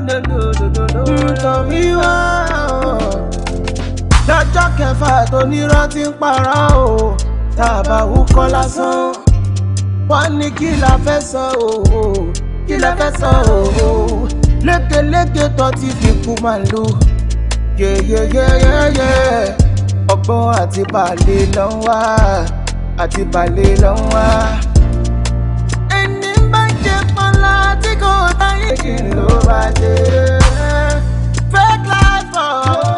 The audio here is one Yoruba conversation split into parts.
ntàn mi wá lọ́jọ́ kẹfà tó nírọ́ ti ń para o tá a bá wúkọ́ lásán wọ́n ní kí la fẹ́ sọ o kí la fẹ́ sọ o lékeléke tó ti fi kú màlúù yeyeyeyeye ọgbọ́n àti balẹ̀ ló ń wá àti balẹ̀ ló ń tí kò táyé kí ló bá dé fake life. Oh.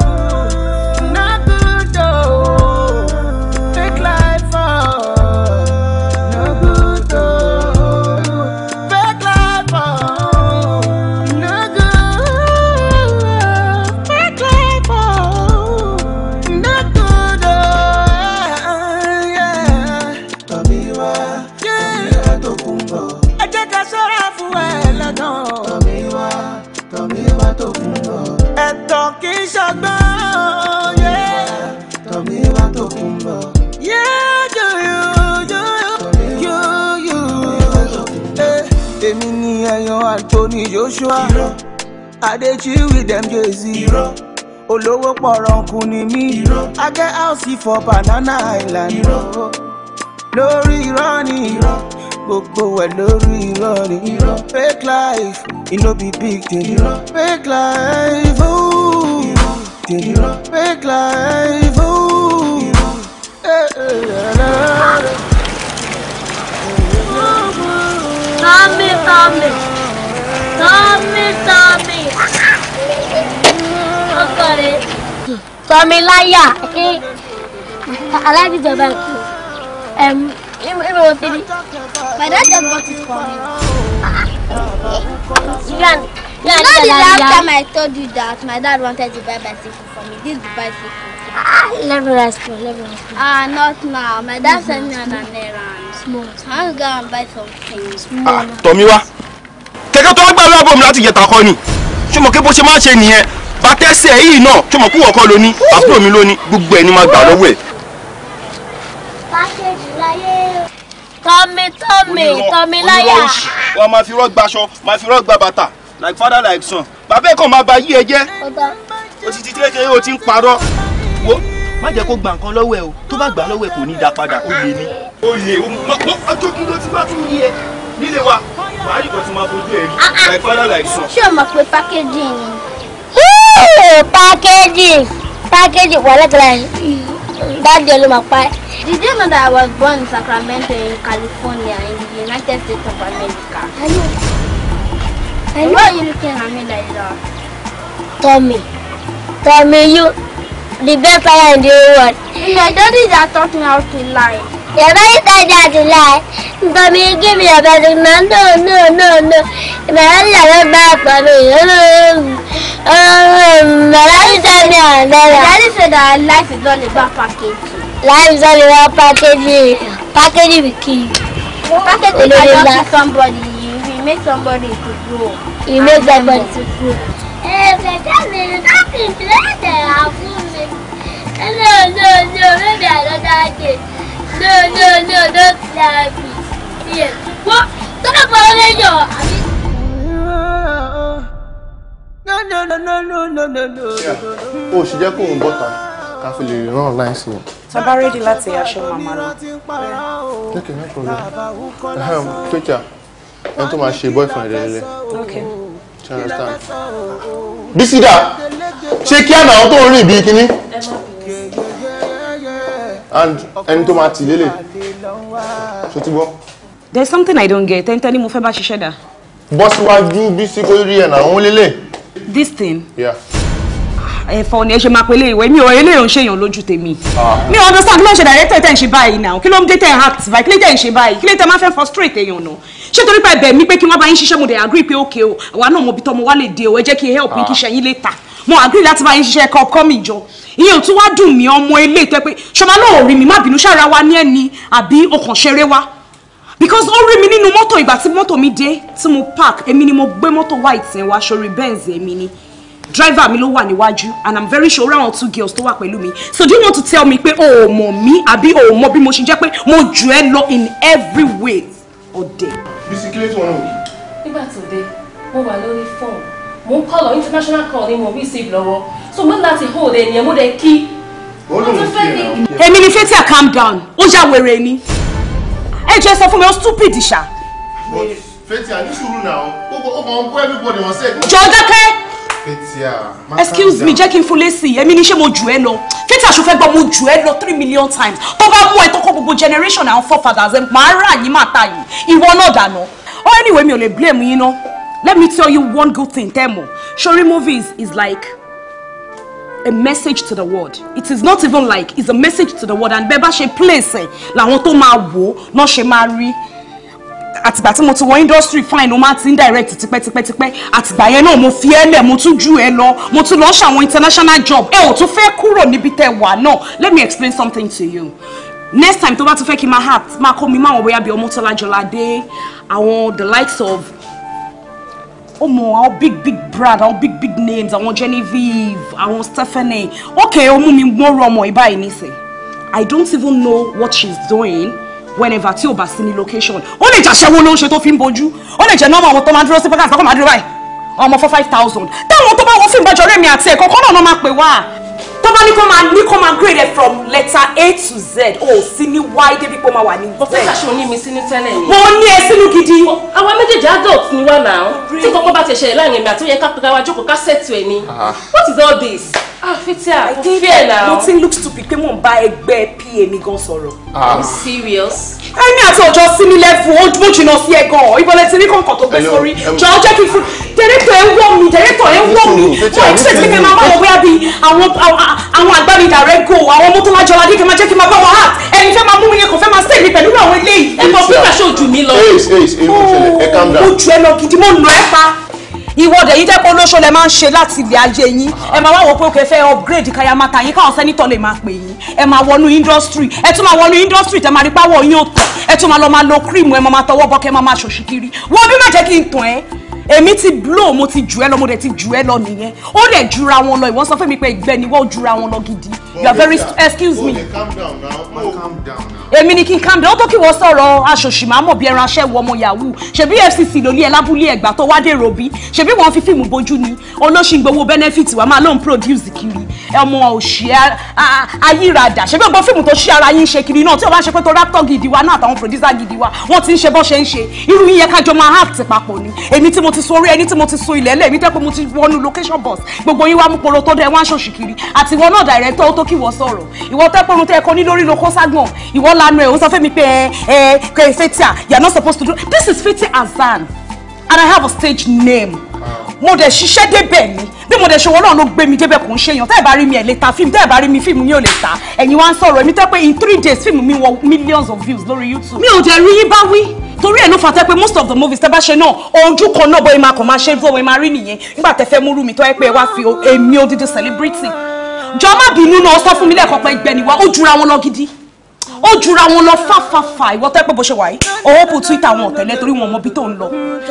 Tony Joshua Adechiwi dem Jay-Z olówó pọ̀rọ̀kù ni mí I get house for Banana Island lórí irọ́ ni gbogbo ẹ̀ lórí irọ́ ni fake life e no be big thing fake life ooo fake life ooo. Eh, eh, Tommy, Tommy. Tommy. Ọkọ it? Tommy okay. láyà alájìjọba ẹ̀mú ìmọ̀ òfin. My dad just bought this for me. You can know the last time I told you that my dad wanted to buy bicycle for me. This bicycle. Ah, let me ask you, let me ask you. Ah, not now. My dad mm -hmm. sent me on an errand. Small. I want to go and buy something. Small. Ah, Tommy Tomiwa kẹ̀kẹ́ tó wá gbà lọ́wọ́ bòmí láti yẹ̀tà kọ́ ni ṣùgbọ́n kí bó ṣe máa ṣe nìyẹn bàtẹ́sẹ̀ yìí náà ṣùgbọ́n kúwọ̀ kọ́ lóní àbúrò mi lóní gbogbo ẹ̀ ni máa gbà lọ́wọ́ ẹ̀. tọ́mi tọ́mi láyà. wọ́n máa fi rọ́ gbaṣọ máa fi rọ́ gba bàtà like father like son bàbá ẹ̀kọ́ máa ba yí ẹ jẹ́ o ti kékeré o ti ń parọ́ má jẹ́ kó gba nǹkan lọ́wọ́ ẹ o tó bá gbà lọ́wọ́ ẹ kò ní í dá padà ó lè ní. ó lè o mọ̀ pé ọjọ́ kí ló ti bá tún yí ẹ nílé wa Ah, ah. like father like son. ṣé o mọ̀ pé packaging packaging packaging wà lẹ́tọ̀ọ́ dájú ẹ ló máa pa ẹ́. Did you know that I was born in Sacramento in California in the United States of America? I know. I know. Why are you looking at me like that? Tommy. Tommy, you the best liar in the whole world. My daddies taught me how to lie. Your daddy said that to lie. But me, give me a better man. No, no, no, no. My daddy is a bad for me. Oh, oh, my daddy said me I'm better. My daddy said that life is all about packaging. Life is only about packaging. Packaging will kill you. Packaging can just be somebody. You make somebody to grow. You make somebody to grow. Bẹ̀tẹ̀ mi lọ́kì ìpínlẹ̀ rà fún mi. No, no, no, maybe I don't like it. No, no, no, don't like me. O ṣì jẹ́ kó ká fi lè rán ọ̀la ẹ̀sìn yẹn. Tá rédí láti aṣọ màmá lọ. Okay, no problem. Fẹ́jà, ẹni tó máa ṣe boyfriend rẹ̀ lélẹ̀. Okay. Bisida, ṣé kí àná àwọn tó ń rìn bíi kínní and ẹni tó máa tì lélẹ̀ ṣó ti gbọ́. there is something i don't get tẹ́ntẹ́n ni mo fẹ́ bá ṣiṣẹ́ dà. bọ́ síwájú bí sí kò rí ẹ̀ náà òun lélẹ̀. this thing. Yeah ẹ̀fọ́ eh, ni ẹ ṣe máa pe eléyìí wẹ̀ mi ò eléyìí ń ṣèyàn lójú tèmi ah. mi ò understand kí ló ń ṣe director tẹ̀ ń ṣe báyìí náà kí ló ń dé tẹ̀ ń act báyìí kí ló tẹ̀ ń ṣe báyìí kí ló tẹ̀ máa fẹ́ frustrate èèyàn náà ṣé torí pé ẹ̀bẹ̀ mi pé kí wọ́n bá yín ṣiṣẹ́ mo dẹ̀ agree pé okay o àwa náà mo bi tọmọ wa lè dé o ẹ jẹ́ kí help mi kí ah. ṣe yín later mo agree láti bá yín ṣiṣẹ́ cup coming jọ ìyẹn ò tún wá dùn mí ọmọ ilé tẹ pé ṣọmọ náà rí mi má bínú ṣára wa ní ẹni àbí ọkàn ṣeré wa because ó rí mi nínú mọ́tò ìgbà tí mọ́tò mi dé tí mo park èmi ni mo gbé mọ́tò white yẹn wá sórí Benz èmi ni driver mi ló wà níwájú and i'm very sure àwọn two girls tó wà pẹ̀lú mi so do you want to tell me pé o ò mọ̀ mí àbí o ò mọ̀ bí mo ṣe jẹ́ pé mo jù ẹ́ lọ in every way ọ̀dẹ̀. bísí kílé tí wọn náà wí. nígbà tó dé mo wà lórí fóònù mo ń kọ́ lọ international call ni mo receive lọ́wọ́ so mo láti hold ẹni ẹ̀ mo dẹ̀ kí. èmi ni fatia calm down ó ya wèrè ni ẹ jẹ́ sọ fún mi ó stupid ṣá. fatia ní sùúrù náà ó kàn ń everybody wọn sẹ́ẹ̀kì. jọ̀ọ́ dákẹ́ excuse me jẹ́ kí n fún lésì èmi ní ṣé mo jù ẹ́ lọ fẹ́tà ṣo fẹ́ gbọ́ mo jù ẹ́ lọ three million times tó bá mú ẹ tó kọ́ gbogbo generation àwọn forefathers ẹ máa rà yín máa ta yìí ìwọ náà dànù ọ oh, anyway mi ò lè blame yín ná let me tell you one good thing tẹ́mo sori movies is like a message to the world it is not even like it's a message to the world and bẹ́ẹ̀ bá ṣe place ẹ̀ làwọn tó máa wò ó náà ṣe máa rí àtìgbà tí mo ti wọ industry fine ló máa ti ń direct tipẹ́tipẹ́tipẹ́ àtìgbà yẹn náà mo fi ẹ́ lẹ̀ mo tún ju ẹ lọ mo tún lọ ṣàwọn international job ẹ ò tún fẹ́ kúrò níbi tẹ wà náà let me explain something to you next time tó bá tún fẹ́ kí n máa hàt máa kó mi máwọn bóyá bíi Ọmọ́tọ́lá Jọládé àwọn the likes of ọmọ àwọn big big brand àwọn big big names àwọn Genevieve àwọn Stephanie okay ó mú mi gbọ́rọ̀ ọmọ ìbáyìí nísìn I don't even know what she's doing whenever tí o bá sí ní location ó lè jàṣẹ́wó ló ń ṣe tó fi ń bojú ó lè jẹ́ nọ́ọ̀mù àwọn tó máa dúró sí pẹ́kàtì tó kọ́ máa dúró báyìí ọmọ fọ́ five thousand táwọn tó bá wọ fíìmù bọ́jọ́ rẹ̀mí àti ẹ̀kọ́ kọ́nà náà máa pè wá tó bá ní kó máa ní kó máa grade it from letter a to z o sí ní y débi pé ó máa wà ní z. pọfẹ́sà ṣe oní mi sínú tẹ́lẹ̀ ni. mo ní ẹ sínú gidi. àwa méjèèjì adult ni wá náà tí kò mọ́ bá ti ṣẹlẹ̀ láàrin èmi àti ó yẹ ká pẹ̀lú àwa jókòó ká ṣètò ẹ̀ ni ah. what is all this. Fitia, kò fi ẹ̀ náà. Nothing looks stupid pé mò ń bá ẹgbẹ́ PA mi gan sọ̀rọ̀. I'm ah. serious. I mean, Ẹni àti ọjọ́ sinmi lẹ́fù ojú jìnnà sí ẹ gan. Ìbọ̀lẹ̀ ti ní kọ̀ọ̀kan tó gbé sórí. Jọ jẹ́ kí n fún. Dẹ́rẹ́tọ̀ ẹ wọ́ mi, dẹ́rẹ́tọ̀ ẹ wọ́ mi. Mo expect pé kí n máa bá I want. I want. I want go, àwọn mọ́tò máa jọra dé kí n máa jẹ́ kí n máa bá I want Ẹni fẹ́ máa mú mi yẹn kò fẹ́ máa stay mi pẹ̀lú àwọn eléyìí. Ẹ mọ̀ bí ìgbà ṣe ojú mi lọ. Ẹ calm down. Oh, ojú ẹ lọ gidi, mo nù ẹ pa ìwọ́de yìí jẹ́ pé olóṣó lẹ máa ń ṣe láti ilé ayé yín ẹ máa wá wò pé òkè fẹ́ upgrade kayamata yín káwọn sẹ́nitọ́ lè máa pè yín ẹ máa wọnú industry ẹ tún máa wọnú industry tẹ máa rí páwọ̀ yín ò tẹ̀ ẹ tún máa lọ máa lo cream ẹ máa máa tọwọ́ bọ́ kẹ́ máa máa ṣòṣì kiri wọ́n bí má jẹ́ kí n tàn ẹ́ èmi ti blow mo ti jù ẹ lọ mo dẹ̀ ti jù ẹ lọ nìyẹn ó dẹ̀ jura wọn lọ ìwọ sọ fún mi pé ìgbẹ́ ni wọ́n jura wọn lọ gidi you are very excuse me. calm down now calm down èmi ni kí n calm down ó tó kí wọ́n sọ̀rọ̀ aṣòṣì máa mọ̀ bí ẹran aṣẹ́ wọ ọmọ yahoo ṣebí fcc ló ní ẹ lábúlé ẹ̀gbá tó wá dèrò bí ṣebí wọ́n fi fíìmù bójú ni olóṣì gbowó benefit wa máa lóun produce kiri ọmọ òṣì ayírada ṣebí ọgbọ́n fíìmù tó ṣí ara yín ṣe kiri náà tí wọ́n bá ṣe pé tó raptor gidi wa náà àtàwọn producer gidi wa wọ́n ti ń ṣe bọ́ ṣe ń ṣe irú yín yẹ kájọ máa act papọ̀ ni èmi tí mo ti so orí ẹni tí mo ti so ilẹ̀ mo ti wọnú location bus gbogbo yín wá mú polo tó dẹ̀ wá ń director ó tó kí wọ́n sọ̀rọ̀ ìwọ tẹ́ pé orun tẹ́ lanu ẹ̀ ń sọ fẹ́mi pé ẹ ẹ Fathia you are not supposed to do this is Fathia Azan, and I have a stage name mo dẹ̀ ṣiṣẹ́ débẹ̀ ni bí mo dẹ̀ ṣe wọ́n náà ló gbé mi débẹ̀ kò ń ṣe èèyàn tẹ́ẹ̀ bá rí mi ẹ̀ lè ta fíìmù tẹ́ẹ̀ bá rí mi fíìmù mi ò lè ta ẹ̀yin wá ń sọ̀rọ̀ èmi tẹ́ pé in three days fíìmù mi wọ millions of views lórí YouTube. mi ò jẹ́ rí yín bá wí torí ẹ̀ ló fà tẹ́ pé most of the movies tẹ́ bá ṣe náà ojú kan náà bóyá máa kàn máa ṣe fún ọmọ ẹ máa rí nìyẹn nígbà tẹ́ fẹ́ múrú mi tọ́ ẹ pé ẹ wá fi èmi odidi celebrity jọ má bínú náà sọ fún mi lẹ́ẹ̀kan pé gbẹ̀nìwá ó jura wọn lọ gidi ó jura wọn lọ fáfáfá ìwọ tẹ́ pé bó ṣe wà yìí ọwọ́ pò twitter wọn tẹ́lẹ̀ torí wọn mọ ibi tó ń lọ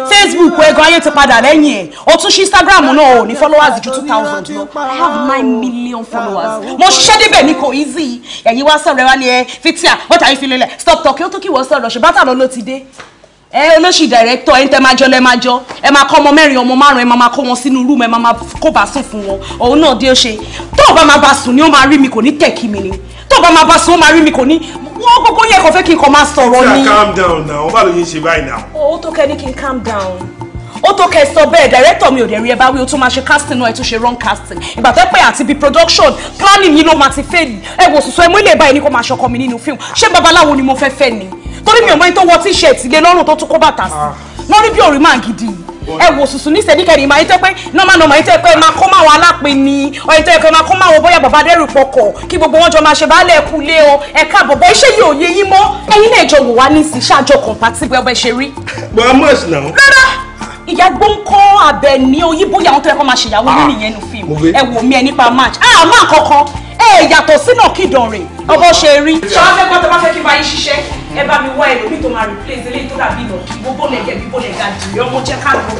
facebook ẹ̀gàn ayé ti padà lẹ́yìn ẹ̀ ó tún ṣí instagram náà ò ní followers ju two thousand lọ i have nine million followers mo ṣiṣẹ́ débẹ̀ ní kò easy ẹ̀yin wá sọ̀rọ̀ ẹ wá ní ẹ fitia wọ́n tàbí fi lélẹ̀ stop talking ó tó kí wọ́n sọ̀rọ̀ ṣùgbọ́n tàbí ló ti dé ẹ olóṣì director ẹ̀ ń tẹ́ máa jọ lẹ́ máa jọ ẹ máa kọ́ ọmọ mẹ́rin ọmọ márùn ẹ máa máa kó wọn sínú rúùmù ẹ máa máa kó bá sùn fún wọn òun náà dé ó ṣe tó o bá máa bá sùn ni ó máa rí mi kò ní tẹ̀ kí mi ni tó o bá máa bá sùn ó máa rí mi kò ní wọ́n gbogbo yẹ kò fẹ́ kí n kàn máa sọ̀rọ̀ ni. calm down now báwo ló yẹ ṣe báyìí now. owó tó kẹ́ ní kí n calm down ó tó kẹ́ sọ bẹ́ẹ̀ director mi ò dẹ̀ rí ẹ bá wí ó tún máa ṣe casting náà ẹ tún ṣe wrong casting ìgbà tó pẹ́ àti bíi production planning yìí ló máa ti fail ẹ wò sùsù ẹ mú ilé ìbáyìí ní kó máa ṣọkọ mi nínú fíìmù ṣé babaláwo ni mo fẹ́ fẹ́ ni torí mi ò mọ ẹni tó wọ t-shirt ilé lọ́rùn tó tún kó bàtà sí lórí ah. bí òrì máa gidi ẹ wò sùsù ní sẹ́díkẹ́ ni màá yí tẹ́ pé nọ́mà nọ́mà yí tẹ́ pé máa kó máwọn alápin ni ọ̀yí tẹ́ pé máa kó máwọn bóyá bàbá dẹ́rù pọkọ̀ kí gbogbo wọn jọ máa ṣe báálẹ̀ ẹ̀kú lé o ẹ̀ka bọ̀bọ̀ iṣẹ́ yìí ò yé yín mọ́ ẹ̀yin náà jọ wò wá ní sí ṣáàjọ compatible ẹgbẹ́ ṣe rí. but i'm much now. rárá ìyá gbóńkọ́ abẹ ní oyíbó yàwọn tó yẹ kó máa ṣèyàwó ah, nínú ìyẹn nu fíìmù ẹ wò mí ẹ nípa match ah má kankan ẹ yàtọ̀ sínà kídàn rè ọbọ̀ ṣe rí. ṣọlá fẹ́ gbọ́ tó bá fẹ́ kí n bá yín ṣiṣẹ́ ẹ bá mi wá ẹlòmíì tó máa replace eléyìí tó dàbí ìnà kí gbogbo lẹ̀gẹ̀ bí bọ́lẹ̀ ga jù ọmọ jẹ́ ká lọ.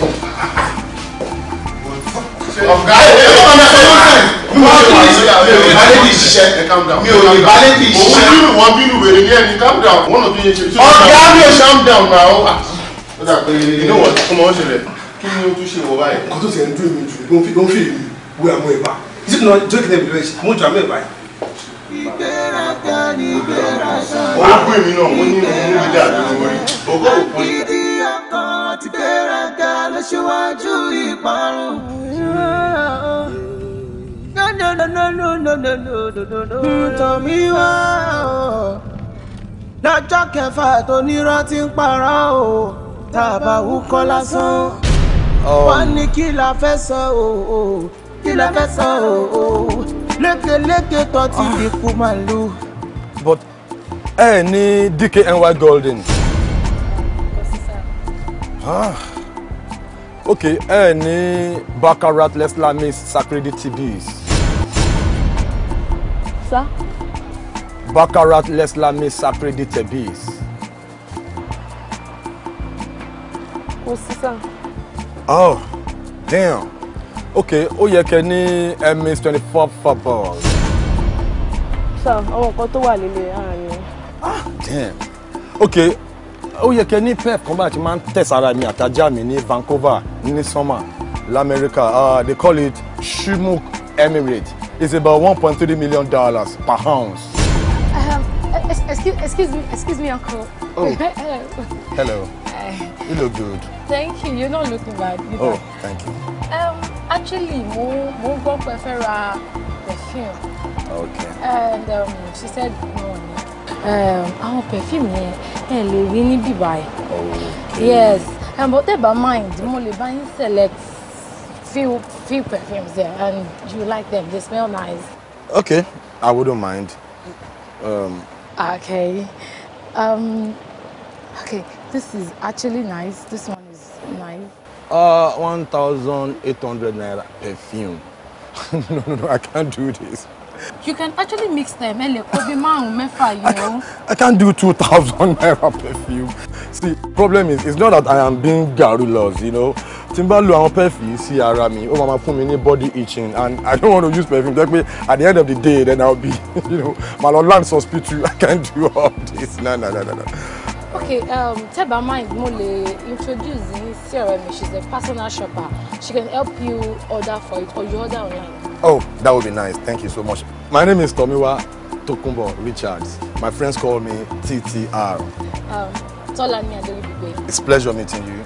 ọ̀gá ẹ̀ ẹ̀ ọ̀gá ẹ̀ ọ̀gá mi ò lè balẹ̀ di ìṣiṣẹ́ mi ò lè balẹ̀ di ìṣiṣẹ́. òun bínú wọn bínú wèrè ní ẹni calm down One of fi yẹn ṣe. ọ̀gá mi ò calm down náà ó dà pé inú wọn kó mọ ṣẹlẹ̀ kí ni o tún ṣe wọ báyìí. kó tó tiẹ̀ ń dún èmi jù ló ń fi ló ń fi èmi wé àmọ́ ẹ̀ bá ìṣe náà jókè náà bìrẹ̀ àmọ́ ìjọ àmọ́ ẹ̀ báyìí. ìgbéraga ni ìgbéra sàn. ó gbé mi náà mo ní mo ní dà lórí ọgọ́ òpó. ìdí ọkọ̀ àti ìgbéraga ló ṣíwájú ìparun. Ntọ́ mi wá lọ́jọ́ kẹfà tó nírọ́ ti ń parọ́ o tá a bá wúkọ́ lásán oh. wọ́n ní kí la fẹ́ sọ o oh, oh. kí la fẹ́ sọ o lékeléke tó ti fi kú máa lu. but ẹ eh, ní DKNY Golden. Ah. ok ẹ eh, ní baccarat leslamis sacred tbs. sir. baccarat leslamis sacred tbs. mo oh damn okay oh yẹ kẹ́ ní eh, ms twenty four football. Sir, I nǹkan tó wà líle ara mi. ah damn okay oh yẹ kẹ́ ní pep kan bá ti máa ń tẹ̀sára mi àtajá Vancouver ní summer lamẹ́ríkà uh, they call it Shumuk emirate it's about one point three million dollars per ounce. Um, e-, e-, excuse, excuse me, excuse me, uncle. Oh, hello. Hello. Uh, you look good. Thank you. You're not looking bad. Either. Oh, thank you. Um, actually, mo mo go prefer perfume. Okay. And um, she said no. Um, our perfume here, eh, lè rí ní buy. ẹ. Okay. Yes. Um, but tẹ́ bá mind, mo lè buy select few few perfumes there, and you like them. They smell nice. Okay, I wouldn't mind. Um. Okay. Um. Okay, this is actually nice. This one. Nice. Uh, 1,800 naira perfume. no, no, no, I can't do this. You can actually mix them. Ele eh, kò I can't do 2,000 naira perfume. See, problem is, it's not that I am being garrulous, you know. Tí n perfume see ara mi, ó máa fún mi body itching and I don't want to use perfume. Jẹ́ pé at the end of the day, then I'll be, you know, my lọ land hospital. I can't do all this. No, no, no, no, no. Okay, um, Teba Mind Mule introduced in CRM. She's a personal shopper. She can help you order for it or you order online. Oh, that would be nice. Thank you so much. My name is Tomiwa Tokumbo Richards. My friends call me TTR. Um, Tolani Adelibibe. It's pleasure meeting you.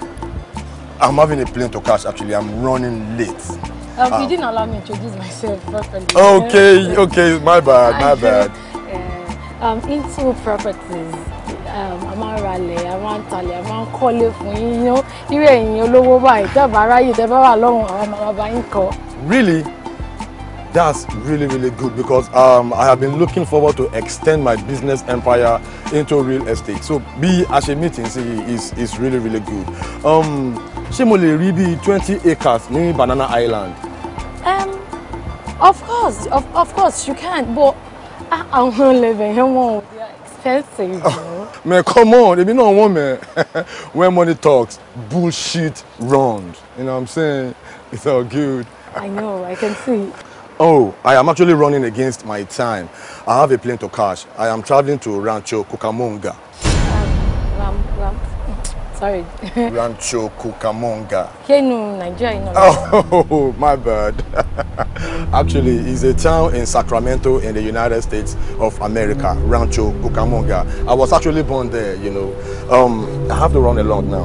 I'm having a plane to catch actually. I'm running late. Um, um, you ah. didn't allow me to introduce myself properly. Okay, okay, my bad, my bad. Uh, um, into properties. Um, a máa ń ralẹ̀ a máa ń talẹ̀ a máa ń kọ́lé fún yíyan irú ẹ̀yin olówó báyìí tẹ́ẹ̀ bá ráyè tẹ́ẹ̀ bá wà lọ́hùn àwọn màmá bá yín kọ́. Really? That's really, really good because um, I have been looking forward to extend my business empire into real estate. So bí a ṣe meeting sí is is really, really good. Um, ṣé mo lè rí bíi twenty acres ní Banana Island? Um, of course, of, of course you can, but ah, àwọn ọlẹ́bẹ̀ yẹn wọ́n ò bí expensive. Man, come on. They be not want me, when money talks, bullshit round. You know what I'm saying? It's all good. I know, I can see. Oh, I am actually running against my time. I have a plane to catch. I am traveling to Rancho Cucamonga. Sorry. Rancho Cucamonga. Here in Nigeria. Oh, my bad. Actually, it's a town in Sacramento in the United States of America, Rancho Cucamonga. I was actually born there, you know. Um, I have to run along now.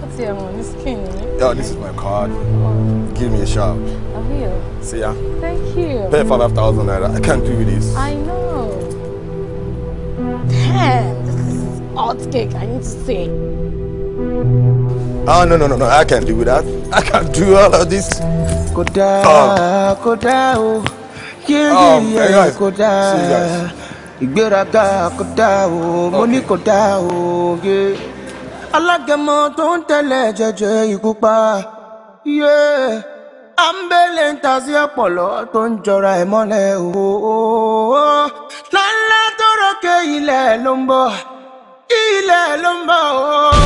What's your money skin? Oh, this is my card. Oh. Give me a shout. I will. See ya. Thank you. Pay 5,000 naira. I can't do this. I know. Damn, this is hot cake, I need to say. Oh, no, no, no, no. I can't do that. I can't do all of this. Koda, ah. oh. Koda, o, o, ta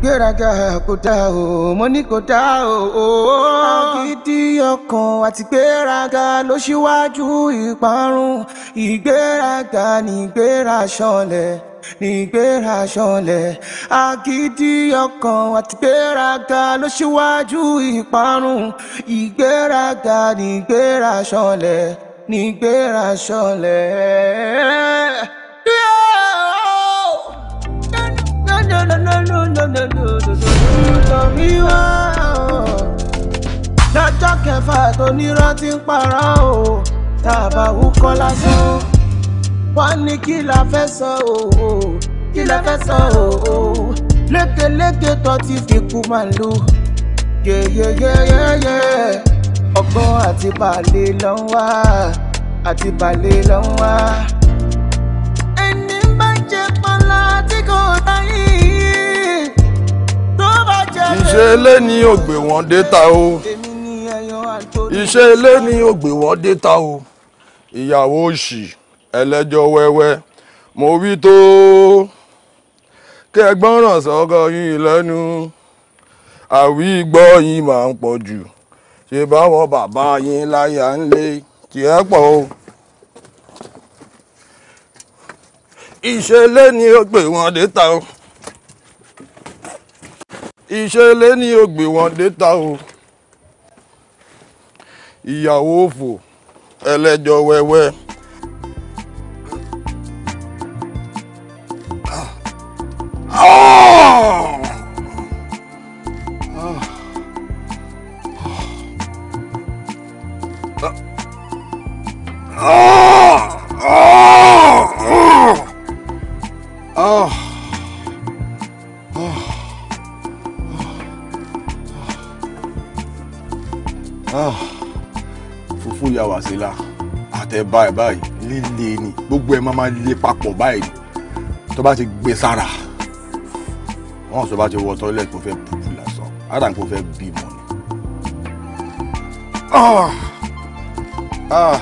gbéraga kò dá o mo ní kò dá o. agídí ọkàn àti gbéraga ló ṣíwájú ìparun ìgbéraga ní gbéra ṣọlẹ̀ nígbéra ṣọlẹ̀ agídí ọkàn àti gbéraga ló ṣíwájú ìparun ìgbéraga nígbéra ṣọlẹ̀ nígbéra ṣọlẹ̀. No, no, no, no torí wá lọ́jọ́ kẹfà tó nírọ́ ti ń para o tá a bá wúkọ́ lásán wọ́n ní kí la fẹ́ sọ o kí la fẹ́ sọ o lékeléke tó ti fi kú máa lò yeyeyeyeye ọgbọ́n àti balẹ̀ ló ń wá àti balẹ̀ ló ń wá. ẹni bá jẹ pọ́nlá tí kò bá iṣẹ́ ilé ni ò gbé wọn dé ta o iṣẹ́ ilé ni ò gbé wọn dé ta o ìyàwó òṣì ẹlẹ́jọ́ wẹ́wẹ́ mo wí tó kẹgbọ́n ràn sọ́kọ yín lẹ́nu àwí gbọ́ yín máa ń pọ̀ jù ṣe báwọn bàbá yín láyà ń lé kí ẹ pọ̀ o. ìṣẹ̀lẹ̀ ni ó gbé o ìṣẹ̀lẹ̀ ni ó gbé wọn déta o ìyàwó òfò ẹlẹ́jọ́ wẹ́wẹ́. báyìí báyìí líle ni gbogbo ẹ̀ máa máa lé papọ̀ báyìí tó bá ti gbé sára wọn sọ bá ti wọ tọ́lẹ̀tì kó fẹ́ bùbù lásán ara kó fẹ́ bímọ ni. Ah! Ah!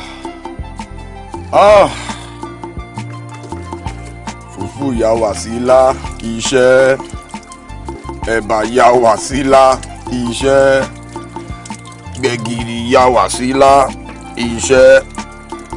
Ah! fùfú ya wà sílá kì í ṣe ẹ̀bà ya wà sílá kì í ṣe gbẹ̀gìrì ya wà sílá iṣẹ́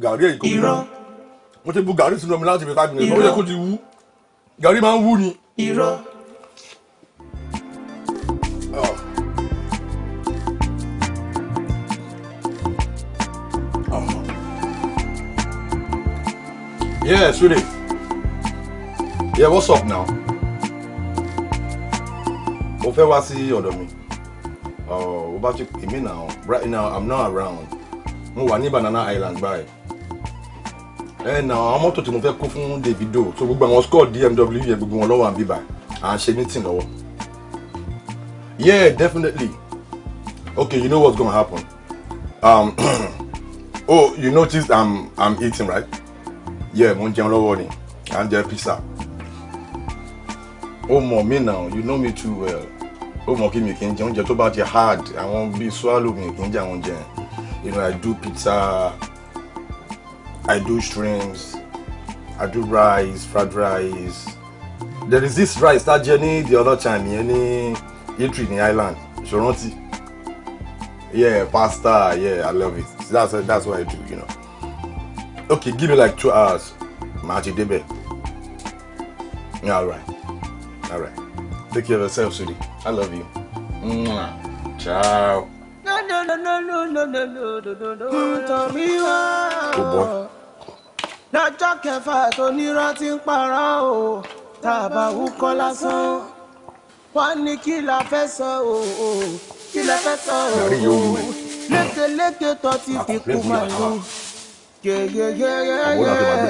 gàrí èyí kò wú mo ti bu gàrí sínú omi láti fi five minutes ó yẹ kó ti wú gàrí máa ń wú ni. Yeah, sweetie. Yeah, what's up now? Ó fẹ́ wá sí ọ̀dọ̀ mi. Oh, ó bá ti pè mí now. Right now, I'm not around. Mo wà ní Banana Island báyìí ẹ nà àwọn mọ́tò tí mo fẹ́ kó fún Davido tó gbogbo àwọn score DMW yẹn gbogbo wọn lọ́wọ́ àbí bá à ń ṣe meeting lọ́wọ́ yeah definitely okay you know what's gonna happen um, oh you notice I'm I'm eating right yeah mo ń jẹun lọ́wọ́ ni à ń jẹ pizza ó mọ̀ mí now you know me too well ó mọ̀ kí mi kì í jẹ oúnjẹ tó bá ti hard àwọn bíi swallow mi kì í jẹ àwọn oúnjẹ you know I do pizza. I do shrimps, I do rice, fried rice. There is this rice that jẹ the other time yẹn ní Italy ní Ireland, ṣòrántì. Yeah, pasta, yeah, I love it. That's that's what I do, you know. Okay, give me like two hours. Magic ti Yeah, all right. All right. Take care of yourself, Sudi. I love you. Mwah. Ciao torí wá lọ́jọ́ kẹfà tó nírọ́ ti ń parọ́ o tá wúkọ́ lásán wọ́n ní kí la fẹ́ sọ o kí la fẹ́ sọ o lékeléke tó ti ah, fi kú ah. máa lọ yeyeyeyeye. wú dáadáa tí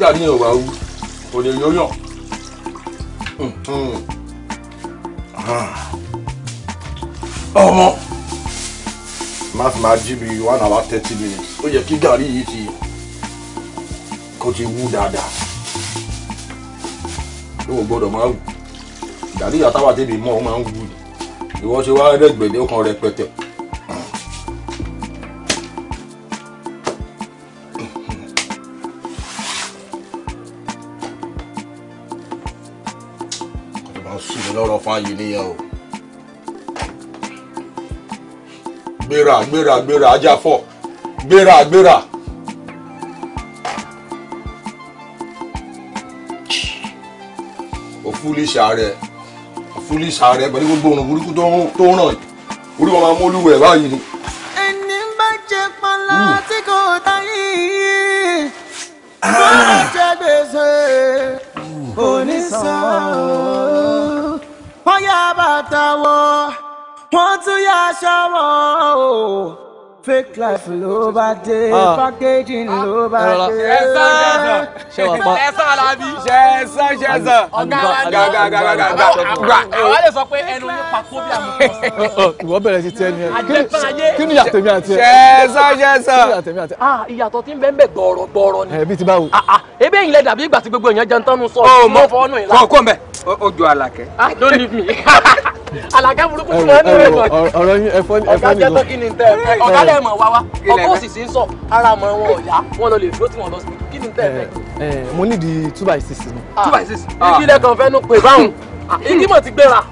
gàdí yẹn wú kò lè yóyàn. Hmm, hmm. Ah. ọmọ máa fi máa jí bíi one hour thirty minutes ó yẹ kí gàrí yìí ti kó ti wú dáadáa ló wò gbọ́dọ̀ máa wù gàrí àtàwọn àtẹ̀bí mọ́ ọ máa ń wù ìwọ ṣe wá rẹ́gbẹ̀dẹ́ ó kan rẹpẹtẹ. fáyì nìyẹn o. gbéra gbéra gbéra ajá fọ gbéra gbéra. o foolish ààrẹ o foolish ààrẹ pẹ̀lú gbogbo ọ̀nà burúkú tó ń ràn yìí orí wọn máa mú olúwẹ̀ báyìí ni. ẹni bá jẹ pọlá tí kò tá yìí kò jẹ gbèsè kò bàtà wọ̀ wọ́n tún yá aṣọ wọ̀ o fake life ló bá dé ah. packaging ló bá ah. dé. ẹ̀sán ẹ̀sán alábí. ṣẹ̀sán ṣẹ̀sán. ọ̀gá gàgàgàgàgàgà. àwa lè sọ pé ẹnu ní pàkó bí àmọ́. Oh, oh, ìwọ bẹ̀rẹ̀ sí tẹ́ni ẹ̀. àjẹfáyé kí ni ìyàtọ̀ mi àti ẹ̀. ṣẹ̀sán ṣẹ̀sán. kí ni ìyàtọ̀ mi àti ẹ̀. ah ìyàtọ̀ tí ń bẹ́ẹ̀ bẹ́ẹ̀ gbọ̀ọ̀rọ̀ gbọ̀ọ̀rọ̀ ni. ẹbí eh, ti bá wò. Ah, ebe yìí lẹ dàbí ìgbà tí gbogbo èèyàn jẹun tán nù sọ. ó mọ fọ́ọ̀nù ìlà. kọ̀ọ̀kọ̀ mẹ́ ojú àlàkẹ́. don't leave me. alaka burúkú tí wọ́n ní ìwé kan ọ̀rọ̀ yín ẹ̀fọ́ ní ọ̀gá jẹ́ tó kí ni tẹ́ ẹ ọ̀gá lẹ̀ mọ̀ wá wá ọkọ̀ òsì sí ń sọ ara mọ̀ wọn ọ̀yá wọn lọ lè dúró tí wọ́n lọ sí kí ni tẹ́ ẹ fẹ́. mo ní di two by six ni. Ah. two by six ah. ibi ilẹ̀ kan fẹ́ nu pé báwọn ah. igi mọ̀ ti gbéra.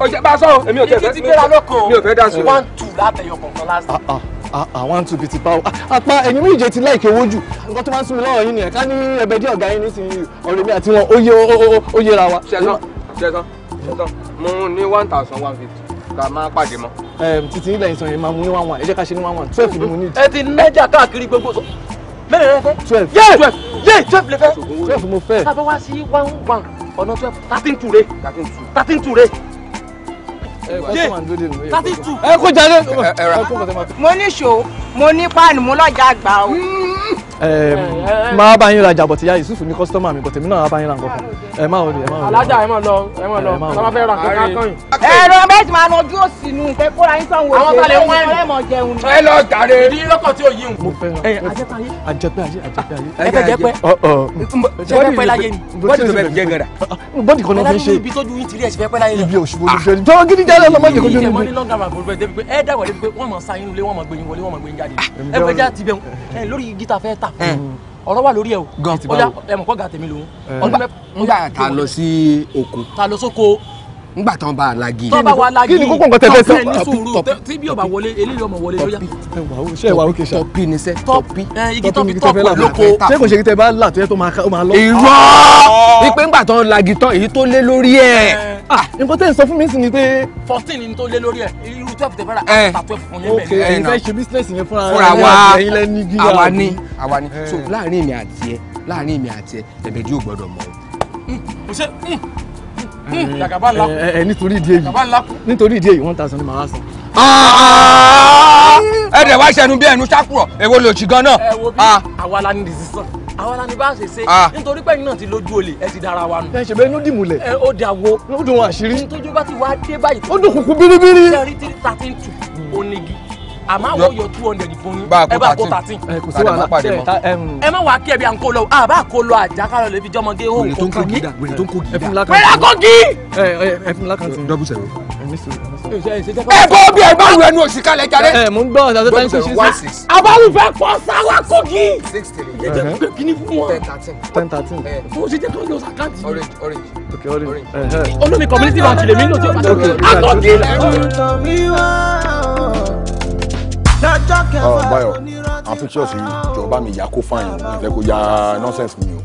ọjà bá a sọ èmi ò tẹ́ fẹ́ igi ti gbéra lọ́kàn mi ò fẹ́ dá sí o one two látẹ̀yọ̀ kọ̀ọ̀kan lásán àwọn tún fi pa apá ẹ̀yin méje ti láìké wójú nǹkan tó máa ń sún lọ́wọ́ yín nìyẹn ká ní ẹbẹ díẹ̀ ọ̀gá yín nísìnyí ọ̀rẹ́ àti wọn ó yé ra wa. ṣẹ̀sán ṣẹ̀sán mo ní one thousand one fifty ká máa pàdé mọ́. títí ilẹ̀ ìsàn yẹn máa mú ní one one ẹ jẹ́ ká ṣe ní one one twelve ni mo ní. ẹ ti nájà káàkiri gbogbo sọ mẹ́rin Twelve. fẹ́. twelve yé yé twelve lè fẹ́. twelve mo fẹ́. sábà wá sí one one ọ̀nà twelve thirteen two re thirteen two re ẹ kó jalè. mo ní ṣò mo ní páànù mo lọ́jà àgbà o máa bá yín rajà bọ̀tí ya ní kọ́sítọ́mà mi bọ̀tí náà bá yín ra nǹkan kan ẹ má wọlé ẹ má wọlé. alájà ẹ má lọ ẹ má lọ sọ ma fẹ́ ra nǹkan kan yìí. ẹ̀rọ bẹ́ẹ̀ ti máa ná òsì nù pé kóra yín sanwó ìṣe ẹ̀ ẹ̀ mọ̀ ẹ lọ tàre. ìdí lọ́kọ̀ tí ò yí wù. mo fẹ́ àjẹpẹ́ ayé àjẹpẹ́ ayé. ẹ fẹ́ jẹpẹ́ fẹ́ pẹ́ láyé ni. bọ́dì kan ló fi ṣe. ṣe lórí igi tá a fẹ́ tà ọ̀rọ̀ wà lórí ẹ̀ o ọjà ẹ̀mọ̀kọ́ gà tèmi lòun. nígbà tá a lọ sí oko. tá lọ sóko ngbà tán bá alagi. tó bá wa alagi kí ni kókó nǹkan tẹ fẹ́ sọ. tọ́pì ní sùúrù tí bí ọba wọlé eléyìí ọmọ wọlé lóyá. tọ́pì tọ́pì ní sẹ́ tọ́pì. Topi. Topi tọ́pì se. ṣé kò ṣe kí tẹ bá là tó yẹ tó máa lọ. irọ́ ipe ngbà tán lagi tán èyí tó lé lórí ẹ̀. nǹkan tẹ́ ẹ sọ fún mi sì ni pé. fourteen ni tó lé lórí ẹ̀ irú twelve tẹ fẹ́ra àtàtọ́ fún yẹn bẹ̀rẹ̀. ok se. ṣe bísínẹ́sì yẹn fúnra wa àwa ni àwa ni ni so láàrin mi àti ẹ láàrin mi àti ẹ ẹ̀bẹ̀dì ò gbọ́dọ̀ mọ̀ se jàgàbá hmm, ẹ eh, eh, eh, nítorí ìdí èyí nítorí ìdí èyí one thousand ni màá san. Ah, ah, ah. ẹ dẹ̀ wá ṣẹnu bí ẹnu ṣàkùrọ̀ èwo ló ṣì gan náà. ẹ wo bí àwa la ní decision àwa la bá ṣe ṣe nítorí pẹ́yìn náà ti lójú olè ẹ ti dára wa nù. ẹ ṣe bẹ́ẹ̀ inú dìmùlẹ̀. ẹ ó dà wo. ó dùn àṣírí. nítorí bá ti wá dé báyìí. ó dùn kùkù bíríbírí. ṣe rí tí tàbí tù onígi àmọ́ àwọn yóò two hundred fún yín ẹ bá kó thirteen kò sí wàhálà ẹ má wàá kí ẹ bí à lọ à bá kó lọ àjàkálọ̀ lè fi jọmọgé ó kó kàn mí wèrè tó ń kó gìdá wèrè tó ń kó gì. ẹ ẹ bọ́ bí ẹ bá wù ẹnu òsì kalẹ̀ jáde. ẹ mò gbọ́ ọ̀dà tó ń kú sí six. àbáwù sáwà kókì. six kíní fún wọn. ten thirteen. mo ṣe jẹ́ kí wọ́n yọ sàkáàtì. orange orange. olómi community bank lèmi ló ti. ok àkókì. ẹ̀rù tàn mí wá báyọ̀ àwọn pictures yìí jọba mi yà kó fáyìn o ìfẹ́ kó ya nonsense mi o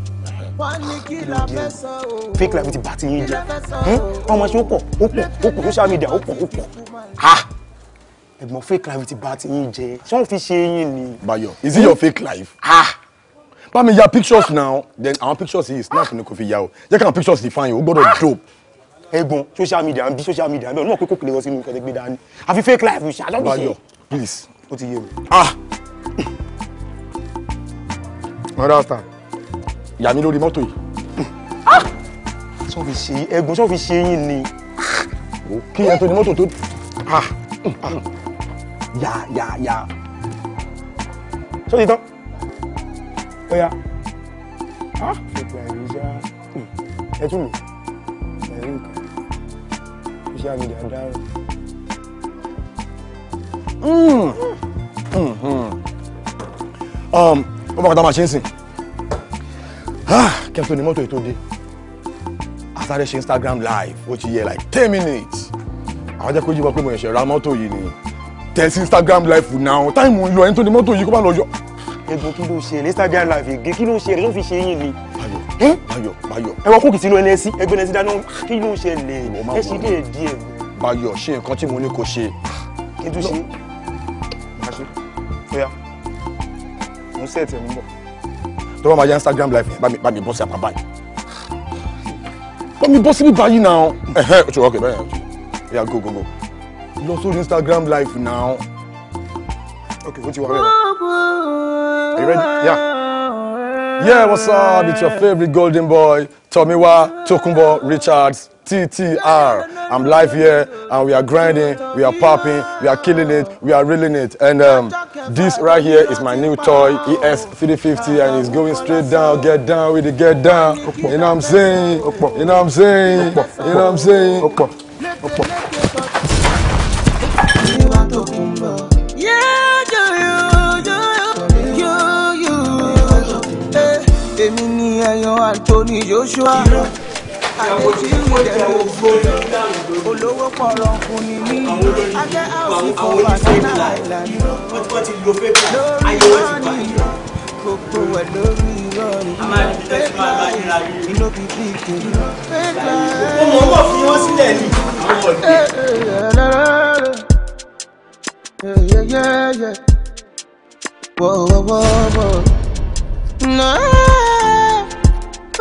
fake life ti bà ti yín jẹ́ ọmọ hmm? ṣe ó pọ̀ ó pọ̀ ó pọ̀ social media ó pọ̀ ó pọ̀ ha ẹ̀gbọ́n fake life ti bà ti yín jẹ́ ṣé wọ́n fi ṣe yín ni. Bayo is it your fake life. Ha? bá mi ya pictures now then àwọn pictures yìí snap ni kò fi ya o jẹ́ káwọn pictures yìí fine o gbọ́dọ̀ dope. ẹ̀gbọ́n social media ń bí social media ń bẹ ọ náà pé kò kìlẹ̀ wọ́n sínú ìkọ́tẹ́gbẹ̀dá ni àfi fake life ṣáà lọ́dún sí. Bayo please ó ti yé mi. ah ọ̀rẹ́ àtà yà lórí mọ́tò yìí. ah sọ fi ṣe ẹ̀gbọ́n ni kí ẹ tó ní mọ́tò tó ah! Ah! yà yà yà sọ ti tán ó yà ah ìgbà hmm. ẹ tún mi ẹ̀rí nǹkan iṣẹ́ àgbèdè àdáàrọ̀ wọ́n um, bá kọ́ta máa ṣe ń sìn ah, kí n tó ní mọ́tò ètò dé asáré ṣe Instagram live ó ti yẹ like ten minutes àwọn jẹ́ kó yíwọ́ pé mo yẹ̀ṣẹ̀ ra mọ́tò yìí ni tẹ̀ Instagram live now táìmù ń lọ ẹni tó ní mọ́tò yìí kó má lọ yọ. egun kí ló ṣe Instagram live ègé kí ló ṣe rẹ ló fi ṣe yín ni. Báyọ̀ Báyọ̀ Báyọ̀. ẹ wọ kókì sínú ẹni ẹsí ẹgbẹ́ ẹni ẹsí dáná kí ló ṣe lè ẹ ṣe díẹ̀ díẹ̀. Báyọ̀ ṣe nǹkan tí mo ní kó ṣe. kí ló ṣe ń sẹ́ẹ̀tì ẹ̀ níbọ̀ tọ́wọ́ máa ya Instagram live yẹn bá mi bọ́ sí apá báyìí bá mi bọ́ síbí báyìí náà ẹ̀hẹ́ o ṣe wọ́ọ̀kì bẹ́ẹ̀ yà go go lọ sórí Instagram live náà okay o ti wà bẹ́ẹ̀ are ready yeah yeah what's up it's your favourite golden boy Tomiwa Tokumbo, Richards, TTR. I'm live here and we are grinding, we are popping, we are killing it, we are reeling it. And um, this right here is my new toy, ES350, and it's going straight down, get down with it, get down. You know what I'm saying? You know what I'm saying? You know what I'm saying? èmi ni ẹyọ Anthony Joshua àdèjì ìdẹ̀rù ògbó olówó pọ̀rọ̀kùn ni mí ajẹ́ àwòsí kan banana island lórí rọ́ọ̀nì gbogbo ẹ̀ lórí rọ́ọ̀nì pépà inú bíbí ìkèrè pépà ó mọ̀ ọ́ fi wọ́n sílẹ̀ ní àwọn ọ̀dẹ́. Eh, eh, eh, whoa, whoa, whoa, whoa. Nah.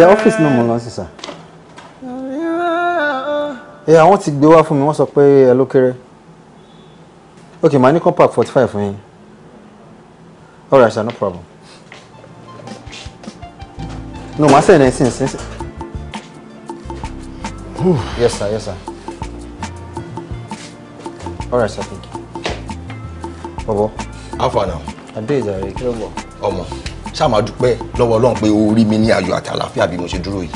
ìyá ọ́fíìsì náà mo lọ sí sà ìyá wọn ti gbé wá fún mi wọ́n sọ pé ẹ ló kéré ok màá ní compact forty five fún yín all right sir no problem no màá sẹ́yìn náà sínsìn sínsìn yes sir yes sir all right sir thank you bọ̀bọ̀. how far now. àdéhìí ìjà rẹ̀ kí ló bọ̀. ọmọ ṣáà máa dúpẹ́ lọ́wọ́ Ọlọ́run pé ó rí mi ní ayọ̀ àti àlàáfíà bí mo ṣe dúró yìí.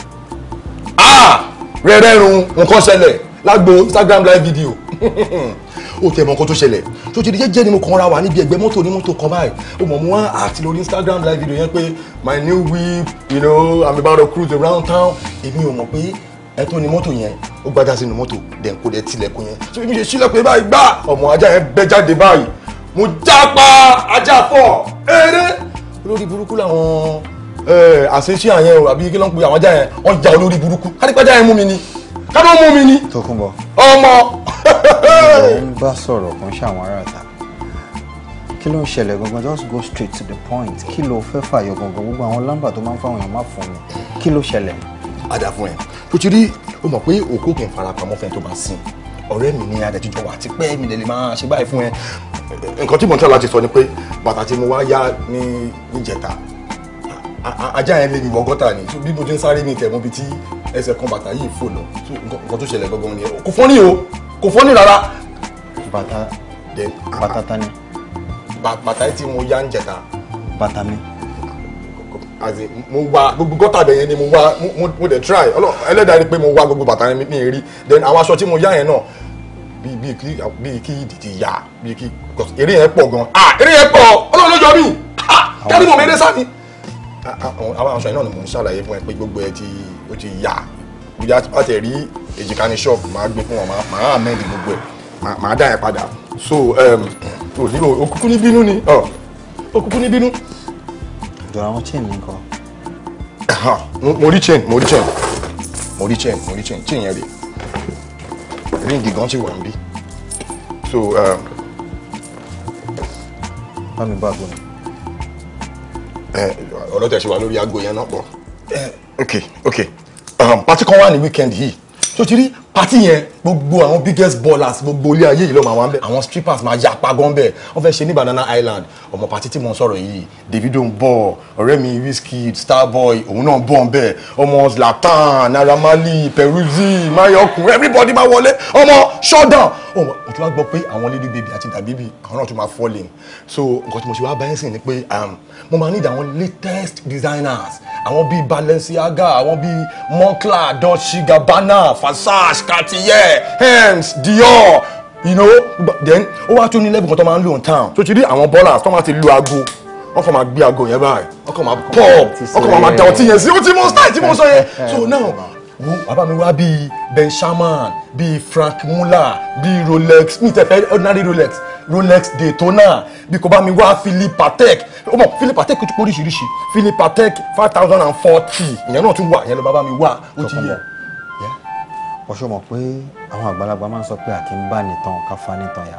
rẹ́rẹ́run nǹkan ṣẹlẹ̀ lágbo Instagram live video ó tẹ mọ nǹkan tó ṣẹlẹ̀ tó ti di jẹ́jẹ́ ni mo kàn ra wà níbi ẹgbẹ́ mọ́tò onímọ́tò kan báyìí ó mọ̀ mú wá àti lórí Instagram live video yẹn pé my new whip you know I'm about to cruise around town èmi ò mọ̀ pé ẹtún ni mọ́tò yẹn ó gbájá sínú mọ́tò dẹ̀ǹkó dẹ̀ tilẹ̀kùn yẹn tó fi mi ṣe sílẹ̀kùn yẹn báyìí gbá ọmọ ajá yẹn bẹ́ jáde báyìí mo jápa ajá fọ eré olórí burúkú làwọn àṣeṣe àyẹn o àbí kí ló ń pe àwọn ajá yẹn wọ́n ja olórí burúkú kárípájá yẹn mú mi ni kádó mú mi ni. Tókunbọ̀ ọmọ. ìwọ ń bá sọ̀rọ̀ kan ṣàwọn ará ta kí ló ń ṣẹlẹ̀ gangan just go straight to the point kí ló fẹ́ fàyọ gangan gbogbo àwọn lámbà tó máa ń fáwọn èèyàn má fún mi kí ló ṣẹlẹ̀. àdàfún ẹ tó ti rí o mọ̀ pé òkú kì í farapamọ́ fẹ́ tó bá sìn ọ̀rẹ́ mi ni adẹ̀jújọ wà tí pé mi lè lè máa ṣe báyìí fún ẹ. nǹkan tí mo ń tọ́ láti sọ ni pé bàtà tí mo wá yá ní ìjẹta ajá yẹn lé mi wọ ni bí mo ti ń sáré mi tẹ̀ mo bi tí ẹsẹ̀ kan bàtà yìí fò lọ nǹkan tó ṣẹlẹ̀ gbọ́gbọ́n ni kò fọ́nì o kò fọ́nì rárá. bàtà bàtà ta bàtà tí mo yá ń jẹta. bàtà mi as in mo wa gbogbo gọ́tà bẹ̀ yẹn ni mo wa mo dẹ̀ try ẹlẹ́dàá rí pé mo wa gbogbo bàtà yẹn mi rí then àwọn aṣọ tí mo yá yẹn náà bíi kí bíi kí dìdì yá bíi kí eré yẹn pọ̀ gan ah eré yẹn pọ̀ ọlọ́run ló jọ mí ah, kẹ́rì mọ̀ mi eré sáni. Ah, ah, àwọn aṣọ yẹn náà ni mò ń ṣàlàyé fún ẹ pé gbogbo ẹ ti ó ti yá bóyá a ti rí èjìká ní ṣọ́ọ̀bù máa gbé fún wọn máa mẹ́rin gbogbo ẹ̀ máa dá yẹn padà so um, òkùnkùn ní bínú ni òkùnkùn ní bínú jọra wọn chain mi kan. mo rí chain mo rí chain mo rí chain mo rí chain chain yẹn rè ríǹgì gan ti wà ń bí so. Um, bá mi bá aago mi. ọlọ́tẹ̀ ṣe wà lórí aago yẹn náà pọ̀ ok ok um, party kan wà ní weekend yìí so ti rí pati yẹn gbogbo àwọn biggest ballers gbogbo ilé ayé yìí ló máa wà àwọn strippers máa ya pagan bẹ wọn fẹ́ ṣe ní banana island ọmọ pati tí mo ń sọ̀rọ̀ yìí davido ń bọ̀ ọ̀rẹ́ mi wizkid starboy òun náà ń bọ̀ ń bẹ ọmọ zlatan naira peruzzi mayokun everybody máa wọlé ọmọ shutdown ọmọ mo ti wá gbọ́ pé àwọn lady baby àti dabibi àwọn náà tún máa fall in so nǹkan tí mo ṣe wá báyìí sìn ni pé um, mo máa need àwọn latest designers àwọn bíi balenciaga àwọn bíi moncler dolce gabbana versace Cartier Hermes Dior you know then ó wá tún ní lẹ́bùn kan tó máa ń lò ní town So ti rí àwọn ballers tó máa ti lo aago wọ́n kàn máa gbé aago yẹn báyìí wọ́n kàn máa pọ̀ wọ́n kàn máa da ọtí yẹn sí ó ti mọ style tí mo sọ yẹn so now wo bàbá mi wá bíi Sherman, bíi Frank Muller bíi Rolex mi tẹ fẹ́ ordinary Rolex Rolex Daytona bí kò bá mi wá Philip Patek ó mọ̀ Philip Patek kò tún pọ̀ oríṣiríṣi Philip Patek five thousand and forty ìyẹn náà tún wà ìyẹn ló bàbá mi wá ó ti yẹ ọṣọ mọ̀ pé àwọn àgbàlagbà máa ń sọ pé àkì ń bá nìtàn káfa nìtàn yá.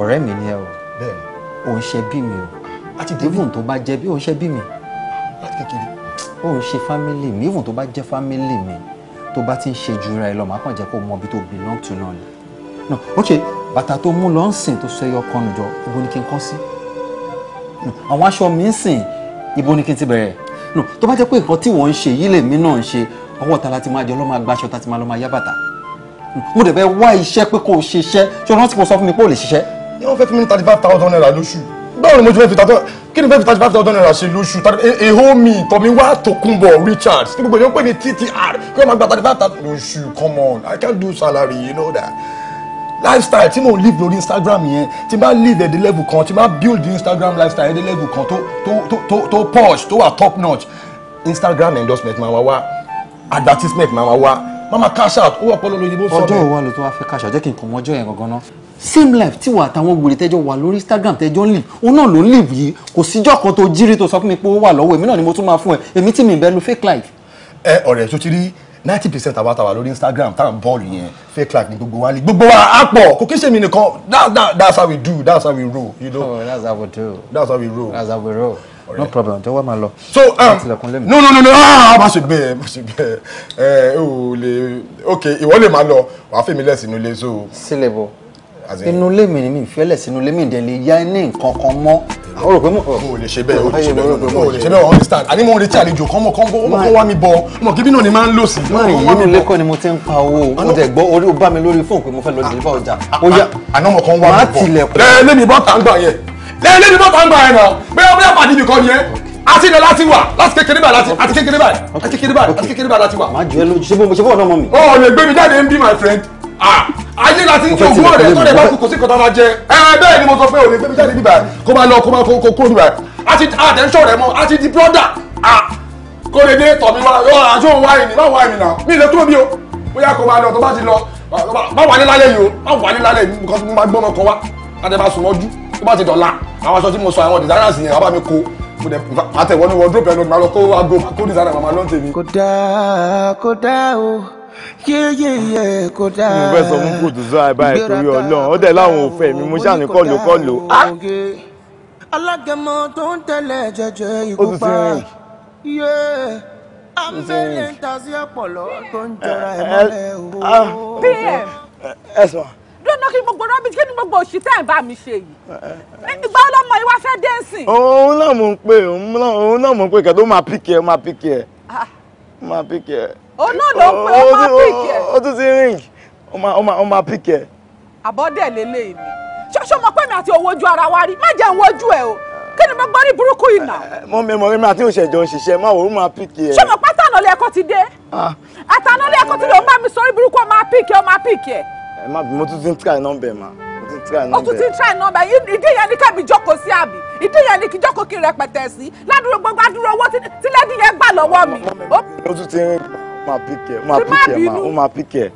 ọ̀rẹ́ mi ni ẹ o ò ṣe bí mi o even tó bá jẹ́ bí ò ṣe bí mi ò ṣe fámílì mi even tó bá jẹ́ fámílì mi tó bá ti ń ṣe jura ẹ lọ màá kàn jẹ́ kó mọ ibi tó belong to náà ni. no ok bàtà tó mú lọ ń sìn tó sọ ẹyọ kan nìjọ ibo ni kí n kọ́ sí àwọn aṣọ mi ń sìn ibo ni kí n ti bẹ̀rẹ̀ no tó bá jẹ́ pé nǹkan tí wọ́n ń ṣe yìí lèmi náà ń ṣe ọwọ́ ta la ti máa jẹ ọlọ́mọ agbáṣọ ta ti máa lọ máa yá bàtà mo dẹ̀ fẹ́ wá iṣẹ́ pé kó o ṣe iṣẹ́ ṣé ọ̀nà tí mo sọ fún mi pé o lè ṣiṣẹ́. ní wọ́n fẹ́ fi mí ní thirty five thousand naira lóṣù báwo ni mo ti fẹ́ fi tàtọ́ kí ni fẹ́ fi thirty five thousand naira ṣe lóṣù èho e, e, mi tọ̀mí wá Tòkunbọ̀ Richards tí gbogbo yẹn ní TTR kí wọ́n máa gba thirty five thousand lóṣù come on I can't do salary you know that lifestyle tí mo live lórí instagram yẹn tí n live ẹ̀dẹ̀ level kan tí n build instagram lifestyle ẹ̀dẹ̀ level kan tó tó tó tó posh tó wà top notch instagram endorsement máa wá wá advertisement máa wá máa máa cash out owó ọpọlọ lóyìnbó sọ bẹ́ẹ̀. ọjọ́ òwò lo tó wá fẹ́ cash out jẹ́ kí n kàn mọ ọjọ́ yẹn gangan náà same life tí wà àtàwọn wèrè tẹjọ wà lórí Instagram tẹjọ ń lì òun náà ló ń lì yìí kò síjọ́ kan tó jírí tó sọ fún mi pé ó wà lọ́wọ́ èmi náà ni mo tún máa fún ẹ èmi tí mi bẹ lu fake life. ẹ ọ̀rẹ́ tó ti rí ninety percent àwa tàwa lórí Instagram táwọn bọ́ọ̀lù yẹn fake life ni gbogbo wa ni gbogbo wa á pọ̀ kò kí ṣe mi nìkan that that that's how we do that's how we roll you know. oh that's how we do. that's how we roll. that's how we roll no problem jọ̀wọ́ máa lọ. so um, no no no no ah má ṣe bẹ́ẹ̀ má ṣe bẹ́ẹ̀ ẹ ò lè ok ìwọ lè máa lọ wàá fèmí lẹ̀ sínú ilé so. sílẹ̀ bọ̀ inú ilé mi ni mi fẹ́ lẹ̀ sínú ilé mi dẹ̀ lè yá ní nǹkan kan mọ́ o rò pé mo. o lè ṣe bẹ́ẹ̀ o lè ṣe bẹ́ẹ̀ o lè ṣe bẹ́ẹ̀ o understand àní mo retí àlejò kan mọ̀ kan kó wá mi bọ̀ mọ̀ kí bí náà ni máa ń lò sí. máa yìí inú ilé kan ni mo ti ń pa owó o dẹ̀ gbọ́ orí o bá mi lórí fóònù pé mo fẹ́ lọ ah, deliver ọjà. àná ah, ah, mọ̀ kan wá mi bọ̀ lẹ́ẹ̀ lẹ́ni bọ́ta ń gbà yẹn lẹ́yìn lẹ́yìn mọ́ta ń gba ẹ̀ náà bẹ́ẹ̀ bẹ́ẹ̀ pàdé nìkan ni ẹ́ àti ilẹ̀ láti wà láti kékeré báyìí láti àti kékeré báyìí àti kékeré báyìí àti kékeré báyìí láti wà. má jẹ́ lójú ṣé bó ṣe fọ́ ọ̀nà ọmọ mi. ọ lè gbé mi jáde ń bí my friend ah, ayé láti ń tògún ọ̀rẹ́ tó lè bá kú kò sí kọ́tà máa jẹ ẹ bẹ́ẹ̀ ni mo sọ pé ò lè gbé mi jáde níbà kó máa lọ kó máa kó kó níbà àti àtẹ̀ńsọ̀ rẹ̀ mọ́ àti di brọ́dà ah, kó lè dé tọ̀ mi wá àjọ wáyé ni má wáyé mi náà mi ì lè kúrò bí o bóyá kó máa lọ tó bá ti lọ má wà ní lálẹ́ yìí o má wà ní lálẹ́ yìí nǹkan tó máa gbọ́n ọkọ̀ wá àtẹ̀ máa tó bá ti dọ̀la àwọn aṣọ tí mo sọ àwọn designers yẹn wàá bá mi kó mo dẹ̀ àtẹ̀wọ́ ní wardrobe ẹnu máa lọ kó aago kó designer màmá ló tèmi. kò dáa o yéyéyé kò dáa. sọ fún producer ẹ báyìí torí ọlọ́run ó dẹ̀ láwọn òfẹ́ mi mo ṣáà kọ́lù kọ́lù. Ah! alágẹmọ tó ń tẹ̀lé jẹjẹ ìkópa yé àmbẹ̀lẹ̀ ń sí ọ̀pọ̀lọ́ tó ń jọra ẹ̀ eh, mọ́lẹ̀ o. ẹ eh, ah. eh, sọ dúró kí mo gbọ́ rọ́bìtì kí ni mo gbọ́ òṣì tẹ́ ẹ̀ bá mi ṣe yìí. ìgbà ọlọ́mọ yìí wá fẹ́ dẹ́sìn. òun náà mò ń pè òun náà mò ń pè kẹ́tọ́ máa pìkì ẹ̀ máa pìkì ẹ̀ ah. máa pìkì ẹ̀. òun náà ló ń pè ó máa pìkì ẹ̀. ó tún ti ring ó máa pìkì ẹ̀. àbọ̀dẹ̀ lélẹ́yìn ni ṣọ́ṣọ́ mọ pé mi àti òun ojú ara wa rí má jẹ́ òun ojú ẹ̀ o kí ni mo gbọ́ ní burúkú ìnà. Eh, mọ mi mọ mi àti òṣèjọ òṣìṣẹ́ máa wò ó máa pìkì ẹ. ṣọmọ pátánà lẹ́ẹ̀kọ́ ti dé ah. àtànà lẹ́ẹ̀kọ́ ti dé ó bá mi sọ orí burúkú ó máa pìkì ó máa pìkì ẹ̀ ẹ má bí mo tún ti ń try number ma mo ti try number. o tún ti ń try number yìí ìdí yẹn ni kẹ́mi jókòó sí àbí ìdí yẹn ni kí jókòó kí n rẹpẹtẹ sí ládùúgbò gbogbo adúrò owó tí lẹ́dí yẹn gbà lọ́wọ́ mi. mo tún ti ń máa píkẹ́ máa píkẹ́ máa ó máa píkẹ́.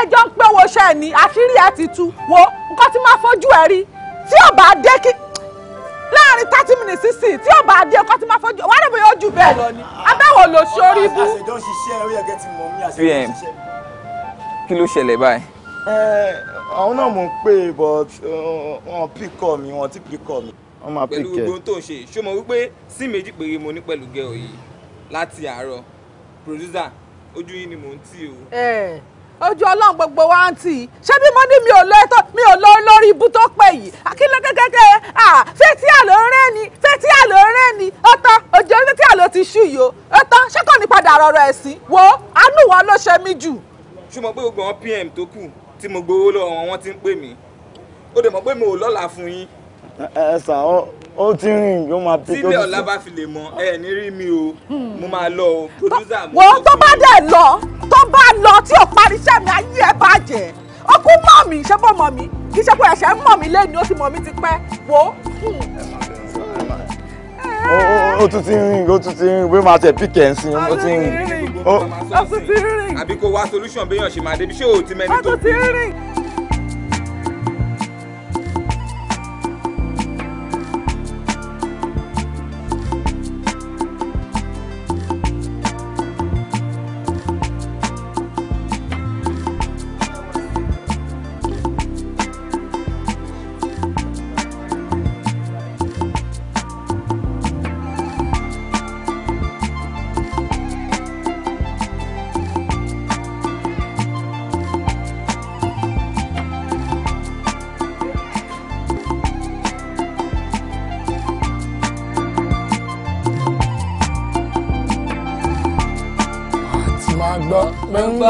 ẹjọ́ ń pé owó iṣẹ́ ni àṣírí ẹ ti tú wo nǹkan tí máa fojú ẹ rí tí ò bá dé kí láàrin thirty minutes sísìn tí ò bá dé ọkọ tí máa fojú wàá rẹ̀ bóyá ó jù bẹ́ẹ̀ lọ ni abẹ́wò lò sórí bú. kí ló ṣẹlẹ̀ báyìí àwọn náà mò ń pè but uh, wọn pick up mi wọn ti pick up mi. wọ́n máa pick ẹ pẹ̀lú gbogbo tó ń ṣe ṣó mọ̀ wípé sí méjì péré mo ní pẹ̀lú gẹ òye láti àárọ̀ producer ojú yín ni mò ń tì o. ojú ọlọ́run gbogbo wa ń tì í ṣé bí mo ní mi ò lọ́ọ́ mi ò lọ́ọ́ lórí ibú tó pẹ́ yìí akílẹ̀ kẹ́kẹ́kẹ́ fẹ́tí àlọ́ rẹ́ ni fẹ́tí àlọ́ rẹ́ ni ọ̀tọ̀ òjò fẹ́tí àlọ́ ti ṣú yìí o ọ̀tọ̀ ṣé kò ní padà rọrọ ẹ̀sìn wo àánú wọn ló ṣe mí jù. ṣùgbọ́n pé gbogbo àwọn pm tó kù tí mo gbowó lọ́wọ́ wọn wọ́n ti ń pè mí ó dẹ̀ mọ̀ pé mi ò lọ́lá fún yín. ẹ ẹ sà ó ó ti rìn yóò máa pé. sílẹ̀ ọ̀la bá fi lè mọ ẹ ní rí mi o hmm. mo máa lọ o producer mi. wọ́n tó bá dẹ̀ lọ tó bá lọ tí ò parí iṣẹ́ mi ayé ẹ bàjẹ́ ọkùn mọ̀ mi ṣé bó mọ̀ mi kì í ṣe pé ẹ̀ṣẹ̀ ń mọ̀ mi lẹ́nu ó ti mọ̀ mi ti pẹ́ wò ó. Hmm ó tún ti rìn ó tún ti rìn bí màá tẹ̀ píkẹ̀ ń sin ó ti rìn. ó tún ti rìn. àbí kò wá solution bí yàn ṣe máa débi ṣé o ti mẹ́ni tó. ó tún ti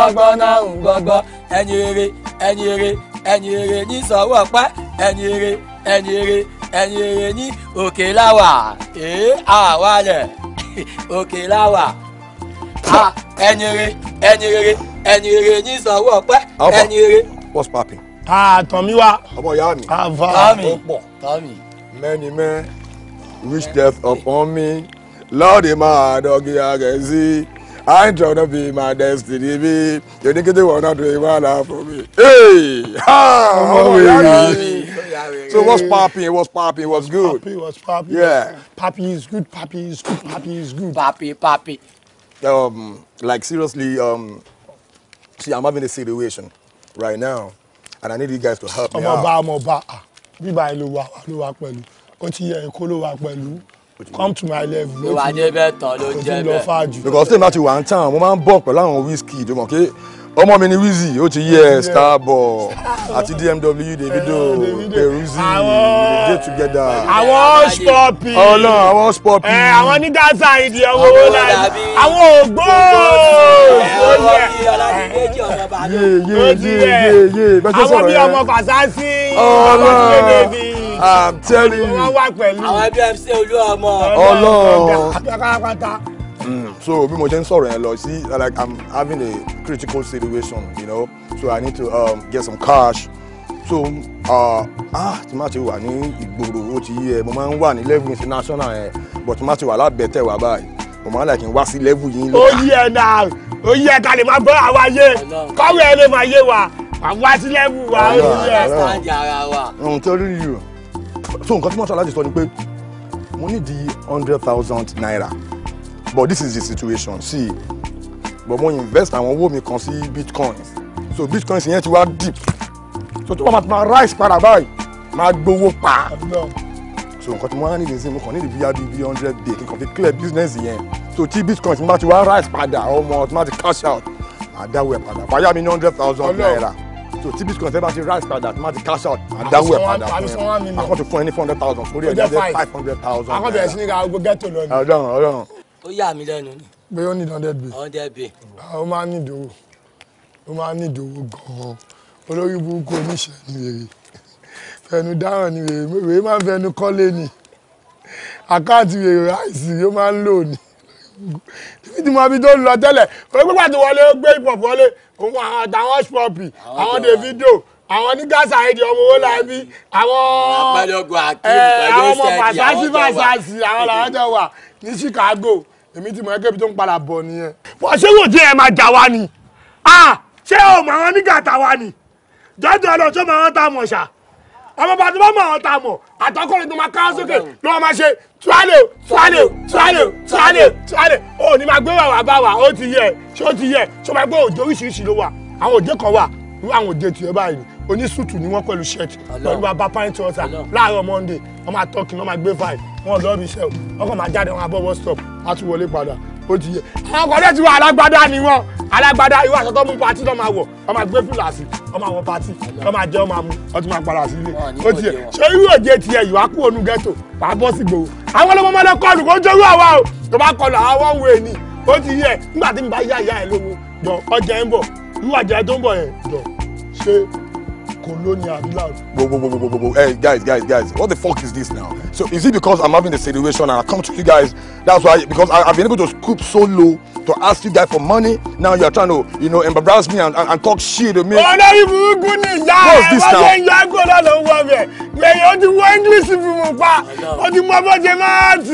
gbọ́ngbọ́n náà ń gbọ́ngbọ́n ẹni rere ẹni rere ẹni rere ní sọ̀wọ́ ọ̀pá ẹni rere ẹni rere ẹni rere ní òkè láwà èé àwa òkè láwà ẹni rere ẹni rere ẹni rere ní sọ̀wọ́ ọ̀pá ẹni rere. what's popping. ah tọ́mí wa. ọmọ ìyá mi. àfa mi tọ́mí. mẹ́ni mẹ́ wish death upon me lọ́ọ̀dì máa dọ́gí agẹ̀ sí i. I don't to be my destiny bí oníkété wọn náà tó yẹ wọn là fún mi. ọmọ wẹ̀rẹ̀ so what's popping what's popping what's good. papi what's popping. Yeah. papi is good papi is good papi is good. papi papi. Um, like seriously um, see I'm having a situation right now and I need you guys to help me out. ọmọ bá ọmọ bá ah, bíbá ẹ ló wà ló wà pẹ̀lú ó ti yẹ èkó come to my level ló ti lọ ló ti lọ fáájú. because tí èmi bá ti wà ń tàn mo máa ń bọ̀ pẹ̀lú whiskey. Do tó mọ̀ pé ọmọ mi ni wizzy ó ti yẹ starboy àti dmw eh, davido peruzzi we Get together. àwọn ọ̀ṣpọ̀pì ọlọ́run àwọn ọ̀ṣpọ̀pì. ẹ eh, àwọn ní gaza ìdí ọwọ́ owó láì àwọn ògbó yeye yeah, yeah, bẹ́ẹ̀ tó sọ̀rọ̀ yẹn àwọn bí ọmọ fàṣásí ọmọ tó débi i'm telling you. wọ́n wà pẹ̀lú. àwọn ojú ọmọ. ọlọ́ọ̀ mm, so bí mo ṣe ń sọ̀rọ̀ yẹn lọ sí like i'm having a critical situation you know so i need to um, get some cash so uh, ah tí má ti wà ní ìgboro ó ti yí ẹ mo máa ń wà ní level international yẹn but tí má ti wà lábẹ́tẹ̀ wà báyìí mo máa ń like wá sí level yìí. ó yí náà ó yí ká lè máa bọ́ àwa yé kọ́wé ẹ máa yé wa àwa sí level wa ó yí ẹ. ọ̀hún torí yìí o so nǹkan tí mo sọ láti sọ ni pé mo ní di hundred thousand naira but this is the situation see but mo invest àwọn owó mi kan sí bitcoins so bitcoins yẹn ti wá deep so tó bá máa máa rise padà báyìí máa gbowó pa so nǹkan tí mo wá ní ìdíyẹsí mo kàn ní ìdíyà bíi bíi hundred day kí n kàn fi clear business yẹn so tí bitcoins mi bá ti wá rise padà ọmọ automatic cash out àdáwọ̀ ẹ̀ padà fàyà mi ní hundred thousand naira so tí biscuit ẹ bá ti rise cash out That way, padà fún ẹ àkọ́tù fún ẹ ní four hundred thousand sórí ẹ̀ jẹ́ five hundred thousand. àkọ́tù ẹ̀ sí ní ká gbogbo ghetto lọ ni. ọ̀dọ́run ọ̀dọ́run. ó yà mí lẹ́nu ni. pé ó ní hundred bay. hundred bay. Ah, ó máa ní ìdòwò ó máa ní ìdòwò gan-an olórí burúkú oníṣẹ́ ni wèrè fẹnu dáràn ni wèrè wèrè máa ń fẹnu kọ́lé ni àkáǹtì wèrè ráìsì yóò máa ń lò ni títí mọ ibi tó ń lọ tẹ́lẹ̀ pípa tó wọlé ó gbé hip-hop wọlé òun àtàwọn ṣọ́ọ̀pì àwọn Davido àwọn ní gàṣà èdè ọmọ owó láàbí eh, àwọn ọmọ fàṣásí fàṣásí àwọn làwọn jọ wà ní Chicago èmi ti mọ ẹgbẹ́ tó ń padà bọ̀ nìyẹn. wọ́n ṣé wò jẹ́ ẹ máa jà wá ni ah, ṣé o mọ àwọn nígà tàwa ni jọ́jọ́ lọ sọ́mọ àwọn tá a àwọn bàtí bá mọ àwọn tá a mọ àtọkùnrin tó máa ká sókè ló máa ṣe tuwale tuwale tuwale tuwale tuwale ó ní máa gbé wàwà bá wa ó ti yẹ ṣé ó ti yẹ ṣé ó máa gbé òjò oríṣiríṣi ló wà àwọn òjò kan wà irú àwọn òjò tiẹ̀ báyìí ni onísùtù ni wọ́n pẹ̀lú ṣẹ́ẹ̀tì pẹ̀lú bàbá pint water láàárọ̀ monday wọ́n máa tọ́kì wọ́n máa gbé fáì wọ́n lọ́ọ́ bí iṣẹ́ o wọ́n kàn máa jáde wọn abọ́ bus stop á tún wọlé padà ó ti yẹ àwọn kan lẹ́tí wọn alágbádá ni wọn alágbádá irú aṣọ tó mú pati tó máa wọ̀ ọ máa gbé fúlà sí ọ máa wọ pati ọ máa jẹ ọ máa mu ọ tún máa padà sí ilé ó ti yẹ ṣé irú òjé tiẹ̀ ìwà kú ònú ghetto wàá bọ́ sí gbòòrò àwọn ọlọ́mọ ọmọdé kọlù kó ń jórú àwa o tó bá kọlù àwọn òwe ni ó ti yẹ nígbà tí mi bá yá ìyá ẹ lówó jọ ọjà ń bọ̀ irú àjẹ tó ń bọ̀ yẹn jọ ṣe colonial love. Whoa, whoa, whoa, whoa, whoa, whoa. Hey, guys, guys, guys. What the fuck is this now? So is it because I'm having the situation and I come to you guys? That's why, because I, I've been able to scoop so low to ask you guys for money. Now you're trying to, you know, embarrass me and, and, and talk shit to me. Oh, no, you good news. What's this now? I'm going to go to the Yeah, you do English if you want. What you want ah, to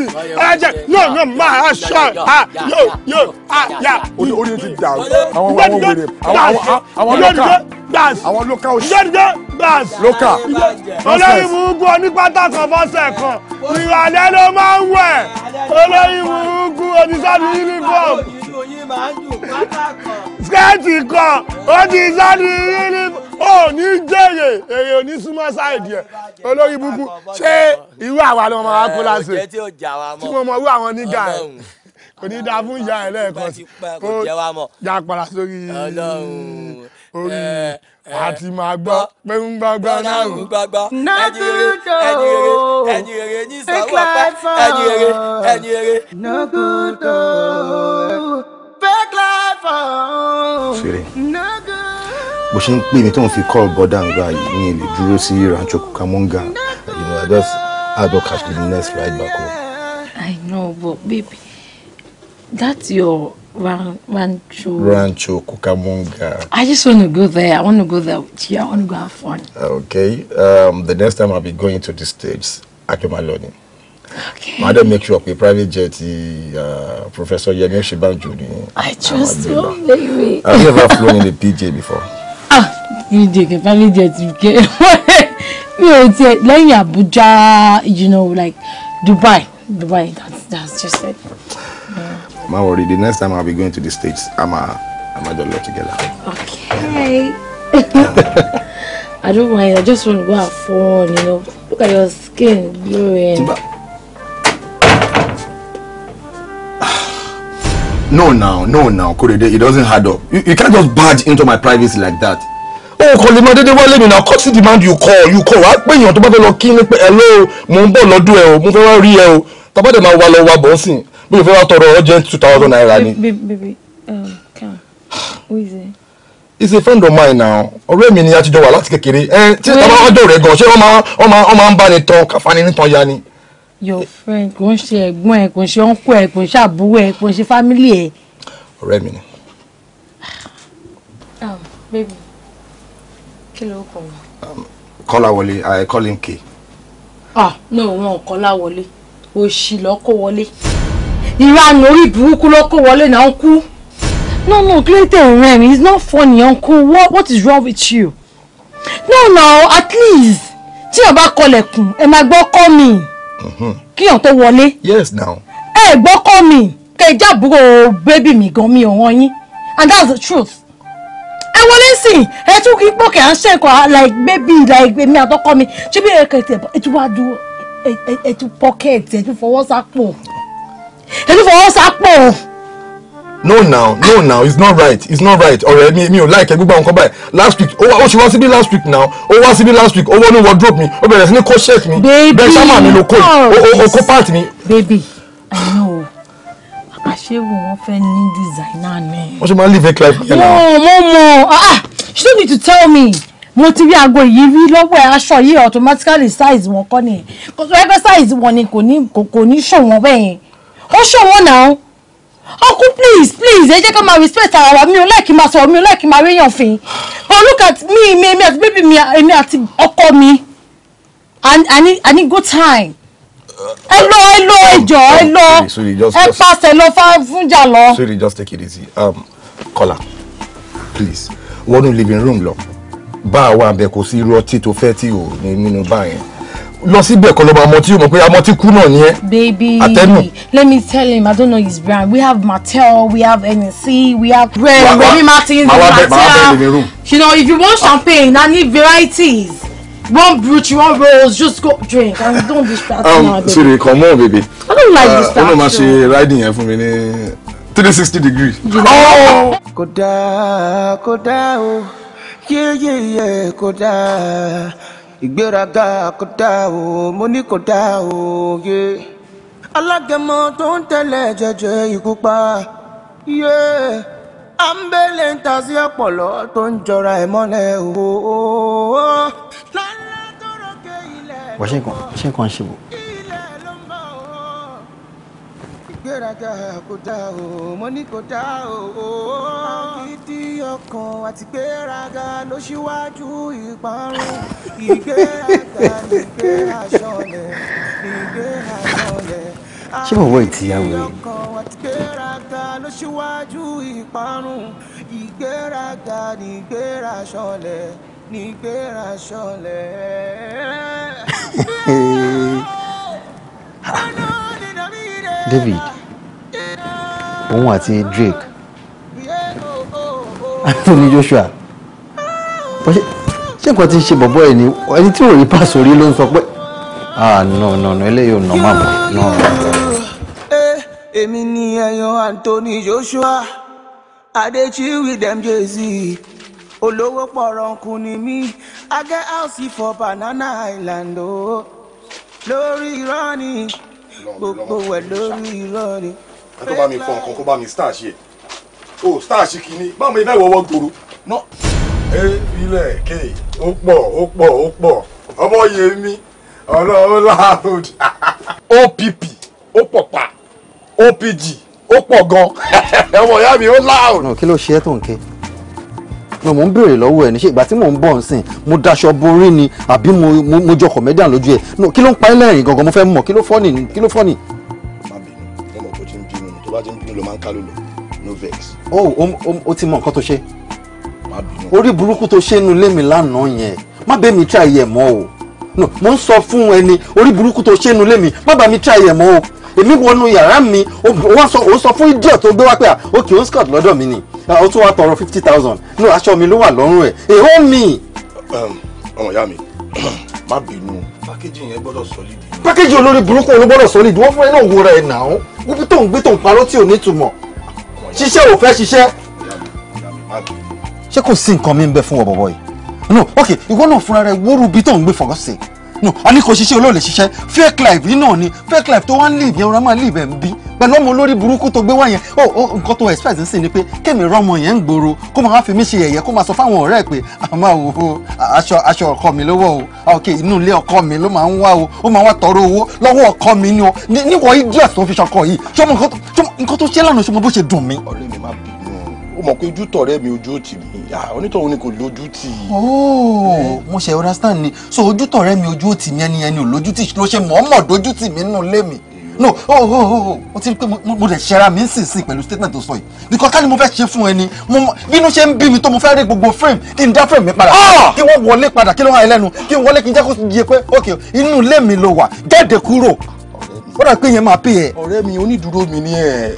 do? No, no, ma, I shot. Yo, yo, ah, yeah. Only, only, down. I want, I want, I want, I want, I want, I want, I want, I want, I want, I want, I want, I want, I want, gbàs. àwọn local oṣù. jẹ́jẹ́ gbàs. local. olórí burúkú onípátákọ̀ fọ́sẹ̀ kan ìrọ̀lẹ́ ló máa ń wẹ̀ olórí burúkú onísọ́ọ̀dù uniform. skẹ́ẹ̀tì kan onísọ́ọ̀dù uniform O ní jèrè èrè ò ní súnmọ́ sáìdì ẹ̀ olórí burúkú ṣé irú àwa ló máa kó láṣẹ tí wọ́n mọ irú àwọn nígà ẹ̀ kò ní dáa fún ìyá ẹ̀ lẹ́ẹ̀kan sí kó jà padà sórí orí àti eh, eh, máa gbọ́ pé ń gbàgbà náà ń ẹni rere ẹni rere ní ìsàwọ̀ apá ẹni rere ẹni rere. nogudo fake life oh. fèrè bó ṣe ń pè mí tó ń fi call bọ́dà ń gbà yìí ní èlé dúró sí rancho Cucamonga you know i just add up cash the next flight back home. i know but baby that's your. Ran Rancho. Rancho Cucamonga. I just want to go there. I want to go there with you. I want to go have fun. Okay. Um, the next time I'll be going to the States, Akimaloni. Okay. Madam, make sure we private jet uh, Professor Yemi Shibanju ni. I trust you, Have you ever flown in a PJ before. Ah, PJ, did private jet. Mi ò tiẹ̀ lẹ́yìn Abuja, you know, like Dubai. Dubai, that's, that's just it. Yeah má worry the next time I'll be going to the States I'm a I'm a dollar together. Okay. I don't mind. I just want to go have fun, you know. Look at your skin glowing. No now, no now, Kurede, it doesn't add up. You, you can't just barge into my privacy like that. Oh, kò lè máa dédé wálé mi náà, kò sí demand you call, you call. Wàá pè èèyàn tó bá fẹ́ lọ kí pay pé hello, mo ń bọ̀ lọ́dún ẹ o, mo fẹ́ wá rí ẹ o. Tàbá dẹ̀ máa wá lọ wá bọ̀ ń sìn bí o fẹ́ tọrọ urgent two thousand naira ni. baby um, calm who is it. he's a friend of mine now ọ̀rẹ́ mi ni a ti jọ wà láti kékeré ẹ tí ìta bá wájú rẹ̀ gan ṣé wọ́n máa wọ́n máa wọ́n máa ń bá ni tan káfáni nítan ya ni. your friend kò ń ṣe ẹ̀gbọ́n ẹ̀ kò ń ṣe ọ̀nkú ẹ̀ kò ń ṣe àbúrò ẹ̀ kò ń ṣe fámílì ẹ̀. ọ̀rẹ́ mi ni. Um, baby kí ló kọ̀ wá. Um, kọ́láwọlé i call him k. ah no wọn ò kọ́láwọlé òṣì lọ́kọ̀ wọlé ìranù orí burúkú ló kó wọlé náà ń kú. no no clayton rem it's not funny uncle what, what is wrong with you. no no at least tí o bá kọlẹ̀kùn ẹ máa gbọ́ kọ́ mi mm-hmm. kíyàn tó wọlé. yes now. ẹ gbọ́ kọ́ mi kẹ jábúrò bébì mi gan mi ò ràn yín and that's the truth. ẹ wọlé sí i ẹ tún kí pọ̀kẹ́ à ń ṣẹ̀kọ́ like bébì like èmi àtọkọ mi ṣé bí ẹ kẹ̀tẹ̀ ẹ tún wá dúró ẹ tún pọ́kẹ́ẹ̀tì ẹ tún fọwọ́ sápò èmi fọwọ́ sápò. no now no now it's not right it's not right ọ̀rẹ́ mi mi ò láìkẹ́ gbogbo àwọn kan báyìí last week ó ṣe wá síbí last week now ó wá síbí last week ó wọnú wardrobe mi ó bẹ̀rẹ̀ sí ní kó shirt mi bẹ́ẹ̀ sámà mi ló kó o part mi. baby i know àṣewò wọn fẹ́ ní designer ni. wọ́n ṣe máa ń live fake life. mo mo mo ah she ah, don't need to tell me mo ti rí aago yìí rí lọ́wọ́ ẹ̀ aṣọ yìí automatically size wọn kọ́ nìyẹn kò sọ ẹgbẹ́ size wọn ni kò ní kò ní ṣò wọn bẹ́ẹ̀ yẹn ó ṣọ̀wọ́n náà uncle please please ẹ jẹ́ ká máa respect ara wa mi ò láìkí máa sọ̀rọ̀ mi ò láìkí máa réyàn fín but look at me mi èmi àti bébì mi èmi àti ọkọ mi i need good time ẹ lọ ẹ lọ ẹ jọ ẹ lọ oh, ẹ pàṣẹ lọ fúnjà lọ. sweetie just take it easy um, Kọ́lá please wọnú living room lọ bá a wà bẹ kò sí irú ọtí tó fẹ́ tí ò ní nínú báyẹn lọ síbẹ̀ kọ́ ló máa mọtí o mọ̀ pé amọtí kú náà ni ẹ. baby Atenu. let me tell him i don't know his brand we have martel we have hennessy we have red remy martins martel you know if you want ah. champagne i need varieties one brooch one rose just go drink and don't distract um, me now baby. sorry come on baby. i don't like uh, distraction. ọ̀nà máa ṣe riding yẹn fún mi ní three sixty degree. kódà kódà oh! o yéyé kódà ìgbéraga kò o mo o yé alágẹmọ tó ń tẹ̀lé jẹjẹ ikú pa yé àmbélé ń ta sí ọpọlọ tó ń jọra ẹ mọ́lẹ̀ o. wàá ṣe nǹkan ṣe nǹkan ṣe bò. ìgbéraga kò dáa o mo ní kò dáa o. àgídí ọkàn àti ìgbéraga ló ṣíwájú ìparun ìgbéraga ní gbé aṣọlẹ̀ ní gbé aṣọlẹ̀. ṣé bọ̀bọ̀ ìtìyàwó yìí. ọkàn àti ìgbéraga ló ṣíwájú ìparun ìgbéraga ní gbé aṣọlẹ̀ ní David òun àti Drake Anthony Joshua ṣé nǹkan ti ṣe bọ̀bọ̀ ẹ̀ ni ẹni tí ò rí pàṣẹ orí ló ń sọ pé ah no no no eléyìí ò nà má bọ̀ náà. èmi ni ẹyọ Anthony Joshua Adechiwi dem jay olówó pọ̀rọ̀ǹkù ni mí I get house for Banana Island o oh. lórí irọ́ gbogbo wẹ̀ lórí irọ́ rẹ̀. ẹ tó bá mi fọ nǹkan kó bá mi star ṣe o star ṣe kínní báwo ni báyìí wọ́wọ́ gbòòrò náà. ẹ ilẹ̀ ké ó pọ̀ ó pọ̀ ó pọ̀ ọmọ yèémí ọlọ́run láàrúd. opp ó pọ̀ pa opg ó pọ̀ gan ọmọ ìyá mi ó láàrúd. kí ló ṣe é tó ń ké mo mò ń béèrè lọ́wọ́ ẹ̀ ní ìgbà tí mò ń bọ̀ ń mo daṣọ borí ni àbí mo jọ comedian lójú ẹ̀ kí ló ń pa ẹ́ lẹ́rìn gangan mo fẹ́ mọ̀ kí ló fọ́ọ̀nì kí ló fọ́ọ̀nì. má bínú ọmọ tó ti ń bínú tó bá ti ń bínú ló máa ń ká lòlò no vex. Oh, o o ti mọ nǹkan tó ṣe. má bínú. orí burúkú tó ṣe inú ilé mi lánàá yẹn má bẹ́ẹ̀ mi try ẹ̀ o no mo ń sọ fún ẹni orí burúkú tó ṣe inú ilé mi má bàa mi try ẹ̀ o èmi wọnú yàrá mi wọ́n sọ òun sọ fún idiot tó gbé wá pé òkè ó scott lọ́dọ̀ mi ni ah, ó tún wá tọrọ fifty thousand no aṣọ mi ló wà lọ́rùn ẹ̀ èhó mi. Ehm, ọmọ ìyá mi má bínú pákéjì yẹn gbọ́dọ̀ solid. pákéjì olórí burúkú ló gbọ́dọ̀ solid wọ́n fún ẹ náà wúra ẹ̀ nà ó wípé tó ń gbé tó ń parọ́ tí ò ní ìtumọ̀ ṣiṣẹ́ ò fẹ́ ṣiṣẹ́. ṣé kò sí nǹkan mi ń bẹ fún ọ bọ̀bọ̀ yìí no ok ìwọ náà fúnra rẹ wóru bí tó ń gbé for God's sake no a ní kò ṣiṣẹ́ olóòlè ṣiṣẹ́ fake life yìí náà ni fake life tó wá ń live yẹn ọ̀rọ̀ máa live ẹ̀ ń bí pẹ̀lú ọmọ olórí burúkú tó gbé wá yẹn ó oh, ó oh, nǹkan tó expect ń sìn ni pé kémi rọmọ yẹn ń gbòòrò kó máa fi mí ṣe yẹ̀yẹ́ kó máa sọ fáwọn ọ̀rẹ́ ẹ̀ pé àmọ́ o o aṣọ aṣọ ọkọ mi ló wọ̀ o ah, ok inú ilé ọkọ mi ló máa ń wá o ó máa wá tọrọ owó lọ́wọ́ ọkọ mi ni o níwọ̀ idiot tó fi ṣọkọ yìí ṣọmọ nǹkan tó ṣe lánàá ṣọmọ bó ṣe dùn mí. ọ̀rẹ́ mi máa bí ó mọ̀ pé ojú tọ̀rẹ́ mi ojú ò tì onítọ̀hún ni kò lójú tì í. Oh, mo ṣe understand ni so ojú tọ̀rẹ́ mi ojú ò tì ẹni ẹni ò lójú tì ló ṣe mọ̀ọ́mọ̀ dójú tì mí nínú ilé mi no oh oh oh o oh. ti rí pé mo lè ṣẹra mi nísinsìnyí pẹ̀lú statement tó sọ yìí because ká ní mo fẹ́ ṣe fún ẹni bínú ṣe ń bí mi tó mo fẹ́ rí gbogbo frame kí n dá frame mi padà ah! kí wọ́n wọlé padà kí ló hàn ẹ́ lẹ́nu kí n wọlé kí n jẹ́ kó yẹ pé ok inú ilé mi ló wà jáde kúrò ó dà pé yẹn máa pè ẹ́ ọ̀rẹ́ mi onídùúró mi ni ẹ̀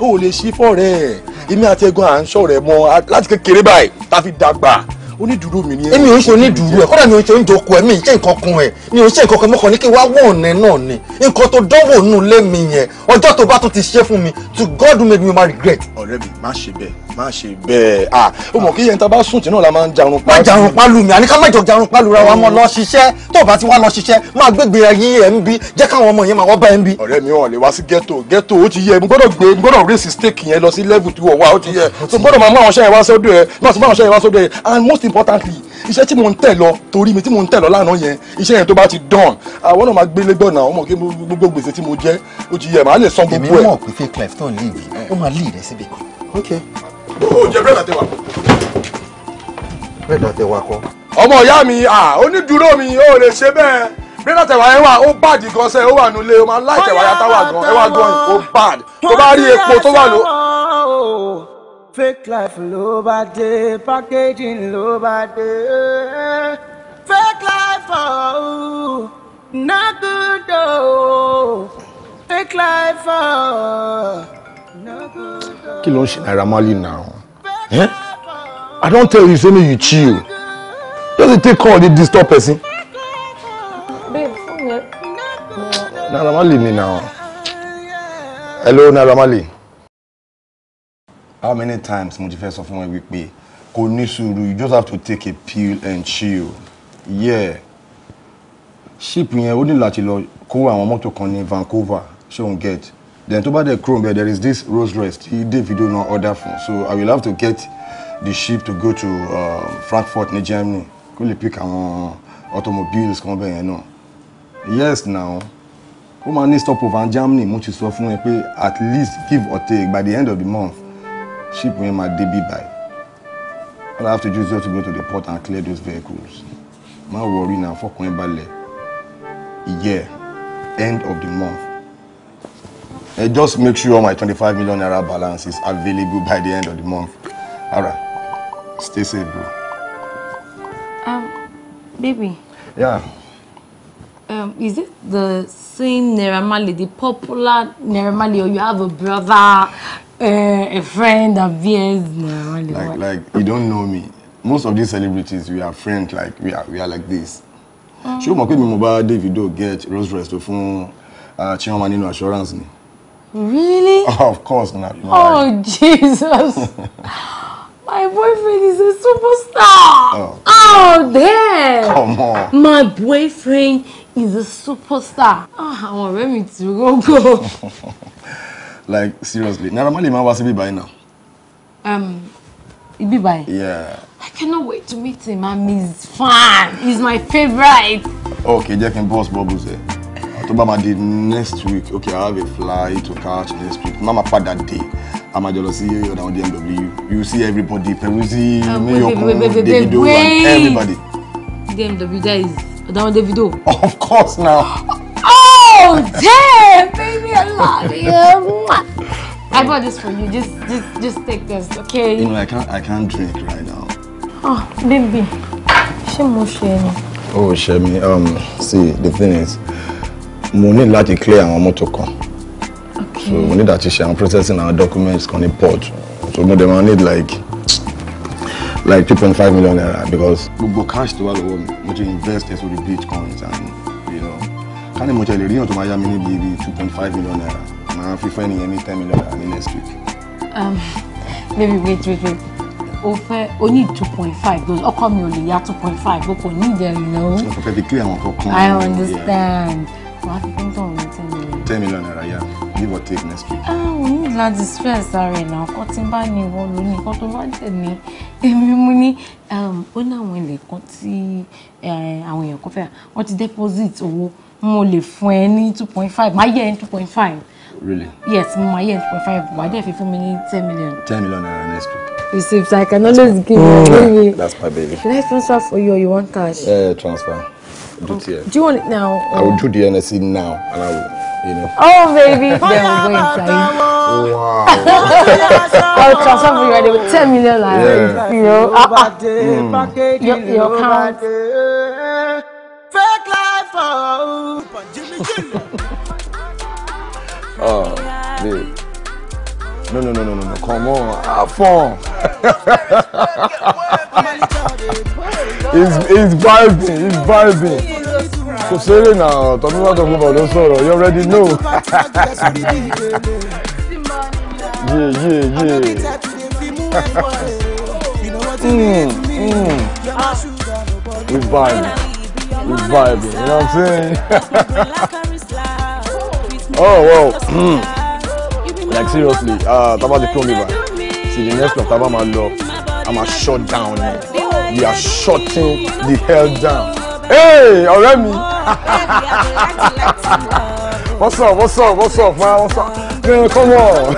ó lè ṣí fọ́ọ̀rẹ́ ẹ̀ èmi àti ẹ̀gbọ́n à ń ṣọ̀rẹ́ mọ́ láti kékeré báyìí tá a fi dàgbà onídùúró mi ni ẹ̀. èmi ò ń ṣe onídùúró ẹ̀ kódà mi ò ń ṣe oúnjẹ oko ẹ̀ mi ì ṣe nǹkan kan ẹ̀ mi ò ń ṣe nǹkan kan mọ́kàn ní kí wá wọ̀n ọ̀nẹ́ náà ni nǹkan tó dánwò nù lé mi yẹn ọjọ́ tó bá tún ti ṣe fún mi to God made me ma regret. ọ̀rẹ́ mi má ṣe bẹ́ẹ̀ má ṣe bẹ́ẹ̀ ah. ó mọ̀ kí yẹn tá a bá sùn tí náà la máa ń jarun pa. má jarun pa lù mí àní ká má jọ jarun pa lùra wa mọ lọ ṣiṣẹ́ tó o bá ti wá lọ ṣiṣẹ́ máa gbégbé ẹyin ẹ̀ ń bí jẹ́ káwọn ọmọ yẹn máa wọ́ bá ẹ̀ ń bí. ọ̀rẹ́ mi ò lè wá sí ghetto ghetto ó ti yẹ mo gbọ́dọ̀ gbé mo gbọ́dọ̀ raise stake yẹn lọ sí level tí wọ́n wá ó ti yẹ so mo gbọ́dọ̀ máa mú àwọn iṣẹ́ yẹn wá sọ́dọ̀ ẹ̀ máa mú àwọn iṣẹ́ yẹn wá sọ́dọ̀ ẹ̀ and most importantly iṣẹ́ tí mo ń tẹ̀ lọ torí mi tí mo ń tẹ̀ lọ lánàá yẹn iṣẹ́ yẹn tó bá ti dán àwọn náà máa gbélé gbọ̀nà ọmọ kí gbogbo gbèsè tí mo jẹ́ ó ti yẹ màá lè san gbogbo ẹ̀. èmi mọ̀ pé fake life tó ń lè yìí ó máa lè rẹ̀ síbi kan. okay o jẹ bírèdì àtẹwà. ọmọ ìyá mi onídùúró mi ò lè ṣe bẹ́ẹ̀ bírèdì àtẹwà ẹ wà ó bàdì gan sẹ́ ó wà nílé ó máa ń láìtẹ̀ wáyà táwà gan ẹ ó bàd tó bá rí epo tó wà ló. fake life ló bá dé packaging ló bá dé fake life ọ̀hún oh, not good ooo oh. fake life ọ̀hún. Oh kí ló ń ṣe Naira Marley now eh? I don tell you say make you chill just dey take call dey disturb person. babe fún mi. Naira Marley ni now hello Naira Marley. how many times mo ti fẹ́ sọ fún wọn wípé kò ní sùúrù you just have to take a pill and chill yeah ship yẹn ó ní láti lọ kó àwọn mọ́tò kan ní Vancouver ṣé òun get. Then to buy the chrome there, is this rose rest. He did video not order from, So I will have to get the ship to go to uh, Frankfurt in Germany. Go lè pick àwọn automobiles kan bẹ́ẹ̀ yẹn náà. Yes now. Ó máa stop over in Germany mo ti sọ fún at least give or take by the end of the month ship me my débí by. All I have to do is just to go to the port and clear those vehicles. Má worry now, for ẹ balẹ̀. Yeah, end of the month. Uh, just make sure my 25 million naira balance is available by the end of the month. All right. Stay safe, bro. Um, baby. Yeah. Um, is it the same Neramali, the popular Neramali, or you have a brother, uh, a friend a veers Neramali? Like, what? like you don't know me. Most of these celebrities, we are friends. Like we are, we are like this. Mm. ṣé o mọ̀ pé mi mo bá Davido get Rolls Royce tó fún Chioma ah, nínú assurance ni. Really? of course not. No. Oh, Jesus. My boyfriend is a superstar. Oh, oh damn. Come on. My boyfriend is a superstar. Oh, I want ọ̀rẹ́ mi ti rógó. Like, seriously, Naira Marley máa wá be by now. Um, he be by. Yeah. I cannot wait to meet him. I'm his fan. He's my favorite. Okay, jẹ́ kí n boss bubbles here tó bá next week okay i have a flight to catch next week Mama má that day. I'm a máa On the sí ọ̀dà you see everybody Peruzzi ah, meyokun Davido and everybody. dmw that guys. ọ̀dà àwọn Davido. of course now. oh damn baby i love you. i bought this for you just just just take this okay. you know i can't i can't drink right now. oh baby she mo ṣe oh ṣe mi um see the thing is mo need láti clear àwọn mọ́tò kan so mo need àti ṣe àwọn processing àwọn documents kan ní port so mo dẹ̀ máa need like like two point five million naira because. gbogbo cash tó wà lọ́wọ́ mi mo ti invest ẹ̀ sórí bitcoins and you know ká ní mo ti lè rí ìyàn tó máa yá mi níbi ibi two point five million naira màá fi fún ẹnìyẹn ní ten million naira ní next week. Um, baby wait wait wait o fẹ́ o ní two point five dollars ọkọ mi ò lè ya two point five o kò ní ìdẹ̀rù náà. o fẹ́ fi clear àwọn kankan. I understand. Yeah màá fi pín tọ̀hún ten million. naira give or take next week. ah we need láti first, sorry. Now, náà kọ́ tí n bá ní ìwọ lónìí kọ́ tó bá jẹ̀ ní èmi mú ní um, ó ní àwọn ilẹ̀ kan tí eh, what deposit Oh, mo lè fún two point five my yẹ ẹ two point five. Really? Yes, my year 2.5. My dear, if you me 10 million. ten million naira next week. You see, I can always give you. Mm. That's my baby. Should I transfer for you you want cash? Yeah, transfer. do Do you want it now? Or? I will do the NSC now, and I will, you know. Oh, baby. then we'll go inside. Wow. I'll transfer for you right with 10 million like, yeah. You know, Ah ah. mm. your, your account. Fake life, oh, Oh, babe. No, no, no, no, no, no. Come on. Have ah, fun. It's it's vibing it's vibing kò sẹ́rẹ̀ now, ọ̀tọ̀ mi wá tọkọ bọ̀ ló sọ̀rọ̀ you already know Yeah yeah yé yé yé It's vibing it's vibing you know what I'm saying oh wow like seriously taba di kúrò mi ba till the next one taba ma lọ i shut down. Here. We are shutting the hell down. Hey, Oremi. What's up? What's up? What's up? Man? What's up? Man, come on.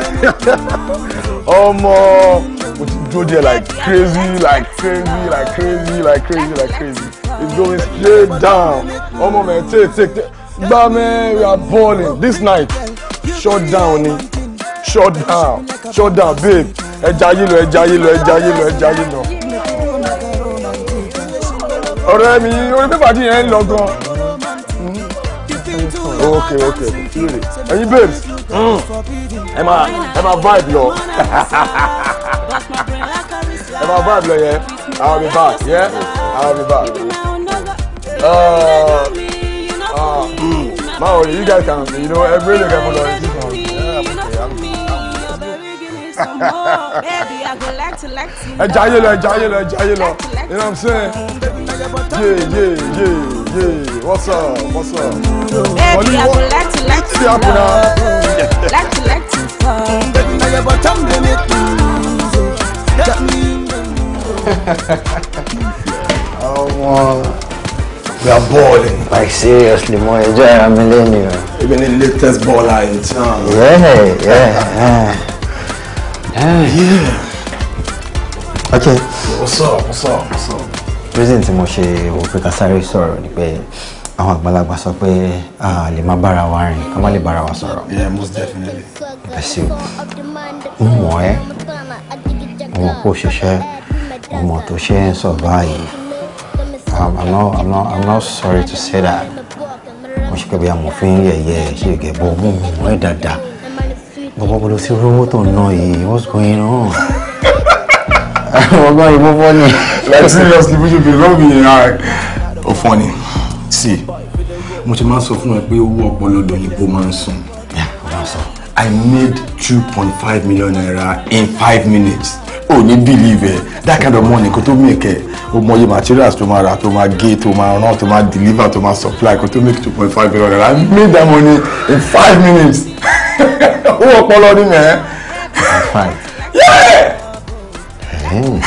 Oh, man, ti go there like crazy, like crazy, like crazy, like crazy, like crazy. It's going straight down. Oh, man, take take take. Gba man, we are burning this night. Shut down ni. Shut down. Shut down, babe. Ejayilo, Ejayilo, Ejayilo, Ejayilo. yìí ọ̀rẹ́ mi orí pépà tí yẹn ń lọ gan. ok ok kúlè ẹyin babes hmm. ẹ máa ẹ máa vibe lọ ẹ máa vibe lọ yẹn I will be back Yeah. I will be back. Uh, uh, mm. Ma, you guys can, you know, every day I put this one. Yeah, okay, I'm. ẹja jayelo, lọ you know what i'm saying yeah yeah yeah yeah what's up what's up. baby i go like to like to love like to like to fall. na bottom make lose me We are balling. Like seriously, more enjoy a millennium. Even the latest baller in town. Yeah, yeah. yeah. yeah. okay. what's up what's President, what's up. reason tí mo ṣe wò pé ká sáré sọ̀rọ̀ ni pé àwọn àgbàlagbà sọ pé a lè má bára wa rìn ká má lè bára wa sọ̀rọ̀. yeah most definitely. bẹ́sì o mo mọ̀ ẹ́ mo mọ̀ kó ṣiṣẹ́ mo mọ̀ tó ṣe ń sọ báyìí i'm not i'm not i'm not sorry to say that mo ṣe pé bí amòfin yẹ̀yẹ́ ṣe gẹ̀bọ́ mo mọ̀ ẹ́ dáadáa bọ́bọ́ bolo sí rówó tó ń ná yìí what's going on. ọgbọ́n ìbò fọ́ni. like seriously bó ṣe fi lọ́ọ̀bì yẹn ara ẹ̀. ó fọ́ni sí mo ti máa ń sọ fún ẹ pé owó ọpọlọ lóyìnbó máa ń sùn. I made two point five million naira in five minutes ò ní believe ẹ that kind of money kó tó mèkẹ o mọye materials tó máa ra tó máa gé tó máa rán tó máa deliver tó máa supply kó tó make two point five million naira i made that money in five minutes owó ọpọlọ ni mẹ. fine. yeah mo oh.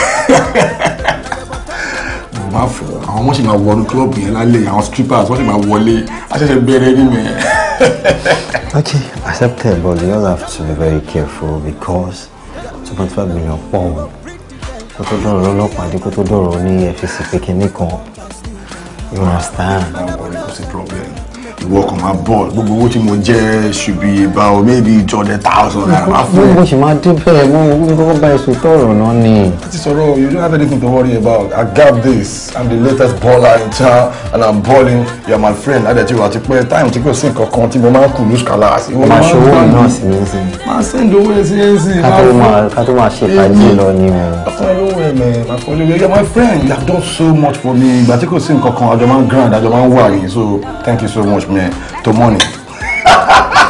máa fọ àwọn ọmọ sì máa wọnú kílọ̀bù yẹn lálẹ́ àwọn strippers wọ́n sì máa wọlé aṣẹ̀ṣẹ̀ bẹ̀rẹ̀ nínú ẹ̀. okay accepted but you all have to be very careful because two point five million pọ̀ kó tó dọ̀rọ̀ lọ́lọ́pàá dé kó tó dọ̀rọ̀ ní fcp kínní kan you understand ìwọ kan máa bọ̀ gbogbo owó tí mo jẹ́ ṣùgbọ́n ìbá o maybe two hundred thousand naira máa fún ẹ. mo ṣì máa dé bẹ́ẹ̀ mo ń kọ́kọ́ bá èso tọ̀rọ̀ náà ni. láti sọ̀rọ̀ you don't have anything to worry about I got this I'm the latest baller in town and I'm balling you are my friend adetiwa àti pé time tí kò sí nǹkan kan tí mo máa ń kù lose kalaas. ìwọ máa ṣòwò náà sí ní sí. máa send owó ẹ sí ẹ sí. ká tó máa ṣe fàájì lọ ni o. ọkùnrin ló wẹ̀ mẹ́ àkọlé my friend you have done so much for me ìgbà tí kò sí nǹkan kan àjọ máa ń grand àjọ máa ń wà yìí so thank you so much from money. to morning.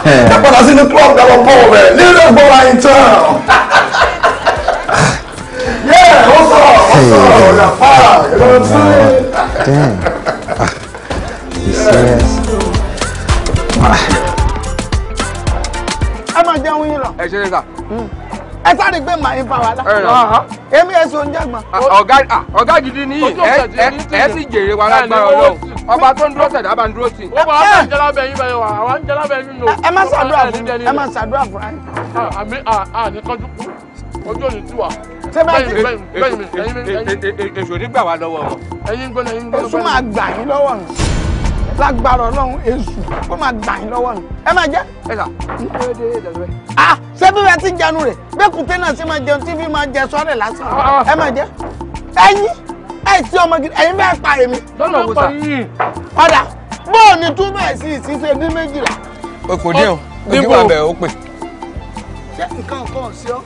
ẹ padà sínú club náà wọ́n bọ̀wọ̀ bẹ̀rẹ̀ lílo gbọ́ra in town. yeah what's up what's up ọ̀gá pa you know what I'm saying. damn ah you serious. Ah. ẹ máa jẹun yín lọ. ẹ ṣe é sá hmm. ẹ sáré gbé màá ń fa wàhálà èmi ẹsùn oúnjẹ gbọn. ọ̀gá gidi nìyí ẹ sì jèrè wa lágbára Ọlọ́run ọba tó ń dúró sẹ̀dá bá ń dúró sí. ó bá wà ń jẹ́lá bẹ́ẹ̀ yín bẹ́ẹ̀ wà àwọn ń jẹ́lá bẹ́ẹ̀ yín nù. ẹ má ṣàdúrà fún mi ẹ má ṣàdúrà fún mi. àmì àní kọjú kú ojú òní tí wà. èso ní gbà wá lọ́wọ́ wọn. ẹyin gbọ́dọ̀ ẹyin gbọ́dọ̀. èso máa gbà yín lọ́wọ́ mi lágbára ọlọ́run èṣù ó máa gbà yín lọ́wọ́ mi ẹ máa jẹ́. ẹ sà ah ṣé bí wẹ́n ti jẹun rẹ̀ bẹ́ẹ̀ kùtẹ́ náà sì máa jẹun tí fi máa jẹ sọ́ọ̀rẹ̀ lásán ah, ah. ẹ máa jẹ́ ẹyin ẹ ti ọmọ gidi ẹ̀yin fẹ́ pa èmi. lọ́nà wo sà. ọ̀dà bóò ni two by six ṣe dín méjìlá. o kò dín o ojú wa bẹ̀ ó pè. ṣé nǹkan kan ò sí ọ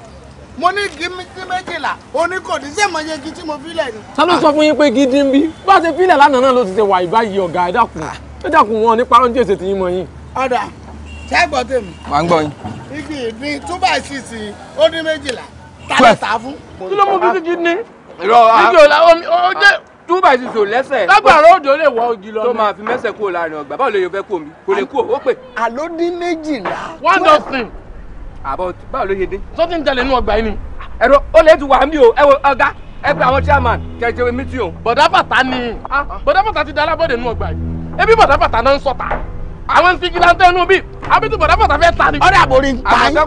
mo ní gidi méjìlá oníkòdì ṣé mo yẹ gidi mo fílẹ̀ ni. ta ló sọ fún yín pé gidi ń bí bá a ṣe fílẹ̀ lánàá náà ló ti ṣe wà ìbáyìí ọ̀gá ẹ dákun ah. ẹ dákun wọn nípa oúnjẹ èsè tí yín mọ yín. ọ̀dà ṣé gbọ́ tèmi. wà á gbọ́ yín. igi ìdín two by six ó dín méjìlá igi ò la lẹ́sẹ̀. lágbàrá òjò lè wọ igi lọ. tó máa fi mẹ́sẹ̀ kúrò láàrin ọgbà báwo lè yọ fẹ́ kú omi kò lè kú ó pè. àló méjìlá. one dozen. àbọ̀ báwo ló ṣe dé. sọ́tí ń jalè nínú ọgbà yìí ni. ẹ̀rọ ó lè ti wà mí o ẹ wo ọ̀gá ẹ pé àwọn chairman kẹ̀jẹ̀ mi ti o. bọ̀dá bàtà ni ah. bọ̀dá bàtà ti da alábọ̀dẹ̀ nínú ọgbà yìí ebi bọ̀dá bàtà náà ń sọ̀tà àwọn ti gíga tẹnu bí abitu bọ̀dá bàtà fẹ́ ta ni. ọ̀rẹ́ àbórí ń ta yín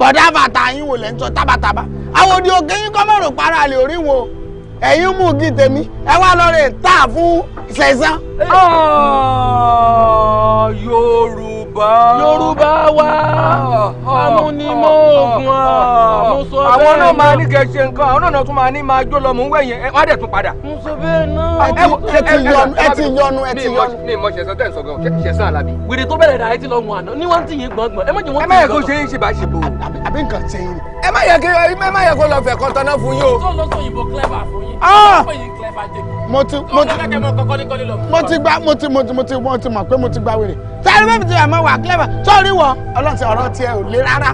bọ̀dá bàtà yín wò lẹ́ ń sọ tábàtàbà àwọn òdi òkè yín kọ́ mọ̀rò para lè orí wọn o ẹ̀yin mú igi tèmi ẹ wá lọ rè tà fún ṣẹ̀sán. Ah, yorùbá yorùbá wa àánú ni mo ògùn à. àwọn náà máa ní kẹ̀ṣẹ̀ nǹkan àwọn náà tún máa ní máa jó lọ mú wẹ̀yìn ẹ wá dẹ̀ tún padà. mo sọ bẹ́ẹ̀ náà. ẹ ti yọnu ẹ ti yọnu ẹ ti yọnu. mi mọ ṣẹ̀sán tẹ̀ ń sọ gan ṣẹ̀sán alábi. wèrè tó bẹ̀rẹ̀ dà ẹ ti lọ wọn àná ní ti yín gbọ̀ngbọ̀n ẹ má jẹ́ wọ́n ti yín gbọ̀ngbọ̀n. ẹ má yẹ kó ṣe é ṣe bá ṣe bò. àbí nǹkan ṣe yín. ẹ má yẹ kó lọ fẹ̀ kọ́ńtánná fún yín o. tó lọ sọ òyìnbó clever fún yín. Ah! mo ti mo ti mo ti gba mo ti mo ti mo ti mo ti mọ̀ pé mo ti gba wèrè sáré bẹ́ẹ̀ ti àmọ́ wà clever sọ́ọ̀rí wọ ọlọ́sẹ̀ ọ̀rọ̀ tiẹ̀ ò lé rárá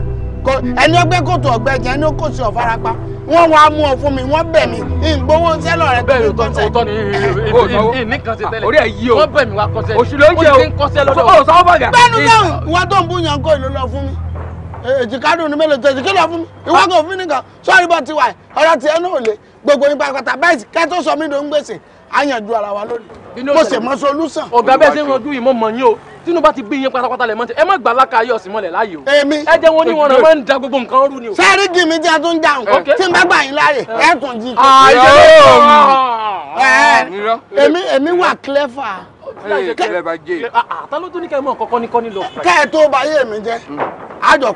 ẹni ọgbẹ́ kòtò ọgbẹ́ jẹ́ ẹni ó kò sí ọ̀farapa wọ́n wá mú ọ fún mi wọ́n bẹ̀ mí ìgbowó sẹ́lọ̀ rẹ pẹ̀lú kọ́sẹ̀. bẹ́ẹ̀ ni òótọ́ ni ìní kan ti ah, tẹ́lẹ̀ orí ẹ̀ yí o wọ́n bẹ̀ mí wá kọ́sẹ̀ òṣìlẹ̀ oúnjẹ o o sọ bàgà. bẹ́ẹ̀ni bẹ́ẹ̀ni ìwọ ní mélòó tó gbogbo nípa àpáta báyìí ká tó sọ mí ló ń gbèsè á yanjú ara wa lónìí mo sì mọ solúsàn. ọ̀gá bẹ́ẹ̀ ṣe ń rọdún yìí mo mọ̀ yín o tínú bá ti bí yín pátápátá lẹ̀ mọ́tẹ́ ẹ má gbà láka ayé ọ̀sìn mọ́lẹ̀ láàyè o. èmi ẹ jẹ́ wọn ní wọn náà máa ń da gbogbo nǹkan rú ni o. sẹ́ẹ̀rì gìmí tí a tún ń dáhùn tí n bá gbà yín láàyè ah. ẹ tún jí. ayé ah. èmi èmi wà clever ee kílẹ̀ bá jẹ́. ta ló mi jẹ́ àjọ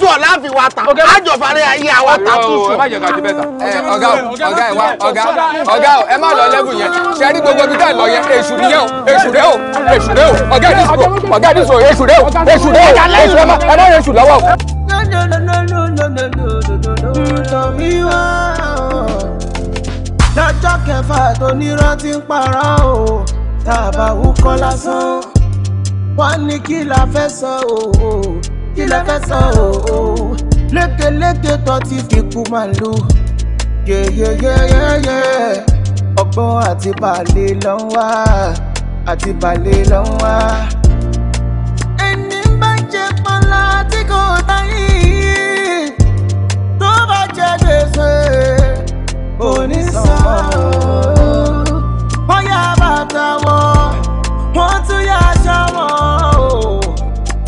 ọ̀la fi wa ta àjọ parí ayé àwa ta túṣù. ẹ má jẹ ọ̀gá o wá ọ̀gá ọ̀gá má lọ lẹ́bù yẹn ṣe rí gbogbo ibi tá ẹ lọ yẹn èṣù nìyẹn o èṣù rẹ o èṣù rẹ o ọ̀gá ẹ nísò ọ̀gá ẹ nísò èṣù rẹ o èṣù rẹ o èṣù rẹ ẹ má èṣù lọ́wọ́ o lọ́jọ́ kẹfà tó nírọ́ ti ń para o tá a bá lásán wọ́n ní kí la fẹ́ sọ o kí la fẹ́ sọ o lékeléke tó ti fi kú màlúù yeyeyeyeye ọgbọ́n àti balẹ̀ ló ń wá àti balẹ̀ ló ń wá. ẹni bá jẹ pọnlá tí onísàn o. wọ́n yá bàtà wọ́ wọ́n tún yá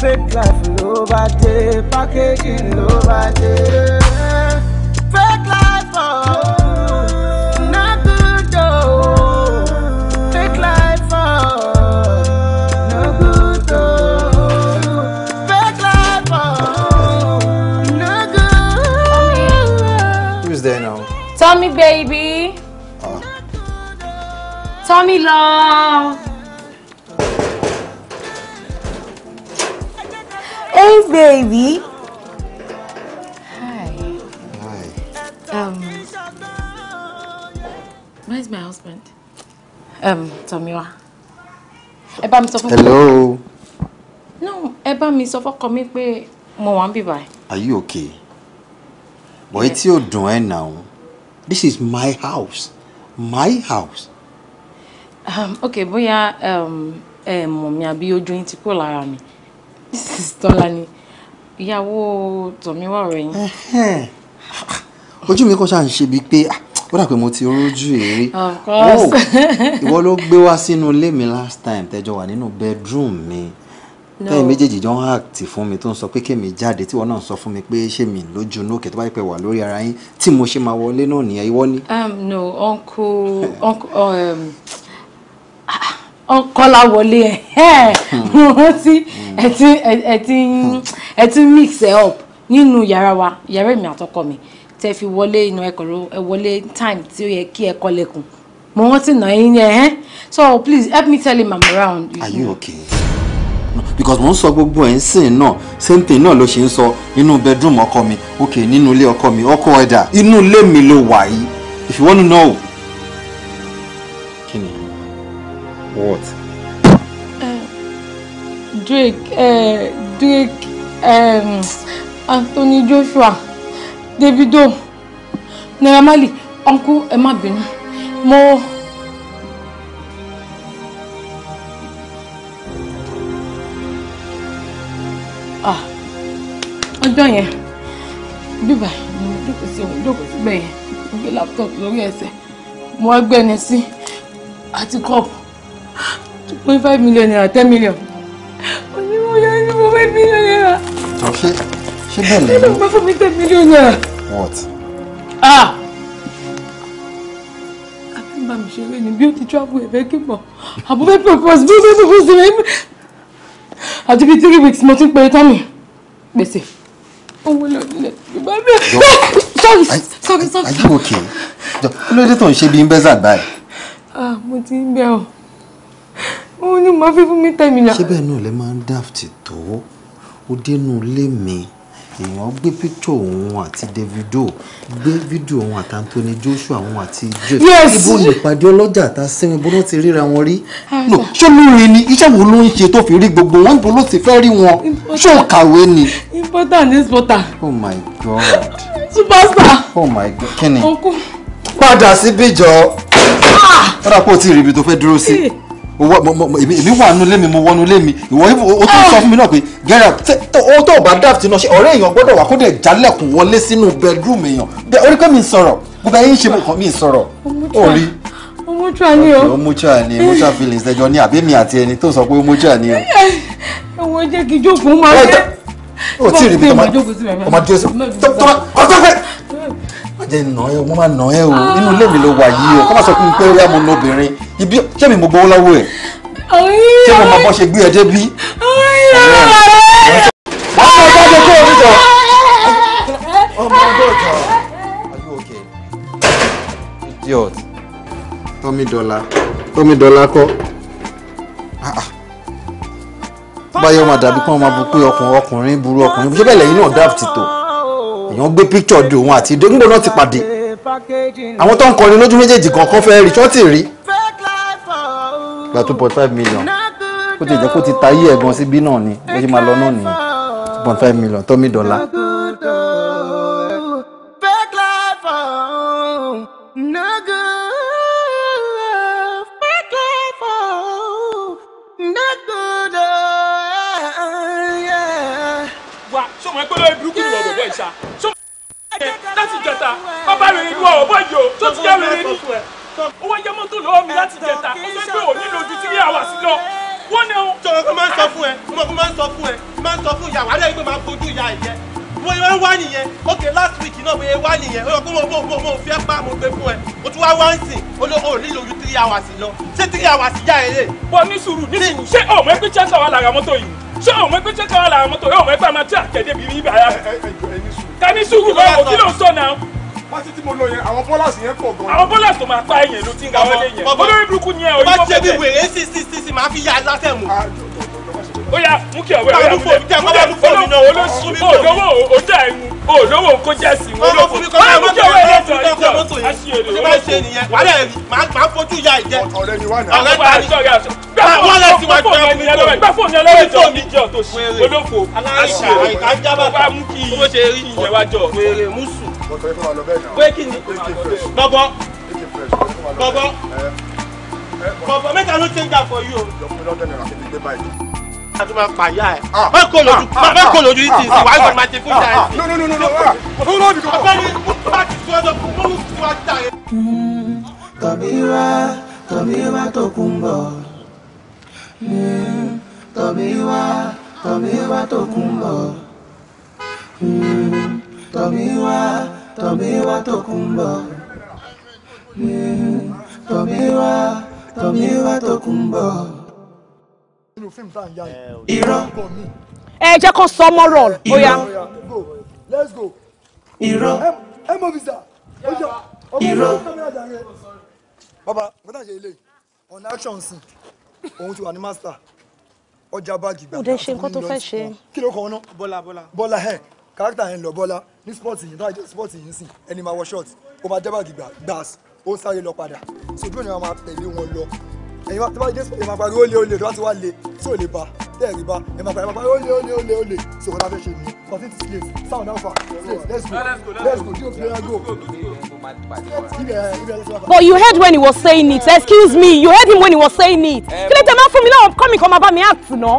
fake life ló bá dé packaging fake life Oh. baby. Uh. Tommy love. Hey, baby. Hi. Hi. Um, where's my husband? Um, Tomiwa. Eba, bá mi Hello. No, Eba, bá mi sọ fọ́kọ mi pé Are you okay? Bọ̀ etí ò dùn ẹ̀ náà this is my house my house. Um, okay bóyá um, ẹ mọ̀ mi àbí ojú yín ti kúrò lára mi this is Tọ́lání ìyàwó Tọ̀míwá ọ̀rẹ́ yín. ojú mi kò ṣáà ń ṣe bíi pé ah, ó dà pé mo ti rójú èrè oh, ìwọ ló gbé wá sínú ilé mi last time tẹjọ wà nínú bedroom mi tẹ́yìn méjèèjì jọ ń act fún mi tó ń sọ pé kémi jáde tíwọ náà sọ fún mi pé ṣé mi lójú nókè tó bá pẹ́ wà lórí ara yín tí mo ṣe máa wọlé náà nìyẹn ìwọ ni. Um, no uncle uncle um, Kọ́láwọlé ẹ̀ hmm. wọ́n ti hmm. ẹ̀ hmm. ti mix ẹ̀ up nínú yàrá wa yàrá èmi àtọkọ mi tẹ fi wọlé inú ẹkọ̀rọ̀ ẹ wọlé time tí ó yẹ kí ẹ kọ́ mo rántí nà yín yẹn so please help me tell him I'm around. are you okay because mo ń sọ gbogbo ẹ̀ ń sìn náà same thing náà ló ṣe ń sọ nínú bedroom ọkọ mi ok nínú ilé ọkọ mi ọkọ ẹ̀dà inú ilé mi ló wà yìí if you wanna know. kíni what. Eh, Drake eh, Drake Anthony Joshua Davido Naira Marley uncle ẹ má bínú mo. ọjọ́ yẹn bíbà ni mo jókòó sí òun jókòó síbẹ̀ yẹn mo gbé laptop lórí ẹsẹ̀ mo wá gbẹ́ni sí àti cup two point five million naira ten million mo ní mo yá ní mo five million naira. ṣé ṣé bẹ́ẹ̀ lẹ́yìn. ṣé ló ń gbé fún mi ten million naira. what. ah bá mi ṣeré ni bí ó ti travel ẹ̀fẹ́ kébọ̀ àbúfẹ́ propose bí ó ti propose rẹ̀ àti bíi three weeks mo ti ń pe tọ́mì gbèsè sorry sorry sorry. are you okay? kí ló dé tó ń ṣe bí ń bẹ́ zàgbá ẹ̀. ah mo ti ń bẹ̀ ọ́ òun ni màá fi fún mi tẹ̀mílà. ṣé bẹ́ẹ̀ náà lè máa ń dáàfù tó ó dénú ilé mi èèyàn gbé picture òun àti Davido gbé fídíò òun àti Anthony Joshua òun àti jay ibo nípàdé ọlọ́jà àtàsínmi bó ló ti ríra wọn rí ah, no ṣé olórin ni iṣẹ́ wo ló ń ṣe tó fi rí gbogbo wọn bó ló ti fẹ́ rí wọn ṣé ò kàwé ni. important is important. oh my god. superstar. oh my god kí ni. padà síbí jọ. Ah! ó dà pé o ti rí ibi tó fẹ́ dúró sí èmi wà nù lémi mo wọnú lémi ìwọ o tún sọ fún mi náà pé gẹ́rẹ́ o tó bá draft náà ṣe ọ̀rẹ́ èèyàn gbọ́dọ̀ wà kó dẹ̀ jálẹ̀kùn wọlé sínú bedroom èèyàn orí pé mi sọ̀rọ̀ gbogbo ẹ̀yin ṣe kàn mí sọ̀rọ̀ orí. omucha ni o omucha ni omucha feelings ẹjọ ní àbí mi àti ẹni tó sọ pé omucha ni o. ẹ̀wọ̀n jẹ́ kí jókòó máa fẹ́. o tí ì rí mi tó máa jókòó sí mi tó máa jẹ́ nà ẹ́ o mo máa nà ẹ́ o inú ilé mi ló wà yìí o kó má sọ fún mi pé ó yá mo lóbìnrin ibi ṣé mi mo gbowó lọ́wọ́ ẹ̀ ṣé mo mọ bọ́ ṣe gbé ẹ débi. wọ́n mọ jáde kó o níjọ. ọmọ ọgbọ́n ọ̀tọ̀ are you okay? idiot. tọ́mí dọ́là tọ́mí dọ́là kọ́ báyọ̀ máa dàbí kí wọ́n máa bu pé ọkùnrin ọkùnrin burú ọkùnrin ṣé bẹ́ẹ̀ lẹ́yìn náà dáàbò ti tò èèyàn gbé píkítọ̀ di òun àti ìdóńgbò náà ti pàdé àwọn tó ń kọrin lójú méjèèjì kan fẹ́ẹ́ rí tí wọ́n ti rí gba two point five million ó ti jẹ́ kó ti ta ayé ẹ̀gbọ́n síbí náà ni bó ṣe máa lọ náà nìyẹn two point five million tọ́mí dọ́là. ṣá. láti jẹta ọba rere ni wọn ò bọ yìí o tó ti yá rere ni ó wá jẹ́ mọ́tò lọ́wọ́ mi láti jẹta ó sọ pé òní lójú tí yàwá sí lọ wọ́n ní o. jọ̀wọ́ kó máa ń sọ fún ẹ mo kó máa ń sọ fún ẹ máa ń sọ fún ìyàwó alẹ́ yìí pé máa bójú ìyá ẹ̀jẹ̀ mo yẹ wá nìyẹn ok last week náà mo yẹ wá nìyẹn ó yọ kó mo mo mo mo fi ẹ pa mo gbé fún ẹ o tún wá wá ń sìn olówó ò nílò ju three hours lọ ṣé three hours já ẹ lè. bọ ní sùúrù ní sùúrù ṣé ọmọ ẹgbẹ́ chẹ́ńtà wà lára mọ́tò yìí ṣé ọmọ ẹgbẹ́ chẹ́ńtà wà lára mọ́tò yìí ọmọ ẹgbẹ́ àmàtí àtẹ̀dẹ́bìrì ibà yà. ká ní sùúrù báwo kí ló ń sọ náà pátí tí mo lọ yẹn àwọn bọ́làsì yẹn pọ̀ gan-an. àwọn bọ́làsì tó máa pa ẹ̀yẹ̀ ló ti ń ga wọlé yẹn olórí burúkú ni ẹ òyìnbó fẹ́. bá ṣe bí wèrè sí sí sí sí máa fi yá lásẹ̀ mú. ó yá mú kí ọ̀wẹ́ ọ̀yà mú dẹ mú dẹ olówó olówó ọjà ẹ̀mú olówó kó jẹ́ sí wọn lóko wọ́n mú kí ọ̀wẹ́ ọ̀yà jọ ìjọ aṣèrè olóko wọ́n lọ sí wájú ẹ̀kú gbà fóònù ẹlẹ́wẹ̀ tó ní jẹ́ ọ̀tọ̀ sí olóko aláìsàn àìkájábàtà bó ṣe rí ìyẹn wájọ wèrè mùsùn pé kí ni bọ́bọ́ bọ́bọ́ bọ́bọ́ mẹ́ta ló ti ń jà fọ yìí o. a tún máa Tomiwa, Tomiwa Tòkunbọ̀ Tọ́míwá Tọ́míwá Tòkunbọ̀. irọ́ ẹ jẹ́ kó sọ mọ́rọ̀ bóyá. irọ́ irọ́ bàbá bàtà ṣe ilé ọ̀nà action sin òun ti wà ní master ọjà báàgì gbàgbà. ó dé ṣe nǹkan tó fẹ́ ṣe. kí ló kọ́ ọ ná. bọ́lá bọ́lá. bọ́lá ẹ̀ eh kárákítà yẹn lọ bọ́lá ní spọ́ọ̀tì yìí láìjẹ́ spọ́ọ̀tì yìí ń sìn ẹni máa wọ ṣọ́ọ̀tì ó máa dẹ́bàgì gbà gbàs ó ń sáré lọ padà so bí ònìyàn máa tẹ̀lé wọn lọ ẹ̀yin máa tẹ́bàgì dẹ́sùn ẹ̀yin máa parí ó lé ó lé tó bá ti wá lé tí ò lè ba tẹ́ẹ̀rí ba ẹ̀yin máa parí ó lé ó lé ó lé ó lé so wọ́n láfẹ́ ṣe ni fourteen to slate sound alpha go. let's go let's go do player go. But you heard when he was saying it. Excuse me, you heard him when he was saying it. Kí ló dé máa fún mi náà kọ́ mi kọ́ máa bá mi act náà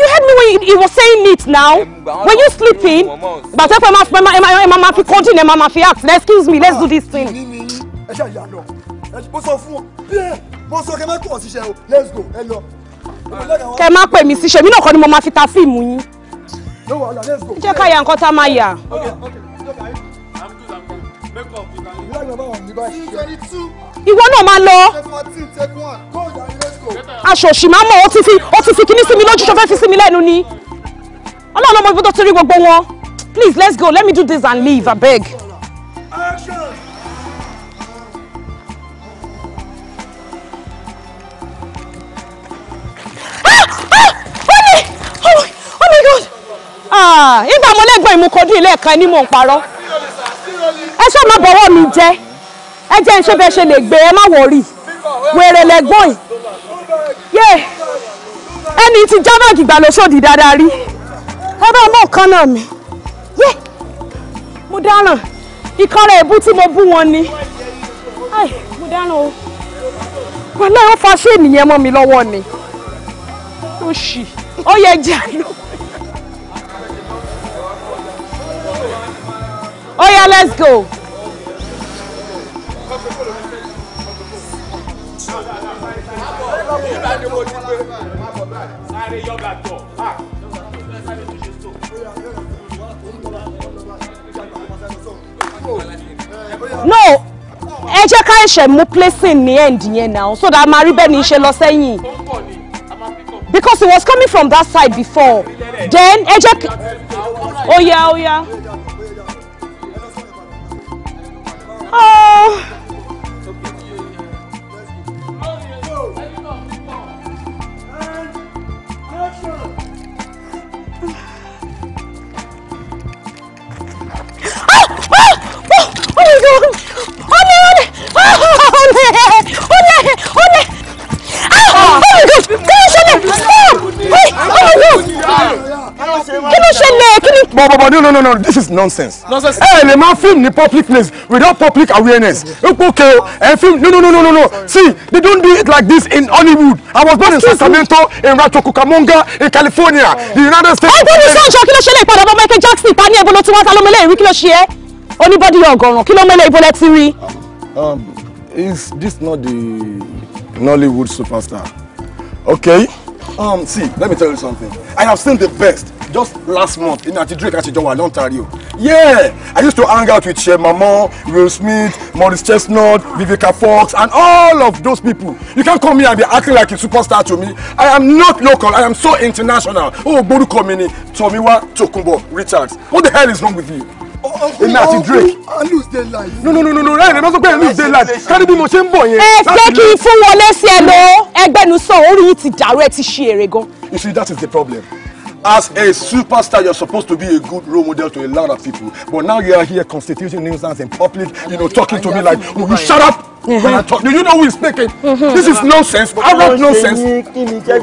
you heard me when he was saying it now. Were you sleeping? But if Emma, Emma, Emma, Emma, Emma, fi continue, Emma, fi ask. Let's excuse me. Let's do this thing. Let's go. Hello. lọ. Mo sọ fún ọ. Mo sọ kẹ́ máa kọ̀ Let's go. Ẹ lọ. Kẹ́ máa pè mí síṣẹ́. Mi náà kọ́ ni mo aṣọ máa mọ̀ ó ti fi ó ti fi kíní sí mi lójú ṣọfẹ́ fi sí mi lẹ́nu ni ọlọ́run ọmọ ibi tó gbogbo wọn please let's go let me do this and leave abeg. nígbà ah! ah! oh oh ah! mo lẹ́gbọ̀n ìmúkọ́dún ilé ẹ̀ka ẹni mò ń parọ́ ẹ ṣáà má bọ̀wọ́ mi jẹ́ ẹ jẹ́ ń ṣe bẹ́ẹ̀ ṣe lè gbé ẹ má wọ̀ọ́rì wèrè lẹ́gbọ̀n yìí yé ẹni tí janet ìgbàlósòdì dáadáa rí ẹ bá mọ ọ̀kan náà mi yé mo dáràn ìkọrẹ ìbú tí mo bú wọn ni mo dáràn o wọn náà ó fa ṣé ènìyàn mọ́ mi lọ́wọ́ ni ó ṣì ó yẹ jẹ àná. Oh yeah, let's go ni mo ti gbé. sáré yọgà tọ̀ no ẹ jẹ́ ká ẹ̀ṣẹ̀ mú placing ní end yẹn now so that máa rí bẹ́ẹ̀ ní í ṣe lọ sẹ́yìn because he was coming from that side before then ẹ jẹ́ oya oya. Oh. no ah! oh ah! oh but but no no no no this is nonsense. nonsense. ẹ eh, lè film in public place without public awareness. ipò ke o ẹ film no no no no no no see they don't do it like this in Hollywood. I was born in Sacramento in Rancho Cucamonga in California the United States. ọgbọ́n mi sọ̀jọ́ kí ló ṣe lè padà bọ́ Michael Jackson ìpàdé ẹ̀bùn ló ti wá sálọ́mọlẹ́ ìrí kí ló ṣe é oníbọ́dí ọ̀gọ̀ràn kí ló mẹ́lẹ̀ ibo lẹ ti rí. Um, is this not the Nollywood superstar? okay um, see let me tell you something I have seen the best just last month in Ati Drake Achijowa in Ontario. Yeah, I used to hang out with Cher Maman, Will Smith, Maurice Chestnut, Vivica Fox, and all of those people. You can't come here and be acting like a superstar to me. I am not local, I am so international. Oh, Boru Komini, Tomiwa Tokumbo, Richards. What the hell is wrong with you? Oh, oh, èmi àti oh, Drake. no no no no no rẹ́ẹ̀ rẹ́ mọ́tò pé lose day life kárí bí mo ṣe ń bọ̀ yẹn. Eh, ẹ ṣé kí n fún wọlé sí ẹ lọ ẹgbẹ́nu sàn orí yìí ti dàrú ẹ ti ṣe èrè gan. you see that is the problem As a superstar, you're supposed to be a good role model to a lot of people. But now you are here constituting nuisance in public, you know, talking to me like, will oh, you shut up? Mm-hmm. Talk, do you know who is speaking? Mm-hmm. This is nonsense, I arrant nonsense.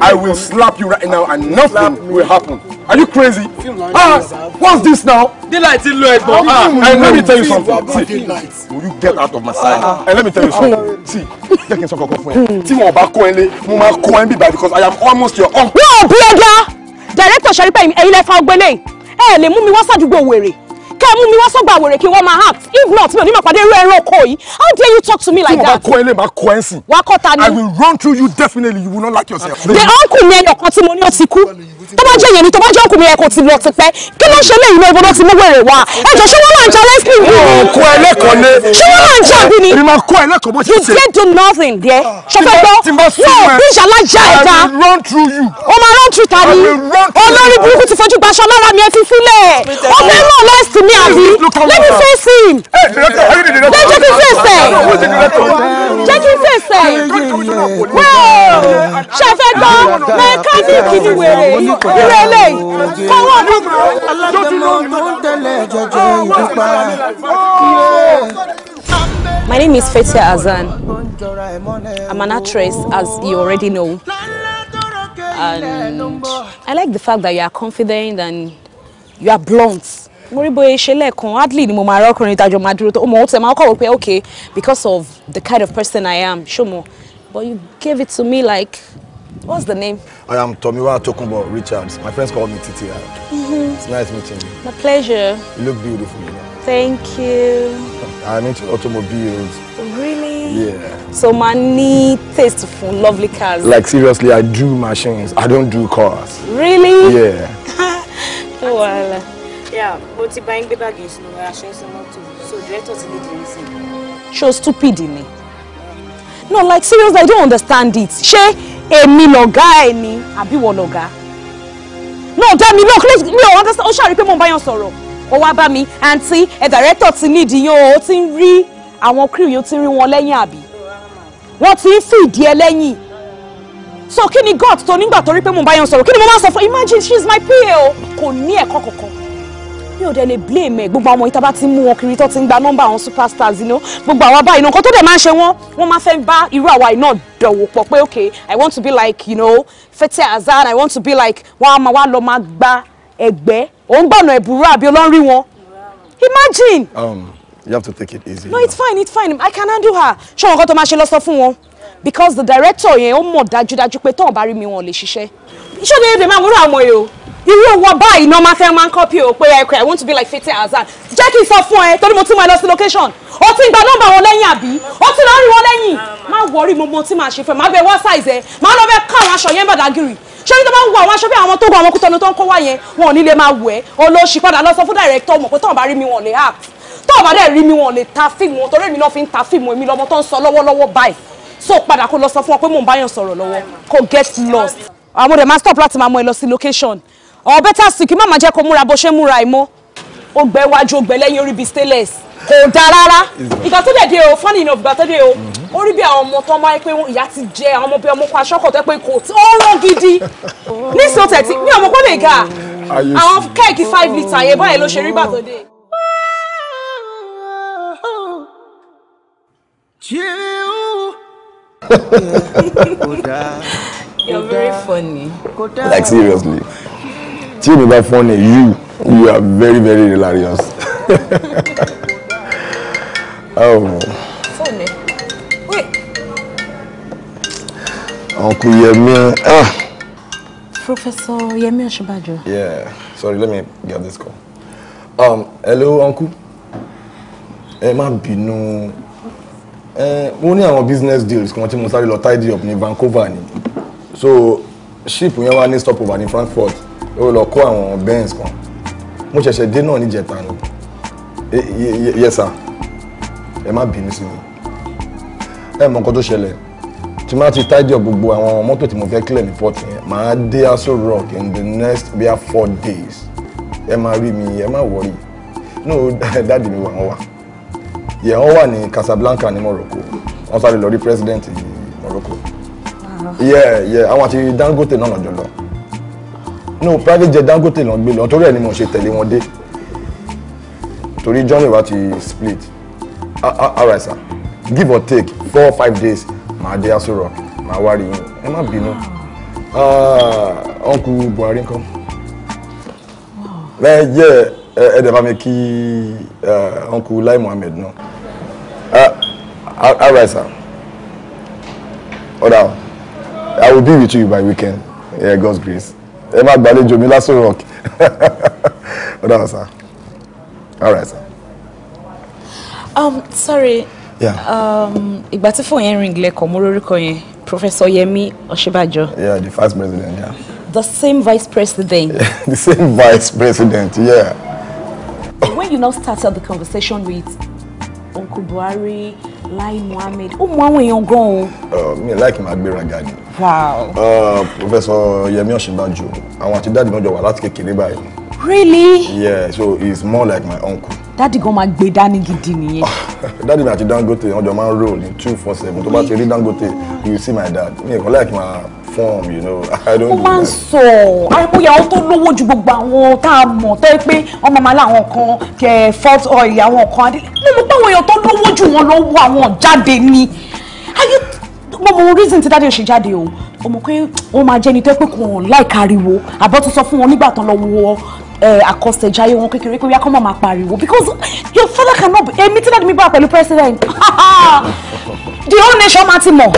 I will slap you right now and nothing will happen. Are you crazy? Ah, what's this now? Daylight is low, but ah, and let me tell you something. See, will you get out of my sight? Ah, And let me tell you something. See, you kí talk sọ kọ̀ọ̀kan fún ẹ. Tí wọn ò bá kó ẹ lé, mo máa because I am almost your uncle. Wọ́n ò bí ọjà director sọ pé ẹ̀yin lẹ fa ọgbẹ́ lẹ́yìn ẹ lè mú mi wá sàdúgbò wèrè kẹ́ ẹ mú mi wá sọ́gbà àwòrè kí wọ́n máa act if not mi ò ní máa pàdé irú ẹ̀rọ ọkọ yìí how dare you talk to me like that. tí mo bá kọ ẹ lè máa kọ ẹ sìn. wàá kọ́ ta ni. I will run through you definitely you will not like yourself. the uncle mi ẹyọ kan tí mo ní ó ti kú tó bá jẹ́ yẹn ni tó bá jẹ́ uncle mi ẹ kò ti lọ ti pẹ́ kí ló ń ṣe lẹ́yìn náà ìbọn ti mú wèrè wá ẹ jọ ṣé wọ́n máa ń jà lẹ́sìn mi. ṣé wọ́n máa ń jà bí ni. you did do nothing there. Ah, ṣọfẹ́ gbọ́ yóò bí ìṣàlá já ẹ̀ I will run through you. o máa run through ta ni. olórí burúkú ti fojú gbaṣọ lára mi ẹ ti sílẹ̀. o fẹ́ mọ̀ lẹ́sìn ni àbí let me face him jẹ́ jẹ́ face ẹ̀ jẹ́ kí face ẹ̀ wẹ́ẹ̀ ṣẹ̀fẹ̀ mẹkáníìkì ni wèrè wèrè lè kọ́wọ́ ọdún. My name is Fetia Azan. I'm an actress, as you already know. And I like the fact that you are confident and you are blunt mo rí bóyá ṣe lẹ́ẹ̀kan hardly ni mo máa rẹ́ ọkùnrin ìtajọ máa dúró tó o mọ̀ ó tẹ̀ máa kọ̀ wọ́n pé okay because of the kind of person I am ṣọmọ but you gave it to me like what's the name. I am Tomiwa Tokunbo Richards my friends call me Titi Arab. Mm-hmm. It's nice meeting you. My pleasure. You look beautiful. Thank you. I'm into automobiles. Really? Yeah. So my need taste for lovely cars. Like seriously, I do machines. I don't do cars. Really? Yeah. oh, well. Yeah, mo ti bá yín gbé báàgì ìṣúná aṣọ ẹsẹ̀ mọ́tò so director ti lè dìrín sí i. Ṣo stupid ni? No, like seriously, I don't understand it. Ṣé èmi lọ̀gá ẹ̀ ni àbí wọ lọ̀gá? No, dá mi lọ́ọ̀kì mi ò understand. Ó ṣàrí pé mo ń bá yàn sọ̀rọ̀. Ó wá bá mi, àǹtí ẹ̀ director ti ní ìdíyàn o, ó ti ń rí àwọn crew yóò ti rí wọn lẹ́yìn àbí? Wọ́n ti ń fìdí ẹ lẹ́yìn so kí ni god tó nígbà tó rí pé mo bá yàn sọ̀rọ̀ kí ni mo máa sọ fún imagine she is my pa o kò ní ẹ̀kọ́ kankan mi ò dẹ̀ lè blame ẹ̀ gbogbo àwọn ìta bá ti mú wọn kiri tó ti ń gba nọ́mbà àwọn superstars ni gbogbo àwa báyìí náà nǹkan tó dẹ̀ máa ń ṣe wọ́n wọ́n máa fẹ́ bá irú àwa iná dọ̀wọ́ pọ̀ pé okay i want to be like you know Fete Azan i want to be like wọ́n á máa wá lọ máa gba ẹ̀gbẹ́ òun gbọ̀nà ẹ̀bùrú àbí olórí wọn imagine. Um, you have to take it easy. no it's fine it's fine i can handle her ṣé nǹkan tó máa ṣe lọ fún wọn because the director yẹn ó mọ̀ dájúdájú pé tóun bá rí mi wọn ò lè ṣiṣẹ́ ṣé ó lè máa wúrà ọmọ yìí o irú owó báyìí náà máa fẹ́ máa ń kọ́pì ò pé ẹ̀kọ́ I want to be like Fete Azan jẹ́ kí n sọ fún ẹ torí mo ti mọ lọ sí location o ti gba nọ́mbà wọn lẹ́yìn àbí o ti lọ rí wọn lẹ́yìn má wọrí mo mọ tí màá ṣe fẹ́ má bẹ wá size ẹ má lọ bẹ ká àwọn aṣọ yẹn Badagry ṣé ní tó bá ń wọ àwọn aṣọ bí àwọn tó gbọ àwọn kútọ́nu tó ń kó wá yẹn wọn ò ní lè máa wọ ẹ olóṣì padà lọ sọ fún director mọ̀ pé tọ́ọ̀ bá rí mi wọn lè act tọ́ọ̀ bá dẹ̀ rí mi wọn lè ta fíìmù wọn torí mi náà fi ń ta fíìmù èmi lọ́mọ tó ń sọ lọ́wọ́lọ́wọ́ báyìí so padà kó lọ sọ fún wọn pé mò ń báyàn sọ̀rọ̀ lọ́wọ́ kó get lost àwọn ọmọdé máa stop láti máa mọ ẹ lọ sí location ọ̀bẹ tá a sì má máa jẹ́ kó múra bó ṣe múra ẹ̀ mọ́ ó gbẹ iwájú ó gbẹ lẹ́yìn orí bíi stainless kò da rárá ìgbà tó dẹ̀ o funny enough ìgbà tó dé o ó rí bí àwọn ọmọ tó máa ń pé ìyá ti jẹ àwọn ọmọ bí ọmọ kọ aṣọ́kọ̀ tó pé kò tí rán gidi ní sọtẹ̀ tí ní ọmọ kó lè ga àwọn kẹ́ẹ̀kì five litre yẹn báyìí ló ṣe rí gbà dé. You're very funny. Like seriously tí èmi bá fọ́ ni you you are very very hilarious. Oh. fóònù wait. uncle yemi ah. professor yemi osinbajo. yeah sorry let me get this call. Um, hello uncle ẹ má bínú ẹ mo ní àwọn business deals kan tí mo sáré lọ tidy up ní Vancouver so ship yẹn wá ní stopover in Frankfurt ó lọ kó àwọn benz kan mo ṣẹ̀ṣẹ̀ dé náà níjẹta ni yes ẹ má bínú sí mi ẹ mọ nǹkan tó ṣẹlẹ̀ tí má ti tidy up gbogbo àwọn mọ́tò tí mo fẹ́ clear ní port yẹn màá dé Aso Rock in the next bia four days ẹ má rí mi ẹ má worry no dáàdi mi wà wọ́n wà yẹ wọ́n wà ní Casablanca ní Morocco wọ́n sáré lọ rí president Morocco yẹ yẹ àwọn àti Dangote náà lọ́jọ́ lọ no private jet Dangote ló ń gbé lọ torí ẹ̀ ni mo ṣe tẹ̀lé wọn dé torí journey wa ti split ah, ah, alright sir give or take four or five days màá dé Aso Rock màá wá rí yín ẹ má bínú ah, uncle Buhari ńkọ́ eh, ẹ yẹ ẹ dẹ̀ bá mi kí eh, uncle Lai Muhammed náà alright sir ọ̀dà I will be with you by weekend yeah, God's grace ẹ má gbàlejò mi lásán rock ó dára sir all right sir. Um, sorry um, ìgbà tí fóun yẹn ring lẹ́kọ̀ọ́ mo lórúkọ yẹn Professor Yemi Ọ̀ṣínbàjò. yeah the first president. Yeah. the same vice president. the same vice president yeah. when you now started the conversation with uncle buhari lai muhammed ó mú àwọn èèyàn gan-an. mi láìkí máa gbéra ga ni. wow. Uh, professor yemi ọ̀ṣínbàjò àwọn àti dáàdì náà jọ wà láti kékeré báyìí. really. yeah so he is more like my uncle. dáàdì gan máa gbé dání gidi nìyẹn. Ah, dáàdì mi àti dangote wọn jọ máa ń roll in two four seven tó bá ti rí dangote you see my dad mi ò láìkí máa form you know i don't do that. ó máa ń sọ àìkúyà àwọn tó lówó ju gbogbo àwọn tá a mọ̀ tó yẹ pé ọmọ màmá làwọn kan kẹ fort oil àwọn kan adílé mo mọ̀ pé àwọn èèyàn tó lówó ju wọn lọ́wọ́ àwọn jáde ni ayé mo mọ reason ti dáadé ò ṣe jáde o o mọ̀ pé ó máa jẹ́ ẹni tó yẹ pé kò hàn láìka ariwo àbọ̀ tó sọ fún wọn nígbà tán lọ wọ àkọsẹ̀jáyé wọn kékeré pé wíwákọ́ mọ̀ pariwo because your father cannot be èmi tí dáadé mi bá pẹ̀lú president the whole nation máa ti mọ̀.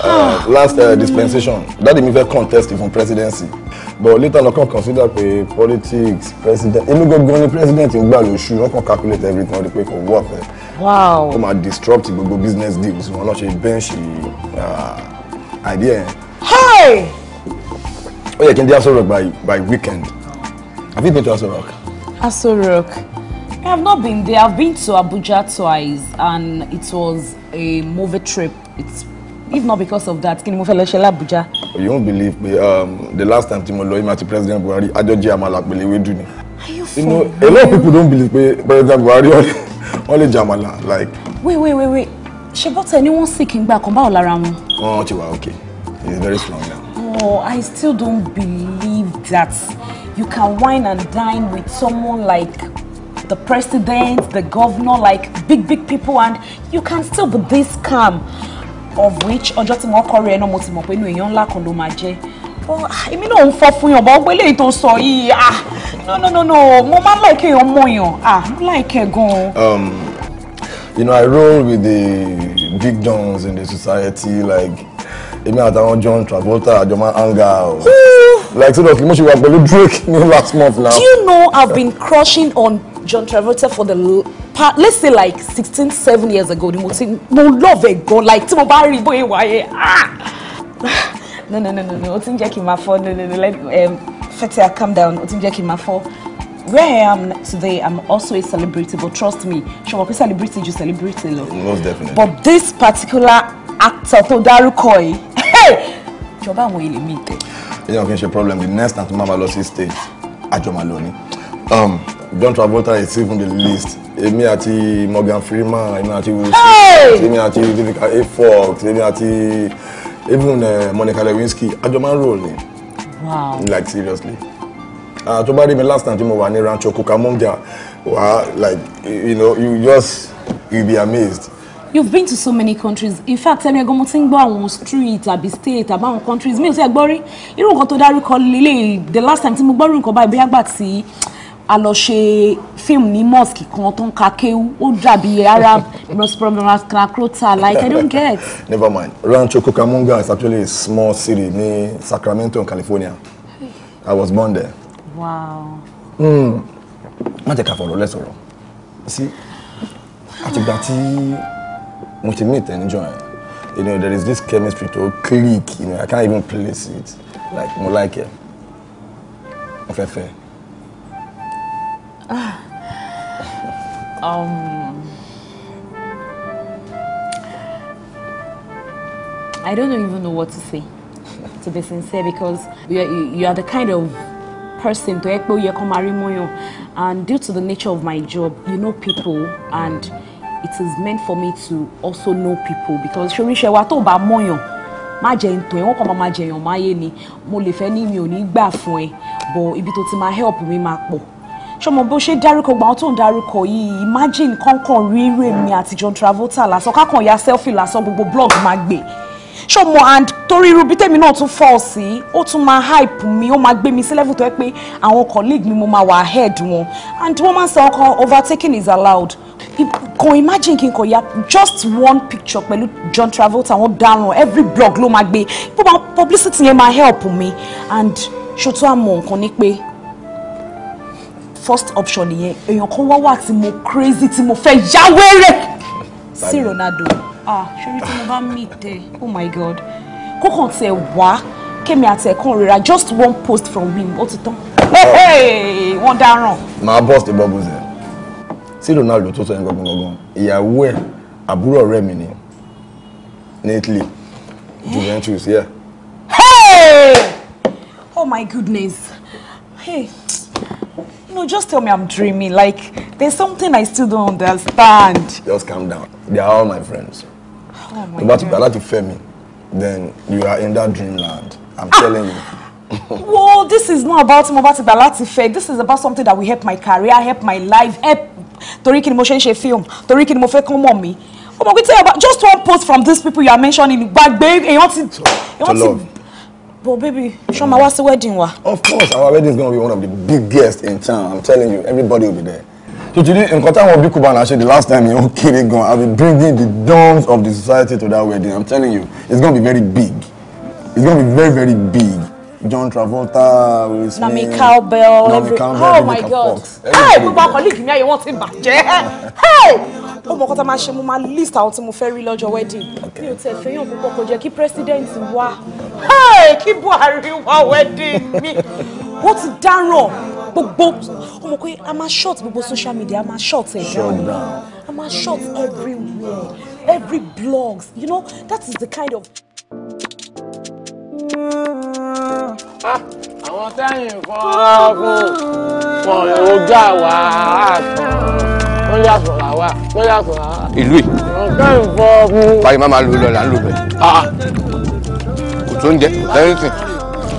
Ah. last uh, dispensation dáàdi mi fẹ́ contest fún presidency but later lọ́kàn consider pé politics president èmi gangan ni president ń gbà lóṣù wọ́n kàn calculate everything wọ́n rí pé work ẹ̀ ó máa disrupt gbogbo business deals wọn lọ́ọ́ ṣe bench uh, idea yẹn. ó yẹ kí n dé Aso Rock by by weekend have you been to Aso Rock. Aso Rock. I have not been there. have been to Abuja twice and it was a movie trip. It's if not because of that kí ni mo fẹ́ lọ ṣe l'Abuja. you won't believe me. um, the last time tí mo lọ yìí àti president Buhari ajọjẹ àmàlà pẹ̀lú ewédú ni. are you for real you know a lot of people don't believe pe president Buhari wọn lè jẹ like. wait wait wait wait ṣe bọ́tẹ̀ ni wọ́n sì kí n gbà kan báwo lára wọn. wọn ti wà okay he is very strong now. oh i still don't believe that you can wine and dine with someone like the president the governor like big big people and you can still be this calm of which ọjọ́ tí wọ́n kọ́rí ẹ náà mo ti mọ̀ pé inú èèyàn ńlá kan ló máa jẹ́ èmi náà ń fọ́ fún yàn bọ́ pé eléyìí sọ yìí ah no no no no mo máa ń láìkẹ́ èèyàn mọ̀ yàn ah mo láìkẹ́ gan um, You know, I roll with the big dons in the society, like èmi àtàwọn John Travolta àjọ máa hang like seriously mo ṣe wà pẹ̀lú Drake ní last month now. do you know I've been crushing on John Travolta for the part let's say like sixteen seven years ago ni mo ti mo love ẹ gan like tí mo bá rí bóyá wáyé ah no no no no no o ti ń jẹ́ kí n máa fọ́ no no no let um, Fatia calm down o ti ń jẹ́ kí n máa fọ́ where I am today, I'm also a celebrity, but trust me, ṣé wọ́n pé celebrity ju celebrity lọ. Most definitely. But this particular actor tó dárúkọ ìjọba àwọn ilé mi tẹ. ìyá òkè ṣe problem the next time tó lost his lọ sí state àjọ máa lọ um, John Travolta is even on the list èmi ati Morgan Freeman èmi ati Will Smith èmi àti Vivica A Fox èmi ati even uh, Monica Lewinsky àjọ máa ń rò ni like seriously ah, tó to rí mi last time tí mo wà ní Rancho Cucamonga Wow, like you know you just you be amazed you've been to so many countries in fact ẹni ẹgbẹ́ mo ti ń gbọ́ àwọn street àbí state àbí àwọn countries Me, ò tí ẹ gbọ́ rí irú nǹkan tó dárúkọ lélẹ̀ the last time tí mo gbọ́ rí nǹkan báyìí bóyá gbà tí a lọ ṣe fíìmù ní mosque kan tó ń ka kéwú ó dàbí arab prosperous like i don't get. never mind rancho cucamonga is actually a small city ní sacramento california i was born there. wow. Hmm. má jẹ́ ká fọ̀rọ̀ lẹ́sọ̀rọ̀ sí àtìgbà tí mo and enjoy. you know there is this chemistry to click you know I can't even place it like more like it. mo fẹ́ fẹ́. Ah. Um, I don't even know what to say to be sincere because you are, you are the kind of person to ekpo yekomari moyo and due to the nature of my job you know people and. Mm it is meant for me to also know people because ṣoríṣẹ́ wa tó o bá mọ̀yàn má jẹ ń tàn ẹ́ wọ́n kàn máa jẹ èèyàn máyé ni mo lè fẹ́ ní mi ò ní gbà fún ẹ but ibi tó ti máa help mi máa pọ̀ ṣọmọ bó ṣe dárúkọ gbà wọn tó ń dárúkọ yìí imagine kankan rí irú èmi àti John Travolta lásán kákan ya selfie lásán gbogbo blog máa gbé ṣọmọ and torí irú bí tèmi náà tún fọ́ sí ó tún máa hype mi ó máa gbé mi sí level tó yẹ pé àwọn colleague mi mo máa wà ahead wọn and wọ́n máa ń sọ ọkàn overtaking is allowed kan imagine kí n ya just one picture pẹ̀lú John Travolta wọn dáràn every blog ló máa gbé bó publicity yẹn máa help mi and ṣòtú àmọ̀ nǹkan ni pé first option nìyẹn èèyàn kan wá wà tí mo crazy tí mo fẹ́ yáwéré sí Ronaldo ah ṣorí tí mo bá meet ẹ oh my god kókàn tiẹ̀ wá kémi àti ẹ̀kan rira just one post from him ó ti tán wọ́n dáràn. màá bọ́ọ̀sì bọ́ọ̀gùn sẹ́yìn tí Ronaldo tó sọ yẹn gangan gangan ìyàwó ẹ̀ àbúrò ọ̀rẹ́ mi ni Nately, Italy Juventus yeah. hey oh my goodness hey you know just tell me I'm dreaming like there's something I still don't understand. just calm down they are all my friends. oh my god tó bá ti gbà láti fẹ́ mi then you are in that dreamland I'm ah. telling you. well, this is not about Mobati Balati Fair. This is about something that will help my career, help my life, help torí kí ni mo ṣe ń ṣe film torí kí ni mo fẹ́ kán mọ̀ mí o pé tell about just one post from these people you are mentioning gbàgbé èèyàn ti èèyàn ti but baby ṣé ọmọ wá sí wedding wa. of course our wedding is gonna be one of the biggest in town i'm telling you everybody will be there tòtìrí nǹkan táwọn bí kubana ṣe the last time yẹn ó kéré gan i be bringing the dawns of the society to that wedding i'm telling you it's gonna be very big it's gonna be very very big. John Travolta, Will Smith. Nami Cowbell. Nami Cowbell. Oh my God. Hey, gbogbo akọ̀lẹ́gì mi ayé wọn ti bàjẹ́. Hey, ó mọ kọ́tà máa ṣe mo máa list àwọn tí mo fẹ́ rí lọ́jọ́ wedding. Mi ò tẹ̀ fẹ́ yàn púpọ̀ kò jẹ́ kí president wá. Hey, kí Buhari wá wedding mi. Wọ́n ti dáràn gbogbo. Ó mọ̀ pé a máa short gbogbo social media, a máa short ẹ̀ down. A máa short everywhere, every blogs. You know, that is the kind of. Ah, àwọn tẹ́yìn fọ́nrán fún fọ̀rọ̀ ọjà wà á sàn wọ́n yàtọ̀ làwà wọ́n yàtọ̀ làwà. ìlú yìí. ọ̀kẹ́yìn fọ́ fún. báyìí máa ma lu lọ là ń lu bẹ̀. Ah, ah. kò tó ń jẹ lẹ́yìn sìn.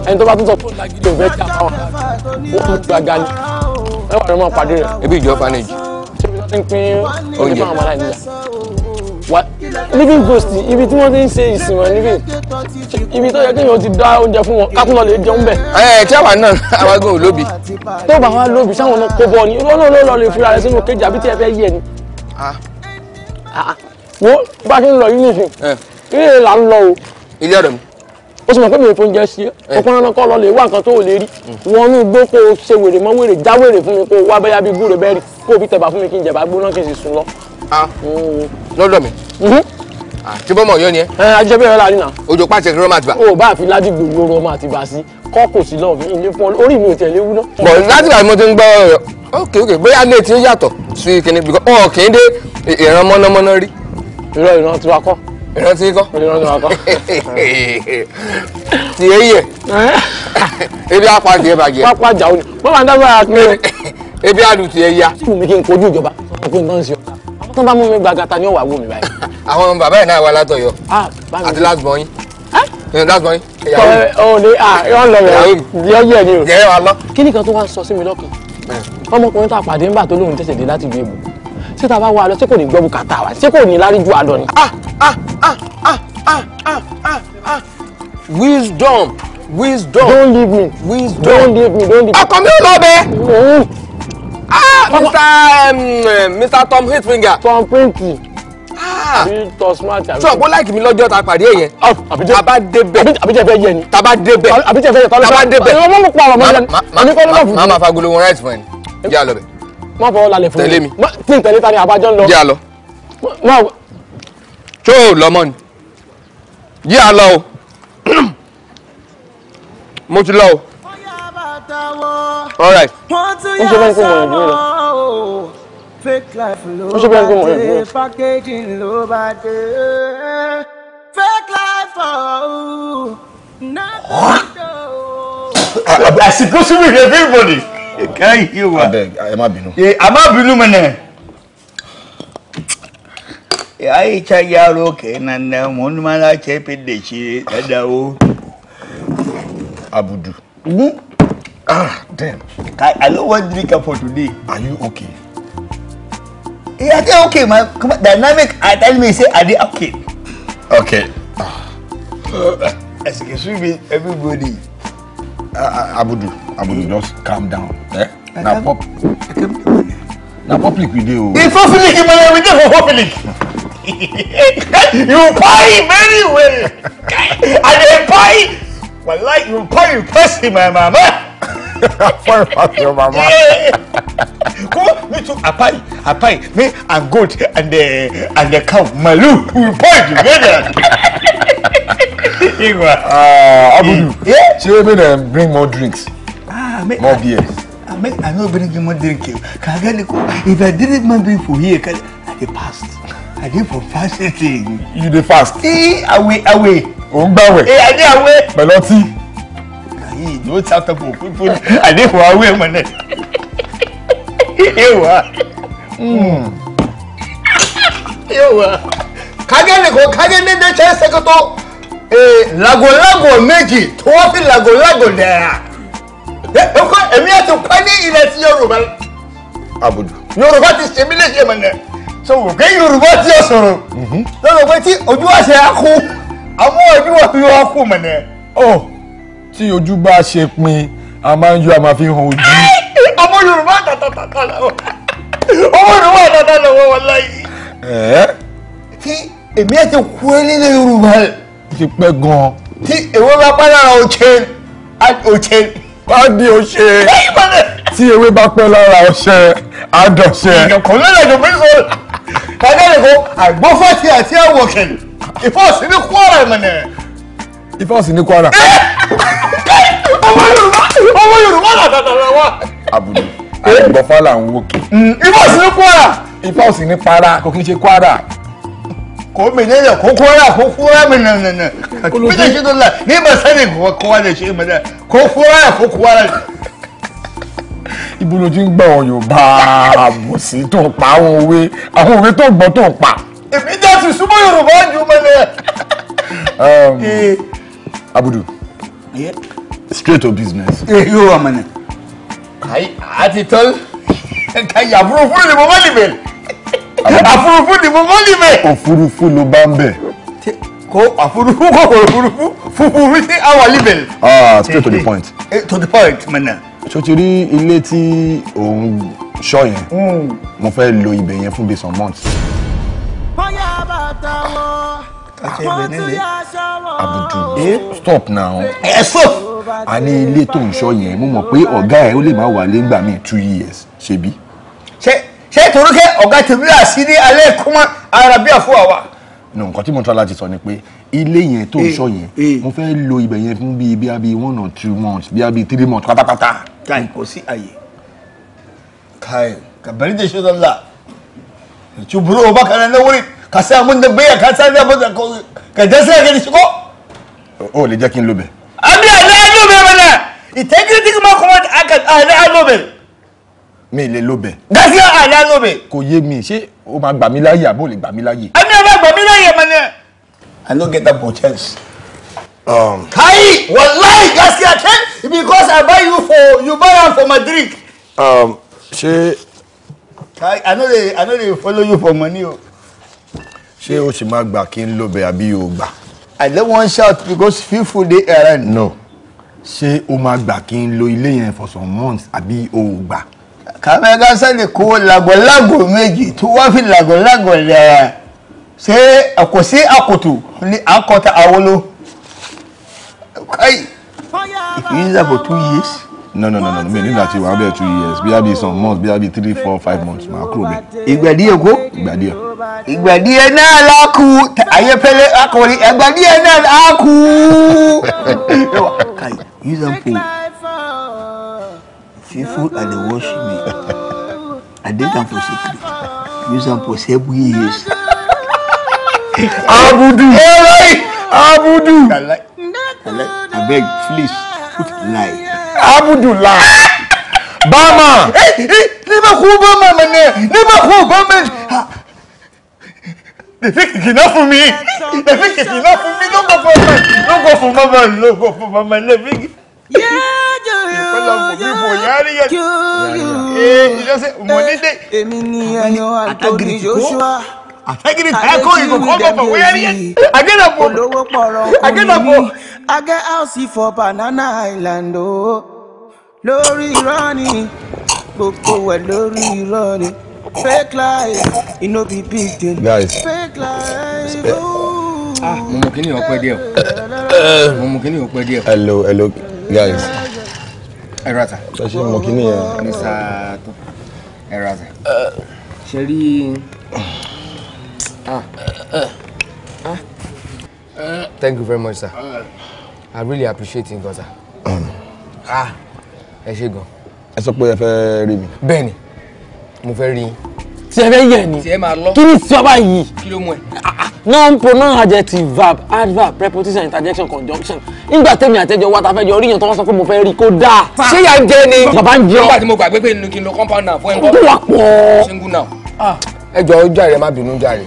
ẹni tó bá tún sọ fún ìdájídé òfé tí a bá wà wọ́n tún gba gani ẹ wà ní pàdé rẹ̀. ebi ìjọ fanage. ṣé ibi tó ti ń pín oúnjẹ wa living ghost ibi tí wọ́n ti ń ṣe ìsìn wọn níbí ibi tó yẹ kéèyàn ti dá oúnjẹ fún wọn kákún lọ lè jẹun bẹ̀. ẹ tí àwa náà àwa gan ò lóbi. tó bá wa lóbi sáwọn náà kó bọ ni olóòlò ló lọ lè fura rẹ sínú kejì àbí tí ẹ fẹ́ yẹ ni. wo bá a ṣe ń lọ yìí nìyí ilé là ń lọ o. ilé ọ̀rẹ́ mi ó sì mọ̀ pé mi ò fún jẹ́ sí ọkùnrin ọkọ lọ lè wá nǹkan tó ò lè rí mm. wọn ní igbó kó o ṣe wèrè mọ́ wèrè já wèrè fún mi kó o wá bẹ́yà bí gúre bẹ́ẹ̀rì kó o fi tẹ̀bà fún mi kí n jẹ̀bà gbóná kí n sì sùn lọ lọ́dọ̀ mi. tí mhm. ah, bọ́mọ̀ yọ ni ẹ. ẹ eh, ajẹ́ bẹ́ẹ̀ rẹ́lá nínà. òjò pàṣẹ kí rọ́mà ti bá. o bá àfi ládìgbò yóò rọ́mà ti bá sí kọ́kọ̀ sí lọ́ọ̀mí ilé fún ọ orí mi ò tẹ̀lé wúná. bọ̀ láti bàbá mo ti ń gbọ́ ọ̀rọ̀ ok ok bóyá ní etí yàtọ̀ sí kinní bíkọ́ ọ̀ kì í dé ìran mọ́nàmọ́ná rí. irọ́ ìran tiwa kọ́. ìran tí kọ́. ìran tiwa kọ́. ti eyi ẹ eh? ebi apá jẹ bàjẹ́. pápá jà ó ní bọ́lá ń dábàá kí ni. ebi àdùn ti ẹ ya. tí mo mi kí n kojú ìjọba ọkùnrin náà ń ṣe tó bá mú mi gbàgàtà ni ó wà wò mí báyìí. àwọn bàbá ẹ̀ náà wà látọ̀yọ́ ah, àti last born yín eh, last born yín ìyàwó mi. ọ̀ ní à yọ̀ lọ rẹ̀ yọ̀ yẹ̀ ni o. yẹ̀ wà lọ. kí nìkan tó wá sọ sí mi lọ́kàn eh. ọmọkùnrin tá a pàdé ńgbà tó lóun tẹ̀sẹ̀ dé láti ìlú èbò ṣé tá a bá wá lọ ṣé kò ní gbọ́ bùkátà wa ṣé kò ní lárí ju àlọ́ ni. ah ah ah ah ah ah ah ah wisdom wisdom don't leave me wisdom don't leave me don't leave me. ọkọ mi ò lọ bẹ́ẹ̀. Mr. Mr. Um, um, Tom Hitfinger. Tom Pinky. Bí ah. Tosmart àbí. Sọ̀ bó láìkì mi lọ́jọ́ ta pàdé yẹn. Àbíjẹ́ Tàbá débẹ̀. Àbíjẹ́ fẹ́ yẹ ni. Tàbá débẹ̀. Àbíjẹ́ fẹ́ yẹ kọ́lọ́fẹ́. Tàbá débẹ̀. Ẹ̀rọ mọ́mú pa ọ̀rọ̀ mọ́lẹ́. Màmí kọ́ ló mọ̀ fún mi. Màmá fagolo wọn ráìtì fún ẹni. Yà lọ bẹ̀. Má fọwọ́ lálẹ́ fún mi. Tẹ̀lé mi. Tí n tẹ̀lé ta ni àbájọ́ ń lọ. Yà lọ. Tó lọ́mọ ni. Yà lọ o. Mo ti lọ o. All right. Ń ṣe bẹ́ẹ̀ kó mọ̀ ẹ̀dùn rẹ̀ fake life ló bá dé packaging ló bá dé fake life oh, náà. I suppose to be everybody. You can't hear what. Abeg, ẹ má bínú. Ẹ má bínú mẹ́nẹ̀. Aisha yaro kenan na mun mana ce da shi da dawo. Abudu. Mm -hmm. Ah, damn. I, I don't want drink for today. Are you okay? Yeah, I think okay man. come on, dynamic I tell me say are they okay. Okay. Excuse me everybody. Ah, ah, ah, Abudu, Abudu, mm. just calm down. Eh? now pop. Now public video. dey o. Oh. If public man we do for public. you pay very well. I pay? Well, like you pay you pass my mama for your mama. Come, me too. Apai, apai, me and goat and the and the cow, malu, we point together. Igwa. Ah, uh, Abudu. Yeah. Eh? She will bring, bring more drinks. Ah, me, more beer. I, I, I no bring you more drink. Eh. If I didn't my drink for here, I dey fast. I dey for fasting. You dey fast. Eh, away, away. Ongbawe. Eh, I dey away. Pelotti yìí ni ó sáfẹ́ kò kú fún àdéhùn awé mọ̀ náà ewa ewa kage ne ko kage ne de che se ko to eh lago lago méjì tó wá fi lago lago de e ko èmi ati pa ni ilẹ̀ ti Yorùbá abudu Yorùbá ti ṣe mí lè ṣe mọ̀ náà so wò pé Yorùbá ti sọ̀rọ̀ mm-hmm. lọ́nà pé tí ojú àṣẹ akú àwọn ojú wà fi wá kú mọ̀ náà. Oh tí ojú bá ṣe pin a máa ń yọ a máa fi hàn ojú. ọmọ yorùbá àtàtàtà lọ́wọ́ ọmọ yorùbá àtàtà lọ́wọ́ wọn láyé. tí èmi ẹ̀ ti kú ẹ nílẹ̀ yorùbá rẹ̀. ti pẹ́ gan-an. tí èwe bá pẹ́ lára òṣè òṣè. bá di òṣè tí ewé bá pẹ́ lára ọṣẹ àdọ̀ṣẹ. ìyọ̀kọ̀ lọ́dọ̀ tó fi sọ̀rọ̀ kàdéèkó àgbófẹ́tì àti àwọ̀kẹ̀lẹ̀ ìfọ̀sí ní kwara mọ̀nẹ̀. ìfọ̀sí ní kwara owó yorùbá làdàdàdà wa. àbùdù àìgbọ̀fà eh? là ń wòkè. ifá hmm, sì ní kwara. ifá sì ní para kò kí n ṣe kwara. kò mí lẹ́yìn kó kwara kó kwara mi nà nà nà mí lè ṣe tó la ní ìbá sẹ́ni kò kwara lè ṣe mọ̀ dẹ́ kó kwara kó kwara. ibi ló ti ń gbọ́ àwọn yorùbá àbòsí tó ń pa àwọn òwe àwọn òwe tó ń gbọ́ tó ń pa. èmi dá ti súnmọ́ yorùbá jù mọ́ lẹ́yìn. àbùdù. Um, eh. eh? straight to business. èyí wà mọ̀nà. àti tán káyà àfurufú ni mo mọ́ lè bẹ̀rẹ̀ àfurufú ni mo mọ́ lè bẹ̀rẹ̀. òfurufú ló bá ń bẹ̀. ko àfurufú kò kò òfurufú fúfurufú sí àwa libel. ah straight to the eh, eh, point. Eh, to the point mọ̀nà. ṣo ti rí ilé tí òun ṣọ yẹn hmm. mo fẹ́ lo ibẹ̀ yẹn fún bíi some months. bóyá bàtà wọ. àbùdù stop now. stop a ní ilé tó ń sọ yẹn mo mọ̀ pé ọ̀gá ẹ̀ ó lè má wà lé ńgbà míì two years ṣebí. ṣé ṣé torí kẹ́ ọ̀gá tèmi rà sí ní alẹ́ kọ́mọ́ arábíà fún àwa. nù nǹkan tí mo tọ́ láti sọ ni pé ilé yẹn tó ń sọ eh, yẹn eh. mo fẹ́ lo ibẹ̀ yẹn fún bíi bíi abi one or two months bíi abi three months pátápátá. káyìn kò sí àyè káyìn kàbẹ́rẹ́ jẹ́ ṣọ́dọ̀ ńlá ìṣubúrò ọba kan náà wọ́n ka sa mun da baya ka sa da ka ka da sai ga shi ko o le jẹ́ kí n lọ bẹ̀ ìtẹ́gírítíkìmọ̀ command act alálòbẹ̀. mi lè lóbẹ̀. gàdíà alálòbẹ̀. kò yé mi ṣé o máa gbà mí láyè àbò lè gbà mí láyè. àmì ọba gbà mí láyè mọ ni. I no get that much chance. Um. Kai, wallahi, Garcia came because I buy you for you buy am for my drink. Um, ṣé. Kai, I no dey I no dey follow you for money o. Ṣé o ṣì máa gbà kí n lóbẹ̀ àbí yóò gbà? I don wan shout because few full dey around. No ṣé o máa gbà kí n lo ilé yẹn for some months àbí o ò gbà. kàmẹ́gà sẹ́ni kó làgọ̀làgọ̀ méjì tó wá fi làgọ̀làgọ̀ lẹ̀ ṣé kò sí àkòtò ní àkọ́tà àwolo. ìyí ṣe for two years. no no no no mi nígbà tí wàá bẹ̀rẹ̀ two years bí be some months bí be three four five months màá kúrò bẹ́ẹ̀. ìgbà díẹ̀ kó. ìgbà díẹ̀. ìgbà díẹ̀ náà lákù ayépẹ́lẹ́ akọrin ìgbà díẹ̀ náà lákù. Use and for Faithful are the wash me. I did them for secret. Oh. Use and pull seven years. Abudu. Abudu. I like. I beg, please put lie. Abudu lie. Bama. Hey, hey, never who Bama, man. Never who Bama. They think it's enough for me. They think it's enough for me. Don't go for mama. Don't go for mama. Don't go for mama. They think. Atagiri Yeah, you go come up where you again up again up I get house for banana island oh lórí irọ́ ni gbogbo ẹ̀ lórí fake life e no be big deal guys fake life eh. ooo. Oh. ah mo kini kíní ọpẹ díẹ̀ mo mú kíní ọpẹ díẹ̀. hello hello guys. ẹ rà sà. ṣe ṣe mú kíní yẹn. ní sáà ẹ rà eh. ṣe rí ah ah thank you very much sir i really appreciate it gan ah ẹ ṣé gan. ẹ sọ pé ẹ fẹ́ rí mi. bẹ́ẹ̀ ni mo fẹ́ rí i. tí ẹ fẹ́ yẹ̀ ni kí ni tí ọba yìí. kí ló mú ẹ. Ah, ah. noun pronoun adjective verb adverb preposition interjection conjunction nígbà tẹ́mi àtẹ́jọ wa ta fẹ́ jọ ríyàn tó wọ́n sọ pé mo fẹ́ rí i kó dáa. ṣé yà ń jẹ ni. bàbá ń jẹun. nígbà tí mo gbàgbé pé kí n lo compound náà fún ẹ nǹkan. wà pọ̀. single now. Ah. ẹ jọ ojú àìrẹ má bínú jàre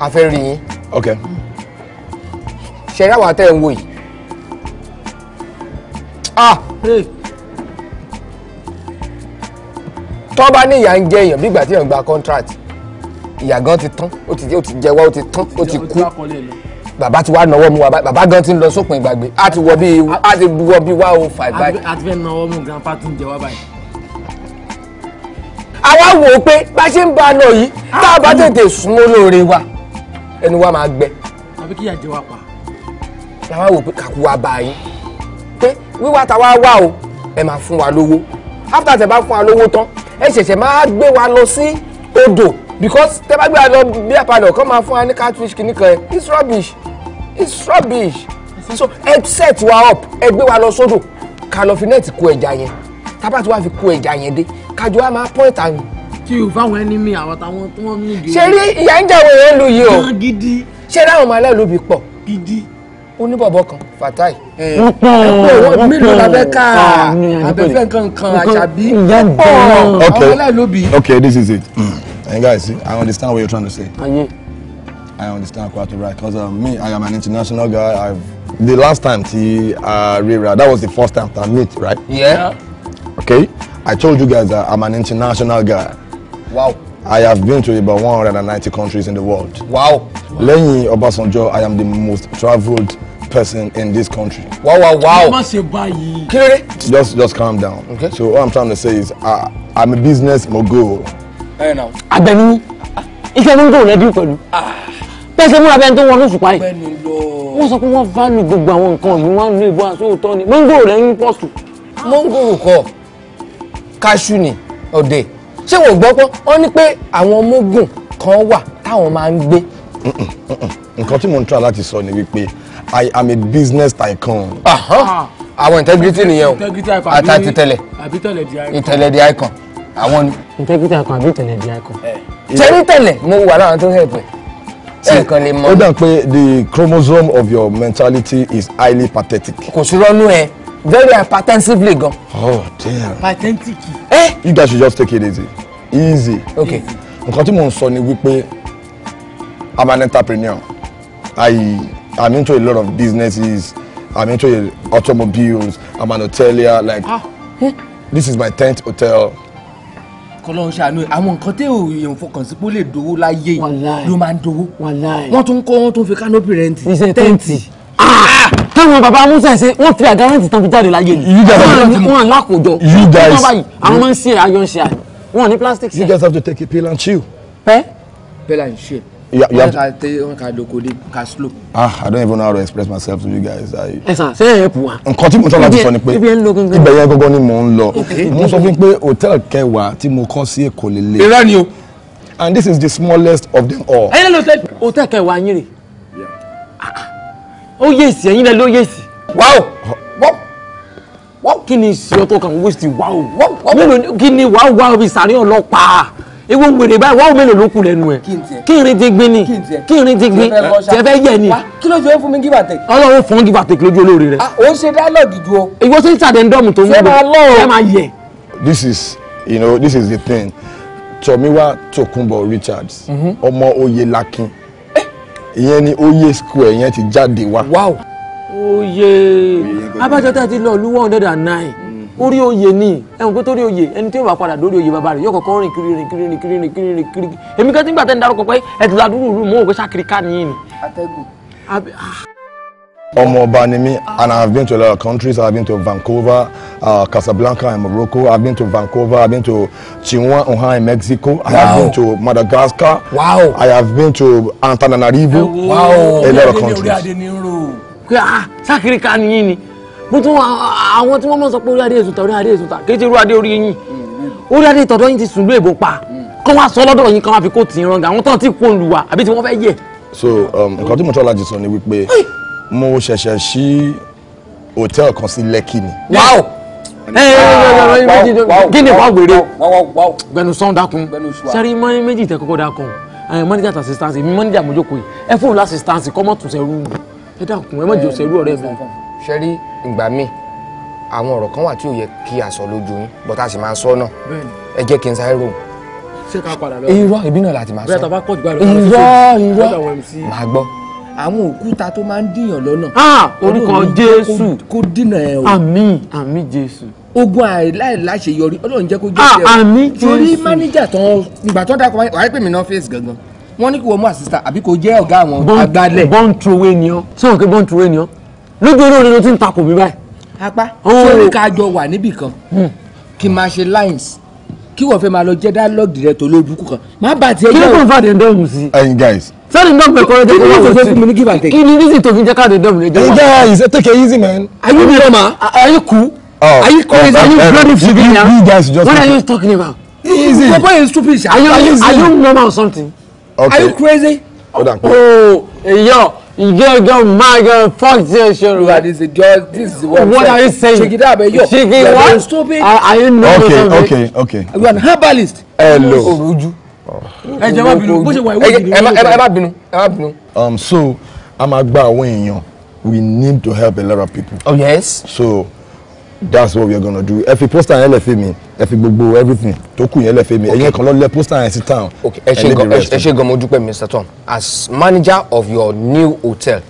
a fẹ́ rí yín. ok. ṣe ráwa tẹ́ ń wò yìí. ah. Hey. tó bá ní ìyà ń jẹ èèyàn bí ìgbà tí èèyàn gba contract ìyà gan ti tán ó ti jẹwọ́ ó ti tán ó ti kú bàbá ti wá nọwọ́ mu wa bàbá gan ti ń lọ sópin ìgbàgbé a ti wọ bí a ti wọ bí one oh five báyìí. a ti fẹ́ nọwọ́ mu grandpa tó ń jẹ wá báyìí. àwa wò ó pé bá ṣe ń bá a yìí ah! tá a bá tètè sún olóore wa ẹnu wa máa gbẹ. àbí kí ìyà jẹ wá pa. làwa wò pé kàkú wa bá a yín pé wíwá ta wá o ẹ máa fún wa lówó after tẹ bá fún wa lówó tán ẹ ṣẹ̀ṣẹ̀ máa gbé wa lọ sí odò because tẹ bá gbé wa lọ bí àpàdé ọ̀kan máa fún wa ní catfish kìíní kan ẹ it's rubbish it's rubbish so ẹ set wa up ẹ gbé wa lọ sódò ká lọ fi nẹ́ẹ̀tì kó ẹja yẹn tábà tí wàá fi kó ẹja yẹn dé kájọ wa máa point àrùn. tí o fáwọn ẹni mi àwọn táwọn tó wọn nídìí. ṣe rí ìyá ń jẹ́ àwọn èèyàn lu yìí o ṣe rí àwọn ọmọ alẹ́ lóbi pọ̀. gidi oníbọ̀bọ̀ kan fatai mélòó labẹ́ ká abẹ́fẹ́ ah, kankan àṣàbí ọmọ aláìlóbi. okay this is it mm. and guys see i understand what you're trying to say i understand quite well right because um, me i am an international guy i've the last time ti uh, that was the first time i meet right. yeah. okay i told you guys that i'm an international guy. wow. I have been to about 190 countries in the world. Wow. Lẹ́yìn Ọbásanjọ́, I am the most travelled person in this country. Wow, wow, wow. Má ṣe báyìí. Kílódé. Just just calm down. Okay. So what I'm trying to say is I, I'm a business mogul. Ẹ nà. Abẹ́ni iṣẹ́ ló ń tó rẹ́dí pẹ̀lú. Ah. Pẹ́sẹ̀ múra bẹ́ẹ̀ tó wọn lóṣù parí. Wọ́n sọ pé wọ́n fáàlù gbogbo àwọn nǹkan yìí wọ́n á lo ìbò àsóòtọ́ ni. Mọ́ngòrò lẹ́yìn pọ́ọ̀sù. Mọ́ngòrò kọ, káṣù ni, ọ̀dẹ̀ ṣé wọn gbọ́ pé wọ́n ní pé àwọn ọmọogun kan wà táwọn máa ń gbé. nǹkan tí mò ń try láti sọ ni wípé i am a business tycoon. Ah. àwọn integrity nìyẹn o àtàtì tẹlẹ ìtẹlẹ di icon àwọn ni. integrity icon àbí ìtẹlẹ di icon. Eh. tẹ́lí tẹ̀lẹ̀ mo wà láwọn tó ń hẹ̀pẹ̀ eh, nǹkan lè mọ. ó dà pé the chromosome of your mentality is highly pathetic. kò sí rọ́nú ẹ very hypertensively gan. oh dear. hypertensive. Eh? you guys should just take it easy easy. okay. nǹkan tí mò ń sọ ni wípé i'm an entrepreneur i i'm into a lot of businesses i'm into automobiles i'm an hotelier like ah. Eh? this is my tenth hotel kọlọ́run ṣàánú àwọn nǹkan tẹ́ èèyàn fọkàn sí pé ó lè dowó láyé ló máa ń dowó wọ́n tún kọ́ wọ́n tún fi kánópì rẹ́ǹtì. iṣẹ́ tẹ́ǹtì táwọn bàbá musa ṣe wọn fi àgárántì tán fi jáde láyé ni wọn lákòjọ wọn báyìí àwọn máa ń ṣe ayọ̀ ṣe àná wọn ní plastic ṣe. you guys have to take a pill and chill. pẹ́. pill and chew. Yeah, you have to. Wọ́n ka doko de ka slow. Ah, I don't even know how to express myself to you guys. Ẹ sàn, ṣé ẹ pù wá? Nǹkan tí mo tọ́ láti sọ ni pé ibẹ̀ yẹn gọ́gọ́ ni mò ń lọ. Mo sọ fún pé hòtẹ́ẹ̀lì kẹwàá tí mo kọ́ sí Èkó lélẹ̀. Irọ́ ni o. And this is the smallest of them all. Ẹyẹ ló ṣe hòtẹ́ẹ̀lì kẹwàá yín rè. Ah, ah ó yèsì ẹ̀yin lẹ́lẹ́ ó yèsì. wáò wọ́n. kí ni ìṣe ọtọ kan wíṣì wáò mélòó kí ni wáò wáò bíi sàrí ọlọ́pàá ewu wèrè báyìí wáò mélòó ló kù lẹ́nu ẹ̀ kí n rin ti gbin ni kí n rin ti gbin tẹ fẹ́ yẹ ni. kí ló jẹ́ fún mi give and take. ọlọ́run fún give and take lójú olóore rẹ. Ah, ó ṣe dialogue ju o. ìwọ sí sàdéńdọ́mù tó ń bọ̀ ẹ máa yẹ. this is you know this is the thing Tomiwa Tokunbo Richards mhm. ọmọ mm -hmm. Oyelakin ìyẹn ni oyè square yẹn ti jáde wá. wow oyè abájọ tá a ti lọ lu one hundred and nine mm. orí oyè ni ẹ̀wọ̀n pé torí oyè ẹni tí yóò bá padà dórí oyè bàbá rẹ̀ yóò kọ́kọ́ rìn kiri rìn kiri rìn kiri rìn kiri rìn kiri èmi kẹ́tí nígbà tẹ́ ń darúkọ pé ẹ̀dùn ládùúgbò rú mọ́ òwe sákiri ká nìyí ni. atẹ́gùn. Ah. Ọmọ ọba ni mí and I have been to a lot of countries. I have been to Vancouver, uh, Casablanca in Morocco. I have been to Vancouver. I have been to Chihuahua in Mexico. Wow. I have been to Madagascar. Wow. I have been to Antananarivo. Wow. A lot of countries. pé ah sákiri ká ni yín ni mo tún àwọn tí wọ́n máa ń sọ pé orí adé èso ta orí adé èso ta kì í ṣe irú adé orí yín orí adé tọ̀dọ̀ yín ti sùn lú èbó pa kán wá sọ lọ́dọ̀ yín kán wá fi kó tì í ranga àwọn tán ti kó lùwà àbí tí wọ́n fẹ́ yẹ. so um, nǹkan tí mo tọ́ lajì sọ ni wípé mo ṣẹ̀ṣẹ̀ ṣí hòtẹ́ẹ̀lì kan sí Lẹ́kì ni. wáò kí ni wàá wèrè o gbẹnusán dákun sẹ́rí mọ́ni méjì tẹ kọ́kọ́ dákun mọ́níjà tà sísítánsì mi mọ́níjà mọ́jókòó yìí ẹ fún un láti sísítánsì kọ́ mọ́ tún sẹ́rú ẹ dákun ẹ má jẹ́ òṣèrú ọ̀rẹ́ mi. sẹ́rí ìgbà míì àwọn ọ̀rọ̀ kan wà tí ò yẹ kí a sọ lójú yín bọ́tà sì máa sọ náà ẹ jẹ́ kí n sáré rò irọ́ ìbínú láti máa sọ irọ́ irọ́ màá gbọ́ àwọn òkúta tó máa ń dìyàn lọ́nà. Ah, orúkọ jésù kó dínà ẹ o. àmín àmín jésù ogun àìláṣeyọrí ọlọ́run jẹ́ kó jẹ́ ṣe ah, o. àmín jésù torí mánéjà tán ìgbà tó dákọ̀ wáyé pèmí náà fèsì gangan wọ́n ní kí wọ́n mú àsìsà àbí kó jẹ́ ọ̀gá àwọn agbálẹ̀. bọ́n trowé ni ọ́ sọ̀rọ̀ pé bọ́n trowé ni ọ́ lójú olóore ló ti ń takò mi báyìí. apá sórí oh. ká jọ wà níbì kan hmm. kí n máa ṣe lines kí wọ́n fẹ́ máa lọ jẹ́ dialogue rẹ tó lójú kan má bà tiẹ̀ jẹ́ o. kí ló tó ń fa dèndéhùn sí. ẹyin guys. sọ́ọ́ni náà pẹ̀ kọ́ra jẹ́ kí wọ́n fẹ́ fún mi ní give and take. kí ni reason tó fi jẹ́ ká dèndéhùn rẹ jẹ́ wá. ẹyin guys take it easy man. ayé mi rẹ̀ ma ayé kú. ayé kọ́ ayé bloody civilian. you guys just. what are you talking about. easy. your boy is stupid. are you are you normal or something. okay are you crazy. hold on. ooo eyan. You just don't mind your fuck this shit. Look at this, girl. This is what, what are you saying? Check it out, man. Eh, yo, Check it what? Stupid. I, I didn't know. Okay, okay, okay. You are an herbalist. Hello. Oruju. Ẹ jẹ́ Um, so, I'm máa gba àwọn We need to help a lot of people. Oh yes. So, that's what we are gonna do ẹ poster yẹn lẹ fẹ mi ẹ gbogbo everything tó kù yẹn lẹ fẹ mi ẹ̀yin kan lọ lẹ poster yẹn sí town. ok ẹ ṣe gan ẹ ṣe gan mo dúpẹ́ Mr. Tom as manager of your new hotel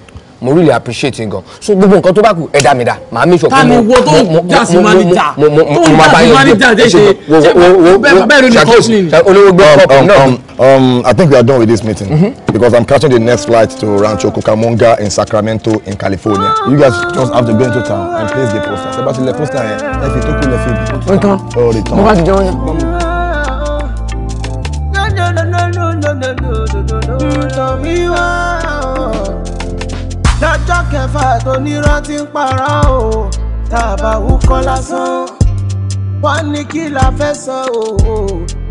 mo really appreciate yín gan so gbogbo nǹkan tó bá kù ẹ dá mi dá màá mi sọ pé mo mo mo mo mo mo ma bá yín jẹ ṣe wo wo wo ṣàkíyèsí olówó gbọ́ ọkọ̀ náà. Um, I think we are done with this meeting mm-hmm. because I'm catching the next flight to Rancho Cucamonga in Sacramento in California. You guys just have to go into town and place the poster. Ṣé bá ti lẹ poster yẹn, ẹ fi tó kú lẹ fi bì. Ó tán. Ó lè tán. Mo bá ti jẹun yẹn. Tọ́ mi wá lọ́jọ́ kẹfà tó nírọ́ ti ń para o tá a bá wúkọ́ lásán wọ́n ní kí la fẹ́ sọ o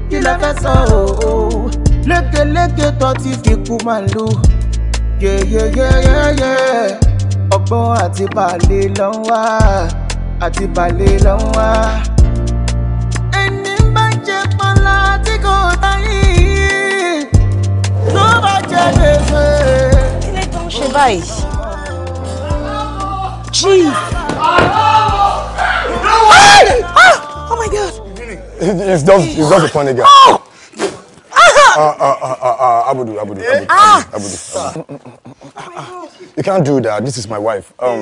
kí la fẹ́ sọ o lékeléke tó ti fi kú máa lò yeyeyeyeye ọgbọ́n àti balẹ̀ ló ń wá àti balẹ̀ ló ń wá. ẹni she? Ah! Oh my god! It's just, it's just a funny guy. Oh! Ah, ah, ah, ah, Abudu, Abudu, Abudu, ah! Abudu, Abudu. You can't do that. This is my wife. Um,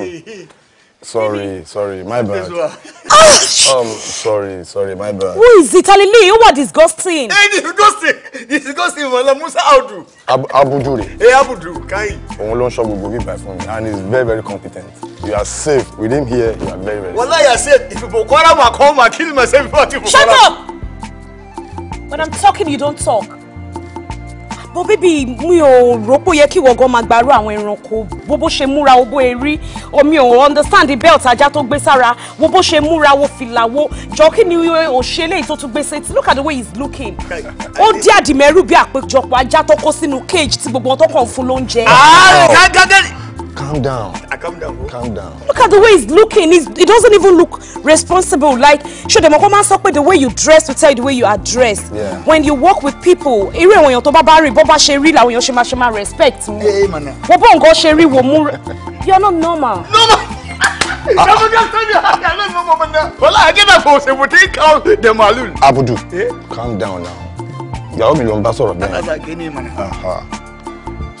Sorry, sorry, my bad. Ah, um, sorry, sorry, my bad. Who is it? Alili, you are disgusting. Hey, disgusting! Disgusting, Mala Musa Audu. Ab Abuduri. Hey, Abudu, Kai. Òun ló ń ṣọ́ gbogbo bíbá fún mi and he is very, very competent. You are safe. With him here, you are very, very safe. Wallah, you are safe. If Boko Haram are come, and kill myself before I Shut up! When I'm talking, you don't talk bó bíbí mi ò rò pé ó yẹ kí ìwọ gan máa gbàrú àwọn ẹranko wo bó ṣe múra wo erí omi ò understand the belt ajá tó gbé sára wo bó ṣe múra wo fìlà wo jọ kí ni òṣèlè tó tún gbé sétí look at the way he is looking ó dí àdìmẹ́rù bí àpéjọpọ̀ ajá tó kó sínú cage tí gbogbo wọn tó kàn fún lóúnjẹ. àárò ah, gágágá Calm down. I ah, calm down. Bro. Calm down. Look at the way he's looking. He's, he doesn't even look responsible. Like, show them woman sọ pé the way you dress will tell you the way you are dressed. Yeah. When you walk with people, even when you're tó bá Baba Sherry, like when you're Shema Shema, èèyàn ṣe máa ṣe máa respect wọn. Ee mana. Wọ́n bọ̀ nǹkan ṣe rí wò mú. You are not normal. Normal. Ah. Wala agenda for se mo take out the malul. Abudu, eh? calm down now. Ìyàwó mi ló ń bá sọ̀rọ̀ bẹ́ẹ̀. Alága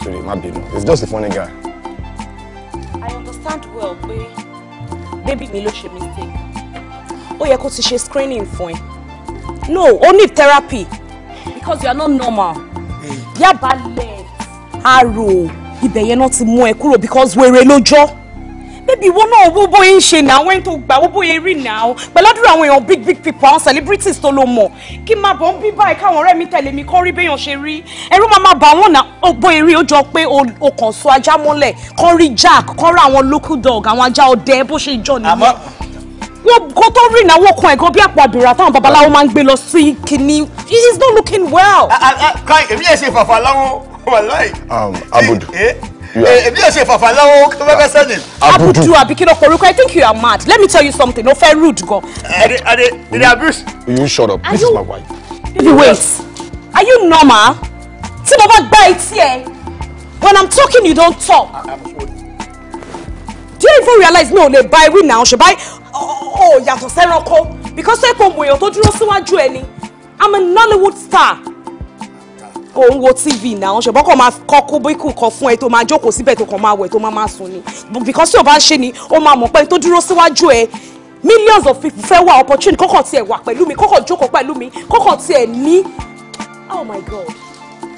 Sorry, má bínú. It's just a funny guy understand well pé bébì mi ló ṣe mistake ó yẹ kó ti ṣe screening fún ẹ no ó need therapy because you are not normal yaba lẹ arò ibẹ̀ yẹn náà ti mú ẹ kúrò because wèrè ló jọ́ bébí ìwọ náà owó bóyá ń ṣe náà wẹ́n tó gbà owó bóyá rí náà pẹ̀lú àdúrà àwọn èèyàn big big people àwọn celebrities tó ló mọ̀ kí n máa bọ̀ ń bí báyìí káwọn ọ̀rẹ́ mi tẹ̀lé mi kọ́ rí béèyàn ṣe rí ẹ̀rú máa máa bà wọ́n náà ó bóyá rí ó jọ pé o kàn so ajá mọ́lẹ̀ kọ́ rí jack kọ́ rí àwọn local dog àwọn ajá ọdẹ bó ṣe jọ nìyẹn wọ́n kó tó rí ìnáwó kan ẹ̀gán bí àpò àbìrà táwọn babaláwo máa ń gbé lọ sí kínní he is not looking well. ká èmi ẹ̀ ṣe fàfà láwọn wàláì. Um, abudu. Eh, eh èmi eh, ò ṣe fàfà láwọn kẹfẹfẹ sẹni. abudu abi kí ló kọ orúkọ i think you are mad let me tell you something o fẹ́ rude gan. Eh, ade ade ade abuse. you shut up this is my wife. baby wait are you normal tí mo bá gbá etí ẹ when i'm talking you don't talk do you even realize mi ò lè bá ewì náà ṣùgbọ́n ó yàtọ̀ sẹ́ranko because ṣé kò mọ̀ èèyàn tó dúró síwájú ẹni i'm a nollywood star kò ń wo tv náà ṣùgbọ́n kò máa kọ́ kó bíkù fún ẹ tó máa jókòó síbẹ̀ tó kàn máa wẹ̀ tó máa máa sùn ni because tí o bá ń ṣe ni o máa mọ̀ pé tó dúró síwájú ẹ millions of people fẹ́ wá opportunity kọ́kọ́ tiẹ̀ wà pẹ̀lú mi kọ́kọ́ jókòó pẹ̀lú mi kọ́kọ́ tiẹ̀ ní. oh my god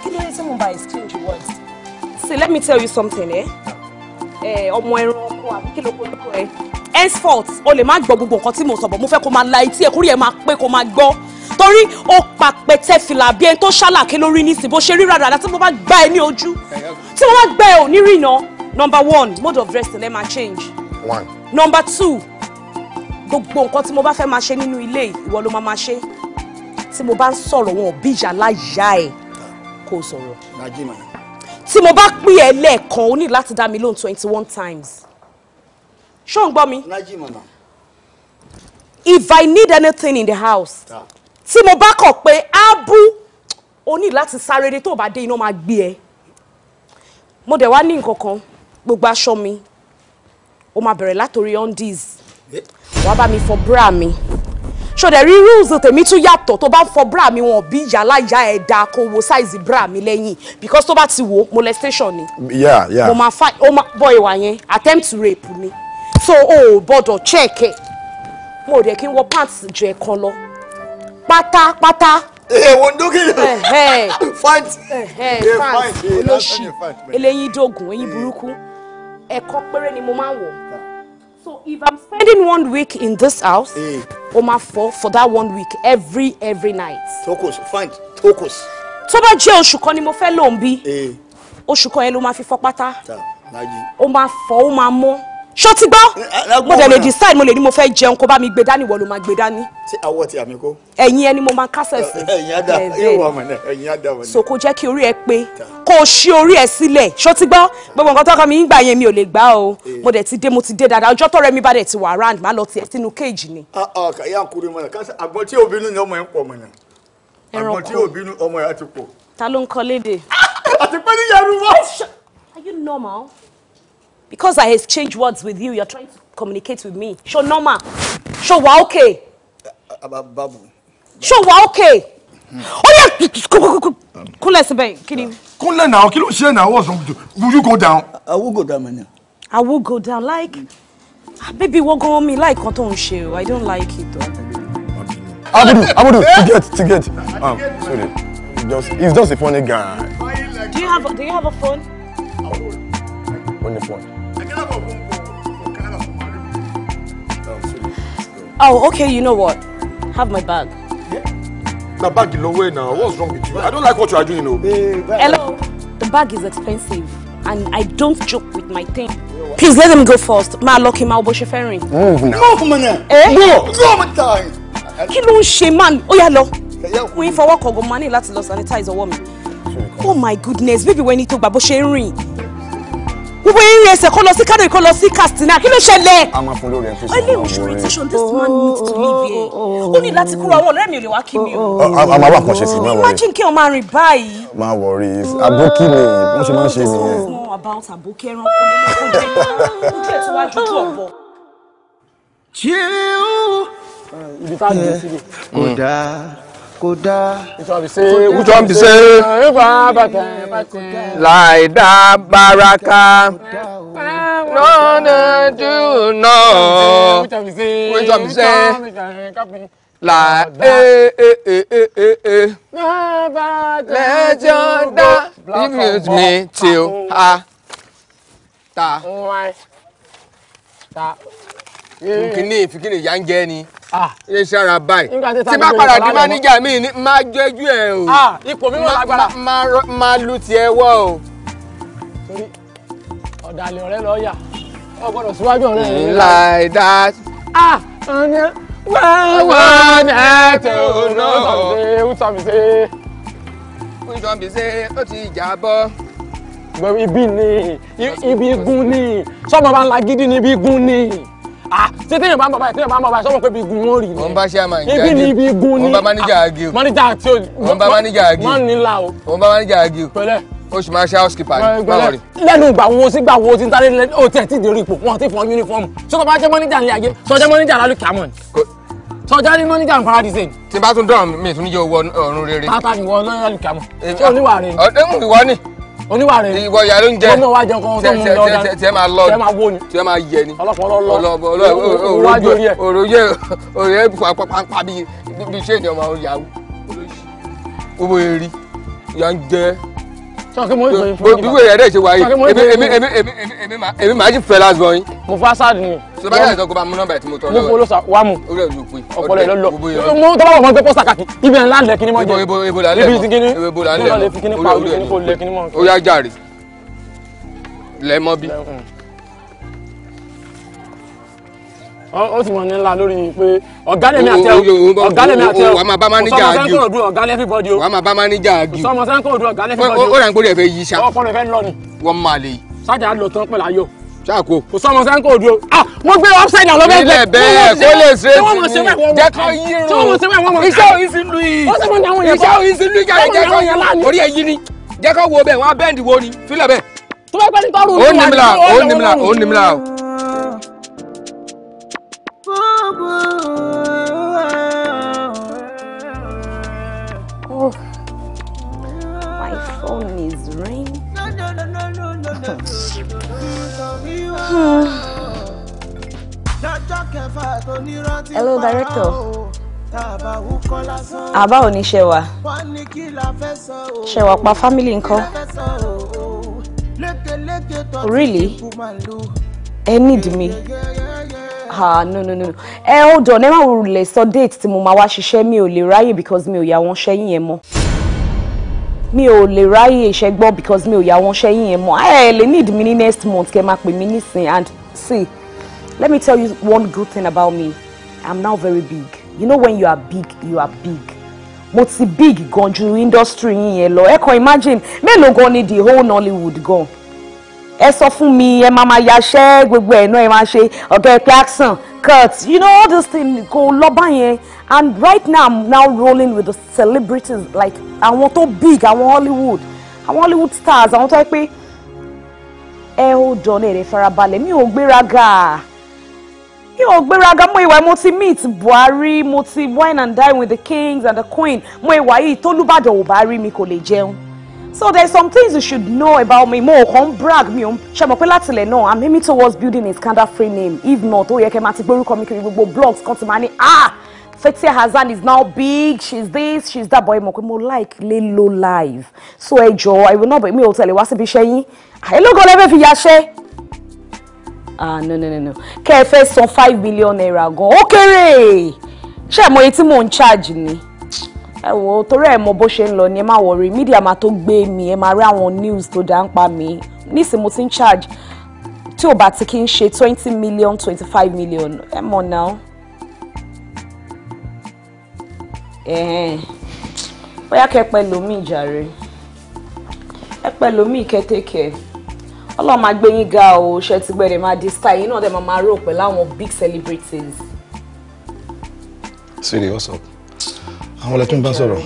kí ló dé tí mo bá exchange words. say let me tell you something ẹ eh? eh, ọmọ ẹran ọkọ àbí kí lóko ẹ henceforth o lè má gbọ́ gbogbo nǹkan tí mo sọ bọ̀ mo fẹ́ kó máa la etí ẹ̀ kórìí ẹ̀ máa pé kó máa gbọ́ torí ó pa fìlà bí ẹni tó ṣàlàkè lórí nísìn bó ṣe rí ràdàrà tí mo bá gbá ẹ ní ojú tí mo bá gbá ẹ ò ní rìnà number one mode of dressing ẹ máa change number two gbogbo nǹkan tí mo bá fẹ́ máa ṣe nínú ilé ìwọ ló máa máa ṣe tí mo bá ń sọ̀rọ̀ wọn bí ìyá láyà ẹ̀ kò sọ̀rọ̀ tí mo bá pín ẹ lẹ́ẹ̀kan o ní láti dá mi lóhùn twenty one times ṣó ń gbọ́ if i need anything in the house tí mo bá kọ̀ pé á bú o ní láti sáré dé tó bá dé iná máa gbé ẹ mo dẹ̀ wá ní nǹkan kan gbogbo aṣọ mi o máa bẹ̀rẹ̀ látòrí undies eh? wàá bá mi fọ bra mi So the rules that tún yàtọ̀ tó bá ń for bra mi wọn bí yàláyà ẹ̀dá kó wo size bra mi lẹ́yìn because tó bá ti wo molestation ni yeah, yeah. mo máa fight. ó máa boy, ìwà yẹn attempt to rape me? so o ò gbọ́dọ̀ check ẹ̀ mo dẹ̀ kí n wọ pants ju ẹ̀kan lọ pátápátá. èèwọ̀ ń fight fight olóṣì eléyìí dógùn eyín mm. burúkú ẹ̀kan péré ni mo máa ń wọ̀. So if I'm spending one week in this house, hey. o ma fọ for that one week every every night. Tokos fine tokos. Tó bá jẹ́ oṣù kan ni mo fẹ́ lò ń bí. Oṣù kan yẹn ló máa fi fọ pátá. O máa fọ o máa mọ́ ṣó ti gbọ́ eh, eh, mo dẹ̀ lè decide mo lè ní mo fẹ́ jẹun kó bá mi gbé dání wọ́n ló máa gbé dání. ṣé àwọ̀ ti àmì kó. ẹ̀yin ẹni mo máa ń kásẹ̀ sí. Eh, ẹ̀yin á dà ẹ̀yin wà mọ̀nà ẹ̀yin á dà wọ̀nà. so kó jẹ́ kí orí ẹ pé kó o ṣí orí ẹ sílẹ̀ ṣó ti gbọ́ gbogbo nǹkan tọ́kọ mi ń gbà yẹn mi ò lè gbà o mo dẹ̀ ti dé mo ti dé dáadáa ọjọ́ tọ́rẹ́ mi bá dẹ̀ ti wà round má lọ tiẹ̀ sínú kéèjì ni. Ah, ah, àgbọ̀n tí ò because I exchange words with you, you're trying to communicate with me. Show Noma, show wà okay. Babu. Show wà okay. Ó yá kúnlẹ̀ síbẹ̀ kí ni. Kúnlẹ̀ náà kí ló ṣe náà what's wrong with you? Will you go down? I will go down my I will go down like ah, baby what wọ́n on me? like kan tó ń ṣe I don't like it o. Abudu Abudu to get to get um sorry just he's just a funny guy. Do you have do you have a phone? On the phone. Oh, okay, you know what? Have my bag. Yeah. Now bag the way now. What's wrong with you? I don't like what you are doing, though. Eh, hey, Hello. The bag is expensive, and I don't joke with my thing. Please let him go first. Ma lock him out, bó ṣe Move. rìn. No, man. Eh? No, no, man. Kí ló ń ṣe man? Ó yá lọ. Wọ́n eh, fọwọ́ kọ̀ọ̀gọ̀ máa ní láti lọ sanitize ọwọ́ mi. Oh my goodness, baby, wẹ́n ní tó gbà bó ṣe ń rìn gbogbo yín ẹsẹ̀ kọ́ lọ sí kánò kọ́ lọ sí Katsina kí ló ṣẹlẹ̀. a máa fún lórí ẹ̀fíìsì. ó ní orientation this man needs to leave here. ó ní láti kúrò àwọn ọ̀rẹ́ mi ò lè wá kí mi o. a máa wà kàn ṣe sí máa imagine kí wọn máa rìn báyìí. máa wọrí abókí ni wọn ṣe máa ń ṣe about abókí ẹranko ló ń kọ́ jẹ́ ojú ẹ̀ tó wá ju ibi tá a gbé síbi. kò kódà. ìtàn bìsẹ́ ìfà bàtà láìdá baraka lọ́nà dùnà ìtàn bìsẹ́ la e e e e e e. lẹ́jọ́ dá ìfúnni mi tí o a ta. nkíní ìfikíní ìyá ń jẹ ni. Ah. ilé iṣẹ́ báyìí tí bá padà di máníjà mi ni máa jẹ́jú ẹ̀ o ah, ipò mímọ́ lágbára máa lu tiẹ̀ wọ́ o. ọ̀dàlẹ̀ ọ̀rẹ́ lọ yà ọ gbọ́dọ̀ síwájú ọ̀rẹ́ rẹ̀. like that. ah ọ̀nà wọ́n ẹ̀ tó lọ. mi ṣe wúta mi ṣe ó ti jà bọ́. ibi ni ibi igun ni sọ́mọ bá ń la gidi ni ibi igun ni. Ah, ṣé téèyàn bá ń bàbá téèyàn bá ń bàbá sọ́mọ pé ibi igun wọn rì ni. wọ́n bá ṣàmà ìjà ibi ni ibi igun ni. wọ́n bá máníjà agi ah, o. máníjà tí o. wọ́n bá máníjà agi o. wọ́n ní la o. wọ́n bá máníjà agi o. pẹ̀lẹ́ oṣù máa ṣe housekeeper ni báwo rí. lẹ́nu ìgbà wo sí ìgbà wo ti ń tálé lẹ́nu o tẹ̀ tí ìdérí ipò wọn ti fọ yúnífọ́ọ̀mù sọ́kọ́ bá jẹ́ mọ́níjà ní ayé sọ́jẹ́ mọ́níjà lálùkì àmọ́ ni sọjá ní mọ́níjà ń paradise ni. tí n bá tún dán mi tún ní jẹ́ owó ọ̀run rere. pátá ni wọ́n lọ́yà lùkì àmọ́ eh, ṣé oníwà rẹ ni. ọ̀dẹ́mù ìwọ ni oníwà rẹ ìwọ ìyá ló ń jẹ ọmọ wa jẹun kan tó mú lọ dání tiẹ máa lọ tiẹ máa wó ni tiẹ máa yẹ ni ọlọpàá lọ lọ òròjò òròjò òròjò pàpàpà bíi bíi ṣé ènìyàn máa yà wú gbogbo eri ìyá ń jẹ gbogbo ẹ̀rẹ́ ṣe wáyé èmi máa jí fẹ́ lásán yín. mo fa sáàdì ni. sọba yàrá ìsọkọ bá mú nọ́mbà tí mo tọ́ lọ́wọ́. mo fọlọ́sà wà mú. ó rẹ̀ ló pin. ọpọlọ ẹ lọ lọ mo tọ́ bá wọ̀ mọ́ pé pọ́sà kàkí ibi ẹ̀ ńlá lẹ̀ kíní mọ́ jẹ. ibo ibo la lẹ̀ mọ́ ibo la lẹ̀ mọ́ orí orí ẹ̀ ló yá jàre lẹ́mọ́ bí. ó sì mọ̀ ní ńlá lórí pé ọ̀gá lèmi àtẹ o ọ̀gá lèmi àtẹ o wà á máa bá máníjà agi o ọ̀gá lẹ́fì bọ́dí o wà á máa bá máníjà agi o sọmọ ọ̀gá lẹ́fì bọ́dí o ó rà ń gbórí ẹ̀ fẹ́ yí sá ọkọ rẹ̀ fẹ́ lọ ni wọ́n máa lè. sájà lọ tán pẹ̀lú ayọ̀ ṣáàkó. kò sọmọ sẹ́ńkò òdu o ah wọ́n gbé ọ́fṣẹ́dì àlọ́ bẹ́ẹ̀ bẹ́ẹ̀ bẹ́ẹ̀ kó lè ṣe é sí i jẹ́ kó yí irun iṣẹ́ òyìn sí lu yìí iṣẹ́ òyìn sí lu yìí jẹ́ kó yí orí ẹ̀ yí ni jẹ́ kó wo bẹ́ẹ̀ wọ́n á bẹ́ẹ̀ ni wo ni fílẹ̀ bẹ́ẹ̀. tó bá gbẹ́ni tọ́rù ó nímìlà ó nímìlà ó nímìlà hello director. àbá ò ní ṣe wà ṣe wà pa family ńkọ́. really ẹ need me ah no no no ẹ hold on ẹ má wulẹ̀ sọ date tí mo máa wá ṣiṣẹ́ mi ò lè ráyè because mi ò yà wọ́n ṣẹ́yìn yẹn mọ́ mi ò lè ráyè ṣẹgbọ́ because mi ò yà wọ́n ṣẹ́yìn yẹn mọ́ ẹ lè need mi ní next month kẹ́ máa pè mí nísìn and see let me tell you one good thing about me i'm now very big you know when you are big you are big mo ti big gan ju industry yín yẹn lọ ẹ kàn imagine mélòó gan ni the whole Nollywood gan ẹ sọ fún mi ẹ máa ma yaṣẹ́ gbogbo ẹ̀ náà ẹ máa ṣe ọ̀dọ̀ ẹ̀ pé accent cut you know all this thing kò lọ bá yẹn and right now i'm now rolling with the celebrities like àwọn tó big àwọn hollywood àwọn hollywood stars àwọn tó yẹ pé ẹ ó jọ ní èrè farabalẹ̀ mi ò gbéraga mi ò gbéraga mo ìwà mo ti meet buhari mo ti wine and dine with the kings and the queen mo ìwà yìí tólúbàdàn ò bá rí mi kò lè jẹun so there's some things you should know about me mo ò kàn brag mi ò ṣe mọ̀ pé látìlẹ̀ náà i'm aiming towards building a scandal free name if not ó yẹ kẹ́ máa ti gbórúkọ mi kiri gbogbo blogs kan ti máa ní ah Fetia Hassan is now big she's this she's that boy mọ̀ like lé live. so ẹ jọ̀ọ́ I will not be me. ò tẹ̀lé wá síbi iṣẹ́ yín àìlógo lẹfẹ fi yaṣẹ ah no no no no KFS on fẹ́ five million naira gan Okay, kéré ṣé ẹ mọ̀ iye charge ni ẹ wò torí ẹ mọ̀ bó ṣe ni ma má Media mídíà máa tó mi ẹ máa rí àwọn news to dá pa mi nísìnyí mo ti charge tí ò bá ti kí ń ṣe twenty million twenty five million ẹ mọ̀ now. Eh, bóyá kẹpẹ lomi ìjàre ẹpẹ lomi ìkẹtẹkẹ Ọlọ́run máa gbé yín ga o ṣe ti gbẹdẹ máa di star yín náà dẹ máa rò pẹ̀lú àwọn big celebrities. siri what's up àwọn ọlọtún bá sọ̀rọ̀.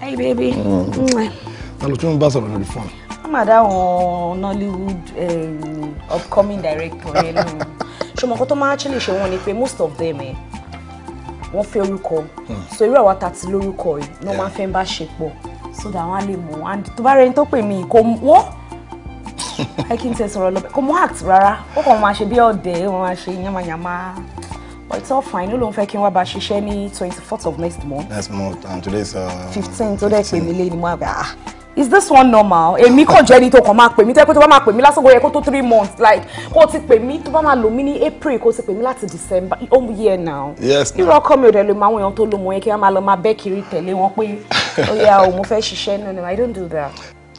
hey baby. ọlọtún hmm. bá sọ̀rọ̀ lórí fóònù. wọ́n máa dá àwọn Nollywood upcoming director yẹn lóhùn ṣùgbọ́n kó tó máa ṣe lè ṣe wọ́n ni pé most of them. Eh, wọ́n fẹ́ orúkọ hmm. so irú àwa ta ti lórúkọ yìí ni wọ́n máa fẹ́ bá ṣe pọ̀ so that wọ́n á lè mọ̀ and tó bá rẹni tó pè mí kò wọ́n ẹ kí n tẹ sọ̀rọ̀ lọ́bẹ̀ kò mọ́ act rárá ó kàn máa ṣe bí ọ̀dẹ̀ ó máa ṣe yamayama but it's all fine ó lóun fẹ́ kí n wá bá ṣiṣẹ́ ní twenty fourth of next month. next month and today is. Uh, fifteen tó dẹ̀ pè mí lé ní mo àgbà is this one normal èmi kàn jẹ́ ẹni tó kàn máa pè mí tẹ́lẹ̀ bá máa pè mí lásán yẹ kó tó three months like kó ti pè mí tó bá máa lò mí ní april kó ti pè mí láti december home oh, year now. yes na irú ọkọ mi ò dẹ̀ lè mọ àwọn èèyàn tó lò mọ́ yẹn kí wọ́n máa lọ máa bẹ́ kiri tẹ̀lé wọn pé ó oh, yà mo fẹ́ ṣiṣẹ́ no no i don't do that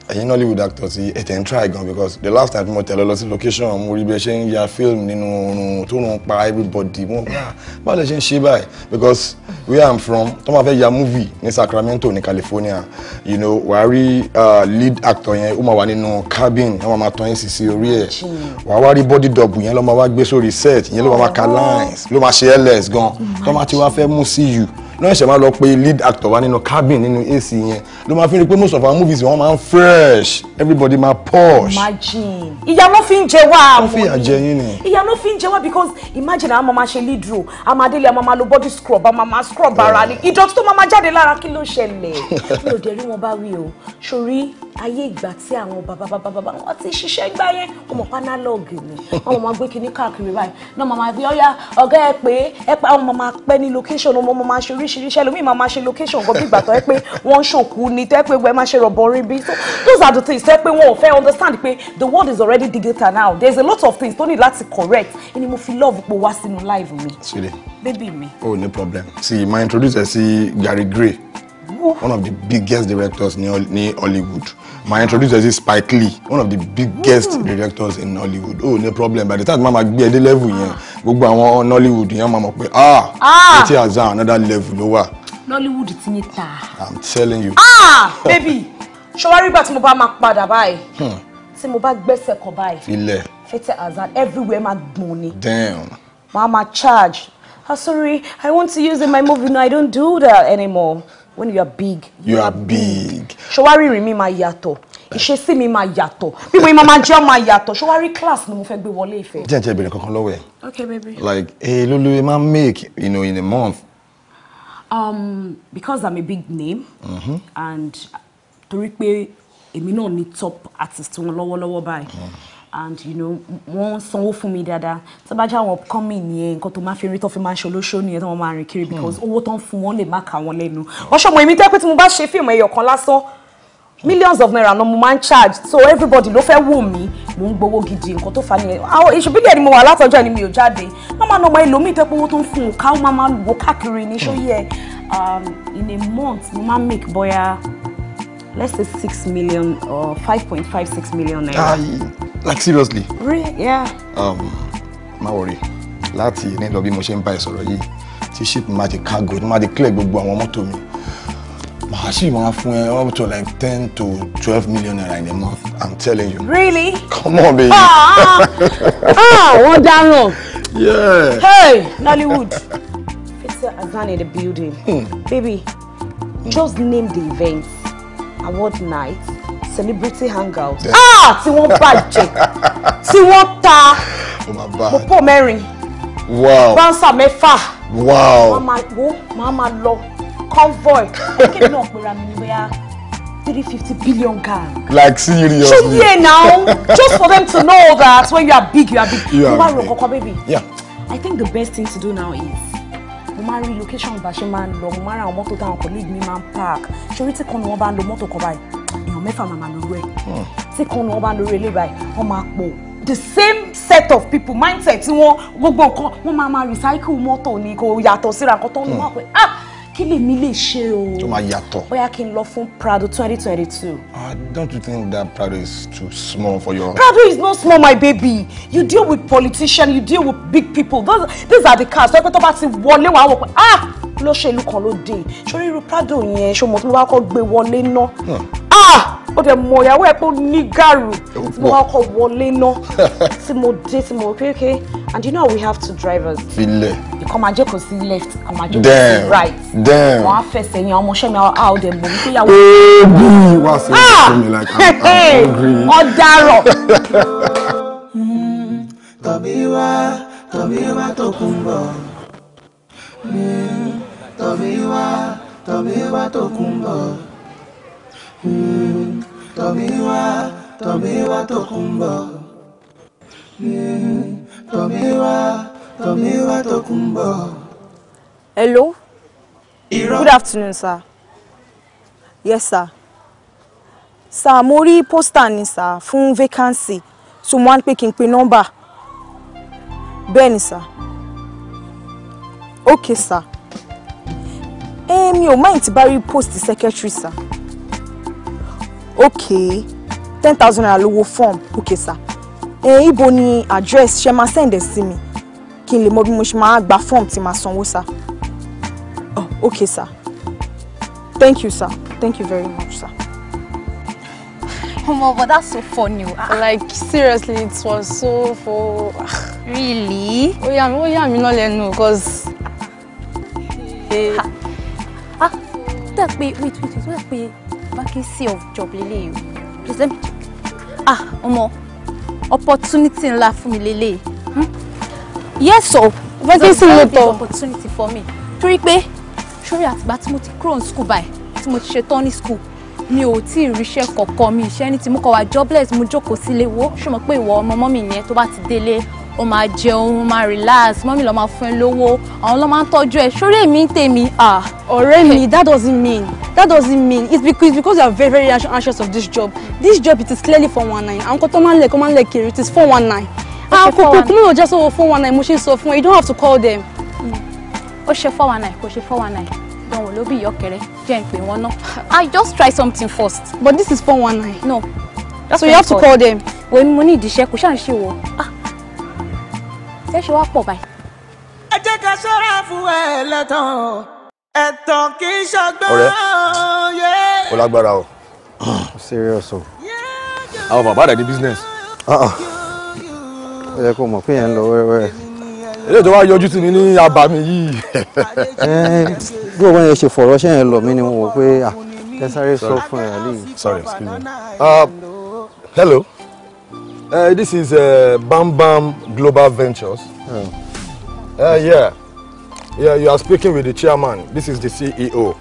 ẹ̀yin nollywood actor ti ẹ tẹ̀ ń try gan because the last time mo tẹ̀lé lọ sí location mo rí bí ẹ ṣe ń ya film nínú oorun tó ń pa everybody mo gbà ah, báwo lẹ ṣe ń ṣe báyìí because where i'm from tó máa fẹ́ ya movie ní Sacramento ní California you know wàá rí ah, lead actor yẹn ó máa wà nínú cabin ẹ máa tán yín sí orí ẹ̀ wàá wá rí body double yẹn ló máa wá gbé sórí set yẹn ló máa ka lines ló máa ṣe ls gan tó máa ti wá fẹ́ mú sí you náà ṣe máa lọ pé lead actor wa nínú cabin nínú AC yẹn ló máa fi rí pé most of our movies wọn máa ń fresh everybody máa posh. imagine ìyá ló fi ń jẹ wá àwọn ọmọ yìí ìyá yín ni. ìyá fi ń jẹ wá because imagine àwọn ọmọ máa ṣe lead role àmọ́ adélé àmọ́ máa lo body scrub àmọ́ máa scrub ara ni ìdọ̀tí tó máa máa jáde lára kí ló ṣẹlẹ̀ mi ò dẹ̀ rí wọn bá wí o sórí ayé ìgbà tí àwọn bàbá bàbá bàbá wọn ti ṣiṣẹ́ gbá yẹn ọmọ panalọ́ọ̀gì ni ọmọ máa gbé kinní káàkiri báyìí náà màmá bí ọ̀yá ọ̀gá ẹ pé ẹ pa ọmọ máa pẹ́ ní location ọmọ máa ṣe oríṣiríṣi ẹlòmíì máa máa ṣe location gan bí ìgbà tó ẹ pé wọ́n ń ṣòkú ni tó ẹ pé gbẹ máa ṣe rọ̀bọ̀rin bí those are the things tó ẹ pé wọn ò fẹ́ understand pé the world is already digital now there a lot of things tó ní láti correct ẹni mo fi love pò wá sínú live mi. sílẹ̀ bébì mi. Oh, o ní problem sí máa introduce ẹ Gary Gray one of the biggest directors ní ní Hollywood My introducer is Spike Lee one of the biggest mm. directors in Hollywood oh no problem by the time mama at the level yẹn gbogbo àwọn Nollywood yẹn máa mọ̀ pé ah, ah! etí azan another level ló wà. Nollywood ti it. I'm telling you. ah baby ṣọwárí worry about mo bá máa padà báyìí hmm. tí mo bá gbẹ́sẹ̀ kọ báyìí ilẹ̀ azan everywhere my money. ni. damn. màá charge. Oh, sorry, I want to use in my movie. No, I don't do that anymore when you are big you, you are big ṣọwárí rìn mi máa yàtọ̀ ìṣesí mi máa yàtọ̀ bí mo yín máa jẹ́ máa yàtọ̀ ṣọwárí class ni mo fẹ́ gbé wọlé ìfẹ́. jẹ́ ǹjẹ́ ìbéèrè kankan lọ́wọ́ ẹ̀. okay baby. like èèlò ló lè máa make you know, in a month. Um, because i'm a big name mm -hmm. and torí pé èmi náà ní top artist wọn lọ́wọ́lọ́wọ́ báyìí. Mm and you know wọ́n sanwó fún mi dáadáa tó bá jẹ́ àwọn upcoming yẹn nǹkan tó máa fi rí tó fi máa ṣe olóṣó nìyẹn tó wọ́n máa rìn kiri hmm. because owó tó ń fún wọn lè má kà wọ́n lẹ́nu ọ̀ṣọ́mọ èmi tẹ́ pé tí mo bá ṣe fíìmù ẹyọ kan lásán millions of naira náà mo máa ń charge so everybody ló fẹ́ wò mí mo ń gbowó gidi nǹkan tó fà nìyẹn àwọn ìṣòbílẹ̀ ni mo wà látọjọ́ ni mi ò jáde mama náà ọmọ ẹlòmíì tẹ́ pé owó tó ń fún un ká ó máa máa wò káàkiri ní ṣó yẹ hmm. um, in a month mo máa make bóyá let's say six million or five point five six million naira. Ah, like seriously. really yeah. Um, má worry láti ní lọ bí mo ṣe ń bá ẹ yìí tí ship máa ti cargo tí máa ti clear gbogbo àwọn mọ́tò mi màá sì máa fún ẹ up to like ten to twelve million naira in a month i'm telling you. really. come on baby. ah ah ah! wọ́n dáràn. yeah. hey nollywood it's a azan in the building. Hmm. baby just name the event award night celebrity hangout ah tí wọ́n bàjẹ́ tí wọ́n ta mo pọ̀ mẹ́rin bánsà mẹ́fà màá máa lọ convoy kékeré náà pera mi wẹ́ẹ́. fifty billion gang. Like seriously. Should yeah now. Just for them to know that when you are big, you are big. You are you Are baby. Yeah. I think the best thing to do now is máa rí location bá ṣe máa ń lọ mo máa ra àwọn mọ́tò táwọn colleague mi máa ń park ṣorí tí kan ni wọ́n bá ń lo mọ́tò kan báyìí èèyàn mẹ́fà máa máa lórí ẹ̀ hmm. tí kan ni wọ́n bá ń lórí ilé báyìí wọ́n máa pọ̀ the same set of people mindset tí wọ́n gbogbo nǹkan wọ́n máa máa recycle mọ́tò ni kò yàtọ̀ síra nǹkan tó ń lò wá pé ah kí lèmi lè ṣe o. tó máa yàtọ̀. bóyá kí n lọ fún Prado twenty twenty two. ah don't you think that Prado is too small for your. Prado is not small my baby you deal with politicians you deal with big people those these are the cars tó pé tó bá ti wọlé wàá wọ pé ah ló ṣe ìlú kan ló dé sórí irú Prado yẹn ṣó mo wá kọ́ gbé wọlé náà ó dẹ̀ mọ̀ ìyàwó ẹ̀ pé ó ní gàrú mo ọkọ̀ wọlé náà tí mo dé tí mo pé okay and you know we have two drivers. filẹ̀. ìkan máa jókòó sí left ìkan máa jókòó sí right. damn wọn á fẹsẹ̀ yẹn ọmọọṣẹ́ mi á ó dẹ̀ mọ̀ wípé ìyàwó. oògùn wá sí ah! ọmọ mi like i'm hungry. ọ̀daràn. tọ̀bí wá tọ̀bí wá tó kún bọ̀ hmm. tọ̀bí wá tọ̀bí wá tó kún bọ̀. Hmm. Tomiwa, Tomiwa Tòkunbọ̀ Tọ́míwá Tọ́míwá Tòkunbọ̀. Hello. Irọ́. Good afternoon sir. Yes sir. Sir mo rí pósítà ni sir fún vacancy so mo wá ń kí n pe nọ́mbà. Bẹ́ẹ̀ ni sir. Okay sir. Èmi eh, ò mind ti bá rí post secretary sir okay ten thousand naira lówó form okay sir ẹ ibo ni address ṣe máa send ẹ sí mi kí n lè mọ bí mo ṣe máa gba form tí máa sanwó sir oh okay sir thank you sir thank you very much sir. Omo, but that's so funny. Ah. Like, seriously, it was so for. Ah. Really? Oh, yeah, oh, yeah, me not let know, because. Ah, that, wait, wait, wait, wait, wait vacancy of job lélẹ́yìí o present ah ọmọ opportunity ńlá fún mi lélẹ́yìí hmm? yes o vacancy ló tọ opportunity for me torí pé sórí àtìgbà tí mo ti kúrò ní school báyìí tí mo ti ṣetán ní school mi ò tí ì ríṣẹ́ kọ̀ọ̀kan mi iṣẹ́ ní ti mú kọ́ wa jobless mo jókòó sílé wo ṣùgbọ́n pé ìwọ ọmọ mọ́mì yẹn tó bá ti délé ó máa jẹun ó máa relax mọ́mí ló máa fún ẹ lówó àwọn ló máa ń tọ́jú ẹ sórí èmi ń tèmi. ah ọ̀rẹ́ mi that doesn't mean that doesn't mean it's because it's because you are very very anxious of this job this job it is clearly four one nine àwọn kan tó máa ń lẹ̀ kó máa ń lẹ̀ kiri it is four one nine. àwọn kò pé kúmí ò jẹ́ sọ́wọ́ four one nine mo ṣe ń sọ fún ẹ you don't have to call them. ó ṣe four one nine kò ṣe four one nine gan wo ló bí ìyọkẹrẹ jẹ́ ń pè wọ́n ná i just try something first. but this is four one nine. no so you have to call them. wo ni mo ní ìdíṣẹ́ kò ṣáà ń ah ṣé ṣe wá pọ̀ báyìí. ẹ jẹ́ ká ṣọ́ra fún ẹ lẹ́tàn ẹ̀tàn kì í ṣọgbọ́n. ọ̀rẹ́ o lágbára o. serious o. àwọn bàbá rẹ̀ ní business. Uh-uh. ó yẹ kó mọ̀ pé yẹn ń lọ wẹ́wẹ́. ilé ìjọba yọjú tì mí ní abàmì yìí. Eh, bí yẹn ṣe fọ̀rọ̀ ṣẹ́ yẹn lọ mí ni mo wò pé ẹ sáré sọ fún ẹ lẹ́yìn. sorry excuse me. Uh, hello. Uh, this is uh, Bam Bam Global Ventures. Yeah. Hmm. Uh, yeah. Yeah, you are speaking with the chairman. This is the CEO.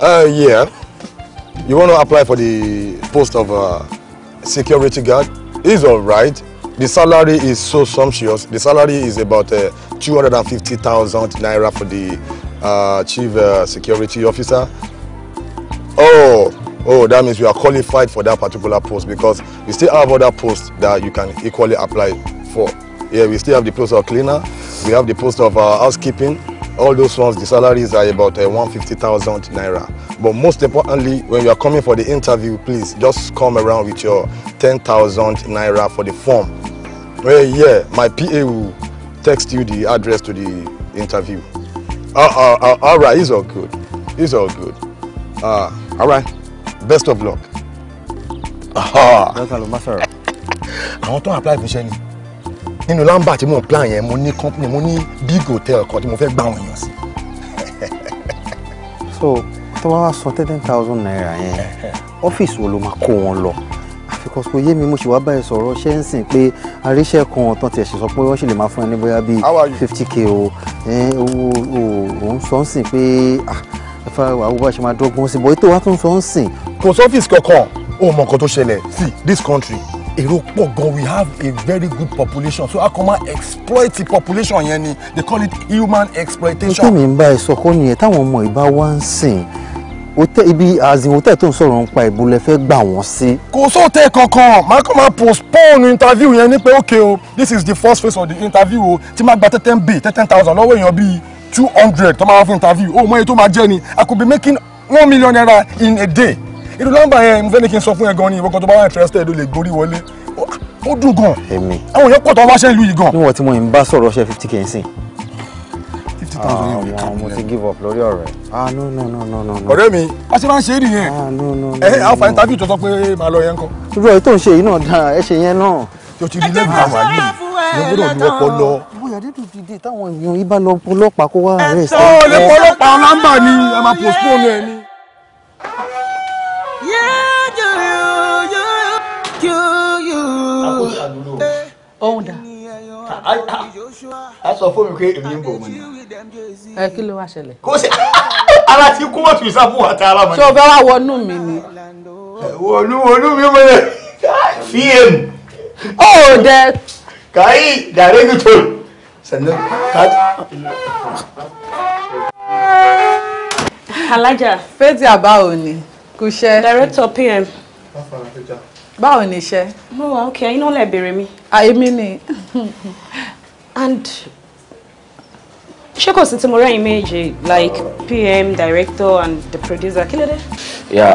Uh, yeah. You want to apply for the post of uh, security guard? It's all right. The salary is so sumptuous. The salary is about uh, 250,000 naira for the uh, chief uh, security officer. Oh, oh, that means you are qualified for that particular post because we still have other posts that you can equally apply for. Yeah, we still have the post of cleaner, we have the post of uh, housekeeping. All those ones, the salaries are about uh, 150,000 naira. But most importantly, when you are coming for the interview, please just come around with your 10,000 naira for the form. Well, yeah, my PA will text you the address to the interview. Uh, uh, uh, all right, it's all good. It's all good. Uh, all right best of luck. dọ́kítà ló má sọ̀rọ̀. àwọn tó ń apply fún iṣẹ́ ni nínú lámbà tí mò ń plan yẹn mo ní company mo ní big hotel kan tí mo fẹ́ gbà àwọn èèyàn sí. so tó bá wá sọ ten thousand naira yẹn ọ́fíìsì wo ló máa kó wọn lọ because kò yé mi mo ṣì wá báyìí sọ̀rọ̀ ṣé ń sìn pé àríṣẹ́ kan ọ̀tán tiẹ̀ ṣe sọ pé wọ́n ṣì lè máa fún ẹ ní bóyá bíi fifty k o owó òun sọ ń sìn pé ah, ẹ fẹ́ àwọn bá ṣe máa dọ́gbọ́n sí bọ́ ètò wa tún sọ ń sìn. kò sọ́fíìsì kankan ó mọ nǹkan tó ṣẹlẹ̀ sí this country èrò pọ̀ gan we have a very good population so a kàn máa exploit the population yẹn ni they call it human exploitation. nítorí mi ń bá ẹ sọ kọ́ nìyẹn táwọn ọmọ ìbá wa ń sìn hotel ibi azin hotel tó ń sọ̀rọ̀ nípa ìbò lẹ fẹ́ gbà wọ́n sí. kò sóòtẹ́ kankan máa kàn máa postpone interview yẹn ní pé ok o this is the first phase of the interview o tí máa gba ten ten bay ten ten thousand lọ́wọ́ èèyàn bíi two hundred tó máa wá fún interview ó mọ iye tó máa jẹ́ ni I could be making one million naira in a day irú nọ́mbà yẹn mo fẹ́ ní kí n sọ fún ẹ gan ni ìwọ́n kan tó bá wà interested ó lè gorí wọlé ó dùn gan èmi àwọn èèyàn pọ̀ tó wáṣẹ́ ìlú yìí gan. níwọ̀n tí mo ń bá sọ̀rọ̀ ṣe fifty k sí. fifty thousand yẹn wò ká ah, mo ti give up lórí ọ̀rẹ́. ah no no no no no. ọ̀rẹ́ mi a ṣe máa ń ṣe é nìyẹn. ah no no no. ẹ àwọn fàyín tàbí ìtọ́sọ pé màá lọ yẹn kọ. irú ẹ̀ tó ń ṣe yìí náà dáa ẹ ṣe yẹn náà. yóò ti rí lẹ́bùn àwọn àyè yẹn gbọ́dọ̀ ní ọpọlọ olóyè adédùdìdè táwọn èèyàn yìí bá lọ ọlọ́pàá kó wá rẹ̀ sí. ó lè pọ ọlọ́pàá ni ẹ máa postpone ẹ ni. ọ̀hún dà. a sọ fún mi pé èmi ń bọ̀ mọ́ ni. ẹ kí ló wá ṣẹlẹ̀. kó ṣe ara ti kú mọ́tò ìsàbù àti ara mọ́ ni. sọ fẹ́ wá wọnú mi ni. wọnú wọnú mi mọ́ ni. fíìmù. ó dẹ. kàyí dàrẹ́gìtò sannan ka alájà. fẹ́tíà báwo ni kò ṣe. director pm. báwo ni iṣẹ́. mo wà ókè iná lè béèrè mi. àìmí ni. and ṣé kò sí tí mo rẹ́yìn méje like pm director and the producer kí ló dé.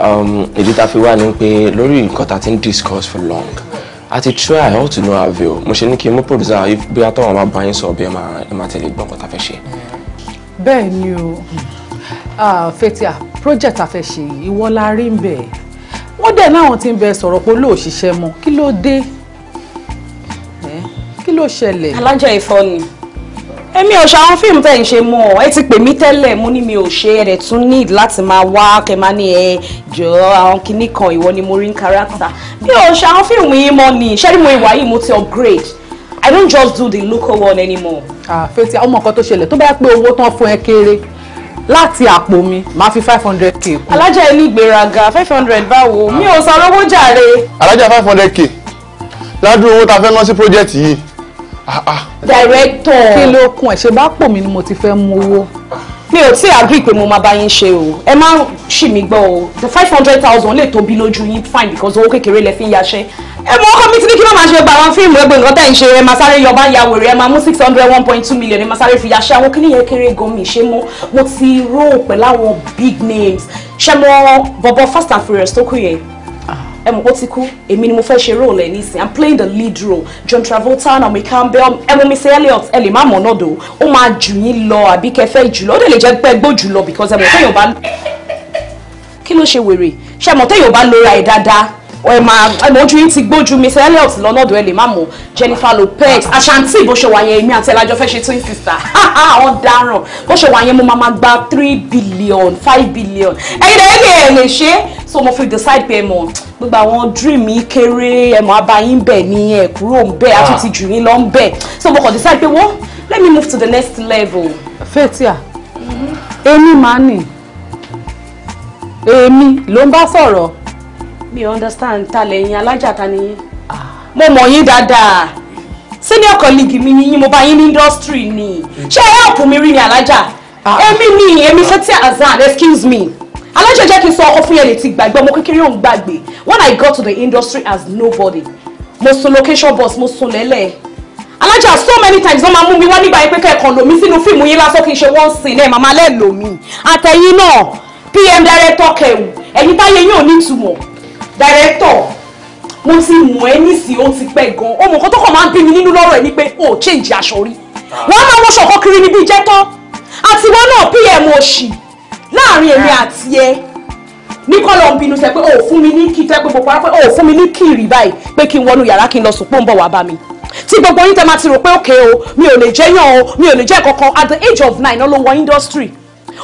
Um, ìdí tá a fi wá ni pé lórí nǹkan tá a ti ń discuss for long. Mm a ti try all to no avail mo ṣe ní kí n mú producer if bí a tọ́wọ́n bá bá yín sọ bí ẹ máa ẹ máa tẹ̀lé gbọ́n kan tá a fẹ́ ṣe. bẹ́ẹ̀ ni o ah, Fathia project afẹ́ ṣe yìí ìwọ la rí ń bẹ̀ wọ́n dẹ̀ láwọn ti ń bẹ sọ̀rọ̀ pé olóò ṣiṣẹ́ mọ́ kí ló dé kí ló ṣẹlẹ̀. alájọ ìfọ ni èmi ò ṣe film fíìmù tẹ̀ ń ṣe mọ́ ẹ ti pè mí tẹ́lẹ̀ mo ní mi ò ṣe ẹ̀rẹ̀ tún need láti máa wá kẹ́má ní ẹ jọ àwọn kinní kan ìwọ ni mo rí character mi ò ṣe àwọn fíìmù yìí mọ́ ni ṣẹ́rí mo ìwà yìí mo ti upgrade I don't just do the local one anymore. Ah, àfẹ́tí àwọn ọmọ kan tó ṣẹlẹ̀ tó bá pé owó tán fún ẹ kéré láti àpò mi máa fi five hundred k kù. alájà ẹni ìgbéraga five hundred báwo mi ò sanwó jàre. alájà five hundred k ládùn owó ta fẹ́ ná sí project yìí Ah, ah. director kí ló kún ẹ̀ ṣe bá pò mí ni mo ti fẹ́ mú owó mi ò tí agree pé mo máa bá yín ṣe o ẹ má ṣì mí gbọ́ o the five hundred thousand lè tóbi lójú yín fine because owó kékeré lẹ fi ń yaṣẹ́ ẹ mọ ọkọ mi ti ní kí n má máa ṣe gba àwọn fíìmù ẹgbẹ́ nǹkan tẹ̀ ń ṣe ẹ máa sáré yọba ya wèrè ẹ máa mú six hundred one point two million ẹ máa sáré fi yaṣẹ́ àwọn kí nìyẹn kéré gan mi ṣe mọ́ mo ti rò pẹ̀lú big names ṣe mọ́ bọ̀bọ̀ fast and furious tó kù yẹn ẹ mọ̀ ti kú èmi ni mo fẹ́ ṣe role ẹ̀ nísìn i'm playing the lead role John Travolta Naomi Campbell ẹ mọ̀ Missy Elliot ẹ lè má mọ̀ náà dò ó máa jù yín lọ àbí kẹfẹ́ jù lọ ó dẹ̀ lè jẹ́ pé gbó jù lọ because ẹ mọ̀ pé yorùbá kí ló ṣe wèrè ṣe mọ̀ pé yorùbá lóra ẹ̀ dáadáa ẹ máa ẹ mọ ojú yín ti gbójú miss elliot lọ́nàdọ̀ ẹ lè má mọ jennifer lopez ashanti bó ṣe wà yẹn èmi àti ẹlájọ fẹ́ ṣe twin sister àwọn dáràn bó ṣe wà yẹn mo máa ma gba three billion five billion ẹ̀yin lẹ́yìn lè lè ṣe so mo fi decide pé mo gbogbo àwọn dream mi kéré ẹ mọ abayín bẹ̀ ni ẹ kúrò ń bẹ̀ àti jù yín lọ ń bẹ̀ so mo kàn decide pé wọ́n let me move to the next level. fetia èmi máa nì èmi ló ń bá sọ̀rọ̀ mi understand ta lẹ́yìn alájà ta ni yín ah. mo mọ̀ yín dáadáa senior colleague mi ni yín mo bá yín industry ni ṣé help mi rí ni alájà ah. èmi ni èmi fẹ́tí azan excuse me alájà jẹ́ kí n sọ ọkọ fún yẹn lè ti gbàgbé ọmọ kékeré òun gbàgbé when i got to the industry as nobody mo sun location boss, mo sun lele. alájà so many times wọ́n máa mú mi wá nígbà yẹn pé kẹ́ẹ̀kan lò mí sínú fíìmù yín lásán kì í ṣe wọ́n sìn náà màmá lẹ́ẹ̀ lò mí náà pm director kẹ̀wù ẹ̀yin táyé yín ò ní ìtumọ̀ director mo ti mọ̀ ẹ́ nísìnyí ó ti pẹ́ gan ọmọ nǹkan tó kàn máa ń bí mi nínú lọ́rọ̀ ẹ̀ ni pé ó change aṣọ rí ah. wọ́n máa wọṣọ kan kiri níbi jẹ́ tán àtiwọ́ náà pm òṣì láàrin èmi ah. àti ẹ ní kọ́lọ̀ ń bínú sẹ pé ó fún mi ní kí tẹ́ gbogbo pará pé ó fún mi ní kí rí báyìí pé kí n wọnú yàrá kí n lọ sùn pé ń bọ̀ wá bá mi tí gbogbo yín tẹ́ máa ti rò pé òkè o mi ò lè jẹ́yàn o mi ò lè jẹ́ kankan at the age of nine ló wọ industry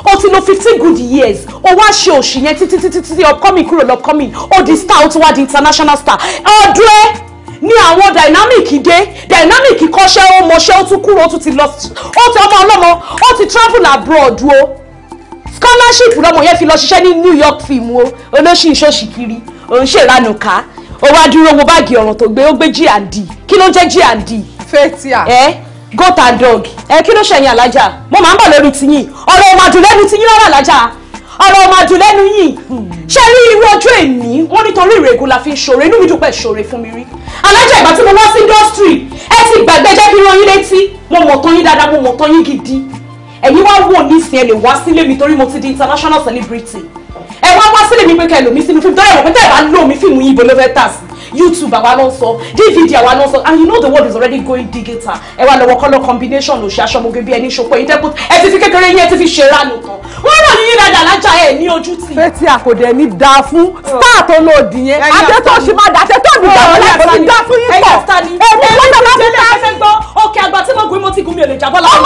o ti lo fifteen good years o wá ṣe òṣì yẹn títí títí títí upcoming kúrò lọ́pcoming O di star ó ti wá di international star ọdún ẹ ní àwọn dynamic dé dynamic kọ́ṣẹ́ ó mọṣẹ́ ó tún kúrò ó tún ti lọ ó ti ọmọ ọlọ́mọ ó ti travel abroad o scholarship lọmọ yẹn fi lọ ṣiṣẹ́ ní New York film o olóṣì ìṣòṣì kiri òun ṣèrànù ká ó wá dúró wo báàgì ọ̀ràn tó gbé ó gbé G&D kí ló ń jẹ́ G&D. fẹ́tíà ẹ́ goat and dog ẹ kí ló ṣẹ̀yìn alájà mo máa ń bọ̀ lórí tiyín ọ̀rọ̀ ò máa dùn lẹ́nu tiyín rárá alájà ọ̀rọ̀ ò máa dùn lẹ́nu yìí ṣé rí irú ọjọ́ èní wọ́n nítorí ìrègùn la fi ń ṣòro inú mi dúpẹ́ ṣòro fún mi rí alájà ìgbà tí mo wá sí industry ẹ ti gbàgbé jẹ́ kí rán yín létí mo mọ̀ tán yín dáadáa mo mọ̀ tán yín gidi ẹ̀yin wá wò nísìnyí ẹ lè wá sílé mi torí mo ti di international celebrity ẹ wá wá sílé mi pé kẹ́ ẹ lò mí sínú fíìmù tó yẹ wọ́n pé tẹ́ ẹ bá lò mí fíìmù yín ibo tà sí youtube àwa ló ń sọ dvd àwa ló ń sọ and you know the world is already going digital ẹ wá lọ́wọ́ color combination lòṣì aṣọ́moge bí ẹni ṣopọ̀ yìí dẹ́kun ẹ ti fi kékeré yín ẹ ti fi ṣe ránù kan wọ́n rọ̀ yín dáadáa alájà ẹ̀ ní ojú tì. fẹ́tí àkòdẹ ní dáa fún star tó lò dì yẹn àtẹ́tọ́ ṣì máa dà àtẹ́tọ́ mi dà wọ́n láti fi dá fún yín pọ̀ èmi kọ́ńtà bá fi dá. ọkẹ́ àgbà tí mo gún mi mo ti gún mi ò lè jábọ́ lọ́wọ́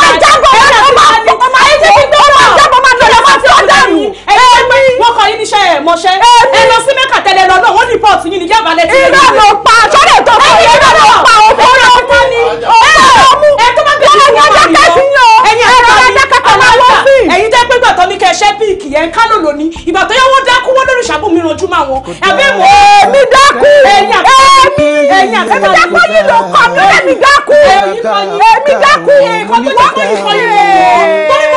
ìwọ tí ó dàrú ẹ̀yin pé kọ yín níṣẹ́ ẹ̀ ẹ lọ sí mẹ́kà tẹ́lẹ̀ lọ náà wọ́n report yín ní jábàlẹ̀ tí ìrẹ́ ló pa sọ́dẹ̀ tó kọ́ yín ló pa òkú ló ni ẹ lọ mú wọn rí lọ ẹ̀yin ẹ̀rọ ẹ̀dá kàkà máa wọ́ sí ẹ̀yin jẹ́ pé gbàtọ́ ní kẹ́ ṣẹ́ píìkì yẹn kánò lónìí ìgbà tó yẹ wọ́n dákú wọ́n lórí ìṣàbù mi ranjú máa wọn àbẹ́ mọ́ èmi dákú ẹ̀yin dákú yín ló kọ́ mi èmi dákú èmi dákú èmi dákú èmi dákú èmi dákú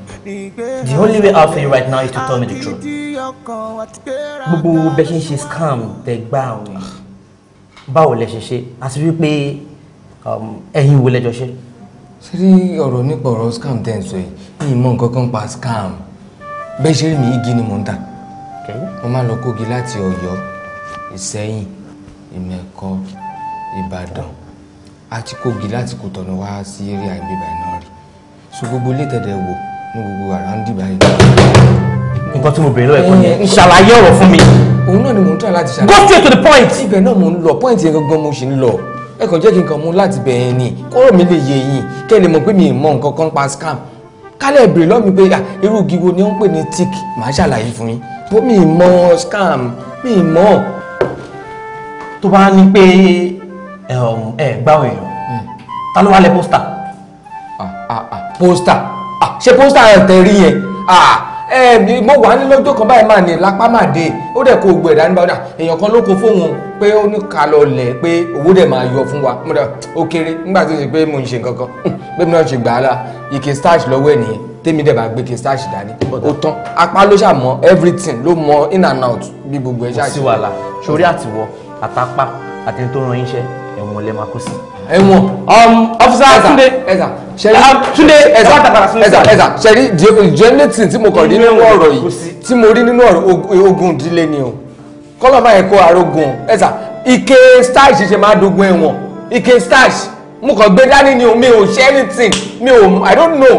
the only way out for you right now is to tell me the truth gbogbo bẹ́ẹ̀ ṣe ń ṣe scam tẹ gbá àwọn báwo lẹ ṣe ṣe àti wípé um, ẹ̀yin wo lẹjọ ṣe. ṣé rí ọ̀rọ̀ nípa ọ̀rọ̀ scam tẹ̀ ń sọ yìí mi mọ nǹkan kan pa scam bẹ́ẹ̀ ṣe rí mi igi ni mò ń tà mo máa lọ kógi láti Ọ̀yọ́ Ìṣẹ́yìn Ìmẹ̀kọ Ìbàdàn àti kógi láti Kòtọ́nù wá sí eré àgbébà náà rí so gbogbo ilé tẹ̀dẹ̀ wò ní gbogbo ara ń dìbà yìí. nǹkan tí mo bèrè lọ́wọ́ ẹ̀kọ́ ni ṣàlàyé ọ̀rọ̀ fún mi. òun náà ni mò ń tọ́ láti ṣàlàyé. go straight to the point. ibẹ̀ náà mò ń lọ point yẹn gangan mo ṣì ń lọ ẹ kàn jẹ́ kí n kàn mú láti bẹ̀ yẹn ni kọ́rọ̀ mi lè yé yín kẹ́ ẹ lè mọ̀ pé mi ì mọ nǹkan kan pa scam kálẹ̀ bèrè lọ́wọ́ pé irú giwo ni wọ́n pè ní tick màá ṣàlàyé fún yín bó mi ì mọ scam mi ì mọ. tó bá ní pé ẹ gbáwèé hmm. ta ló wà lẹ pósítà. pósítà Ah, ṣe pósítà ẹ̀ tẹ̀ rí yẹn ah, ẹ̀ẹ́dì mo wà ní lọ́jọ́ kan báyìí máa ní lápá máa dé ó dẹ̀ kó gbọ́ ẹ̀dá nígbà èèyàn kan ló kó fóun pé ó ní ká lọ lẹ̀ pé owó dẹ̀ máa yọ fún wa mo dà ó kéré nígbà tó ṣe pé mo ń ṣe nǹkan kan pé mi náà ṣe gbà á la ike starch lọ́wọ́ ẹ̀ nìyẹn tèmi dẹ̀ bá gbé ike starch dání ó tán apá ló ṣàmọ everything ló mọ in and out bí gbogbo ẹ̀ ṣáà ṣe. kò sí wàhálà sórí àtiwọ àtàpá àti tó ran iṣẹ́ ẹ̀wọ̀n lẹ máa kó sí. ẹ̀wọ̀n ọfisa ẹza ẹza sẹri Túndé ẹza ẹza ẹza sẹri jẹnẹtì tí mo kàn rí nínú ọ̀rọ̀ yìí tí mo rí nínú ọ̀rọ̀ ogun ìdílé ni o kọlọ máa yẹ kó arógun ẹza ike starch ṣe máa dogun ẹ̀wọ̀n ike starch mo kàn gbé dání ni o mi ò ṣe anything mi ò i don't know.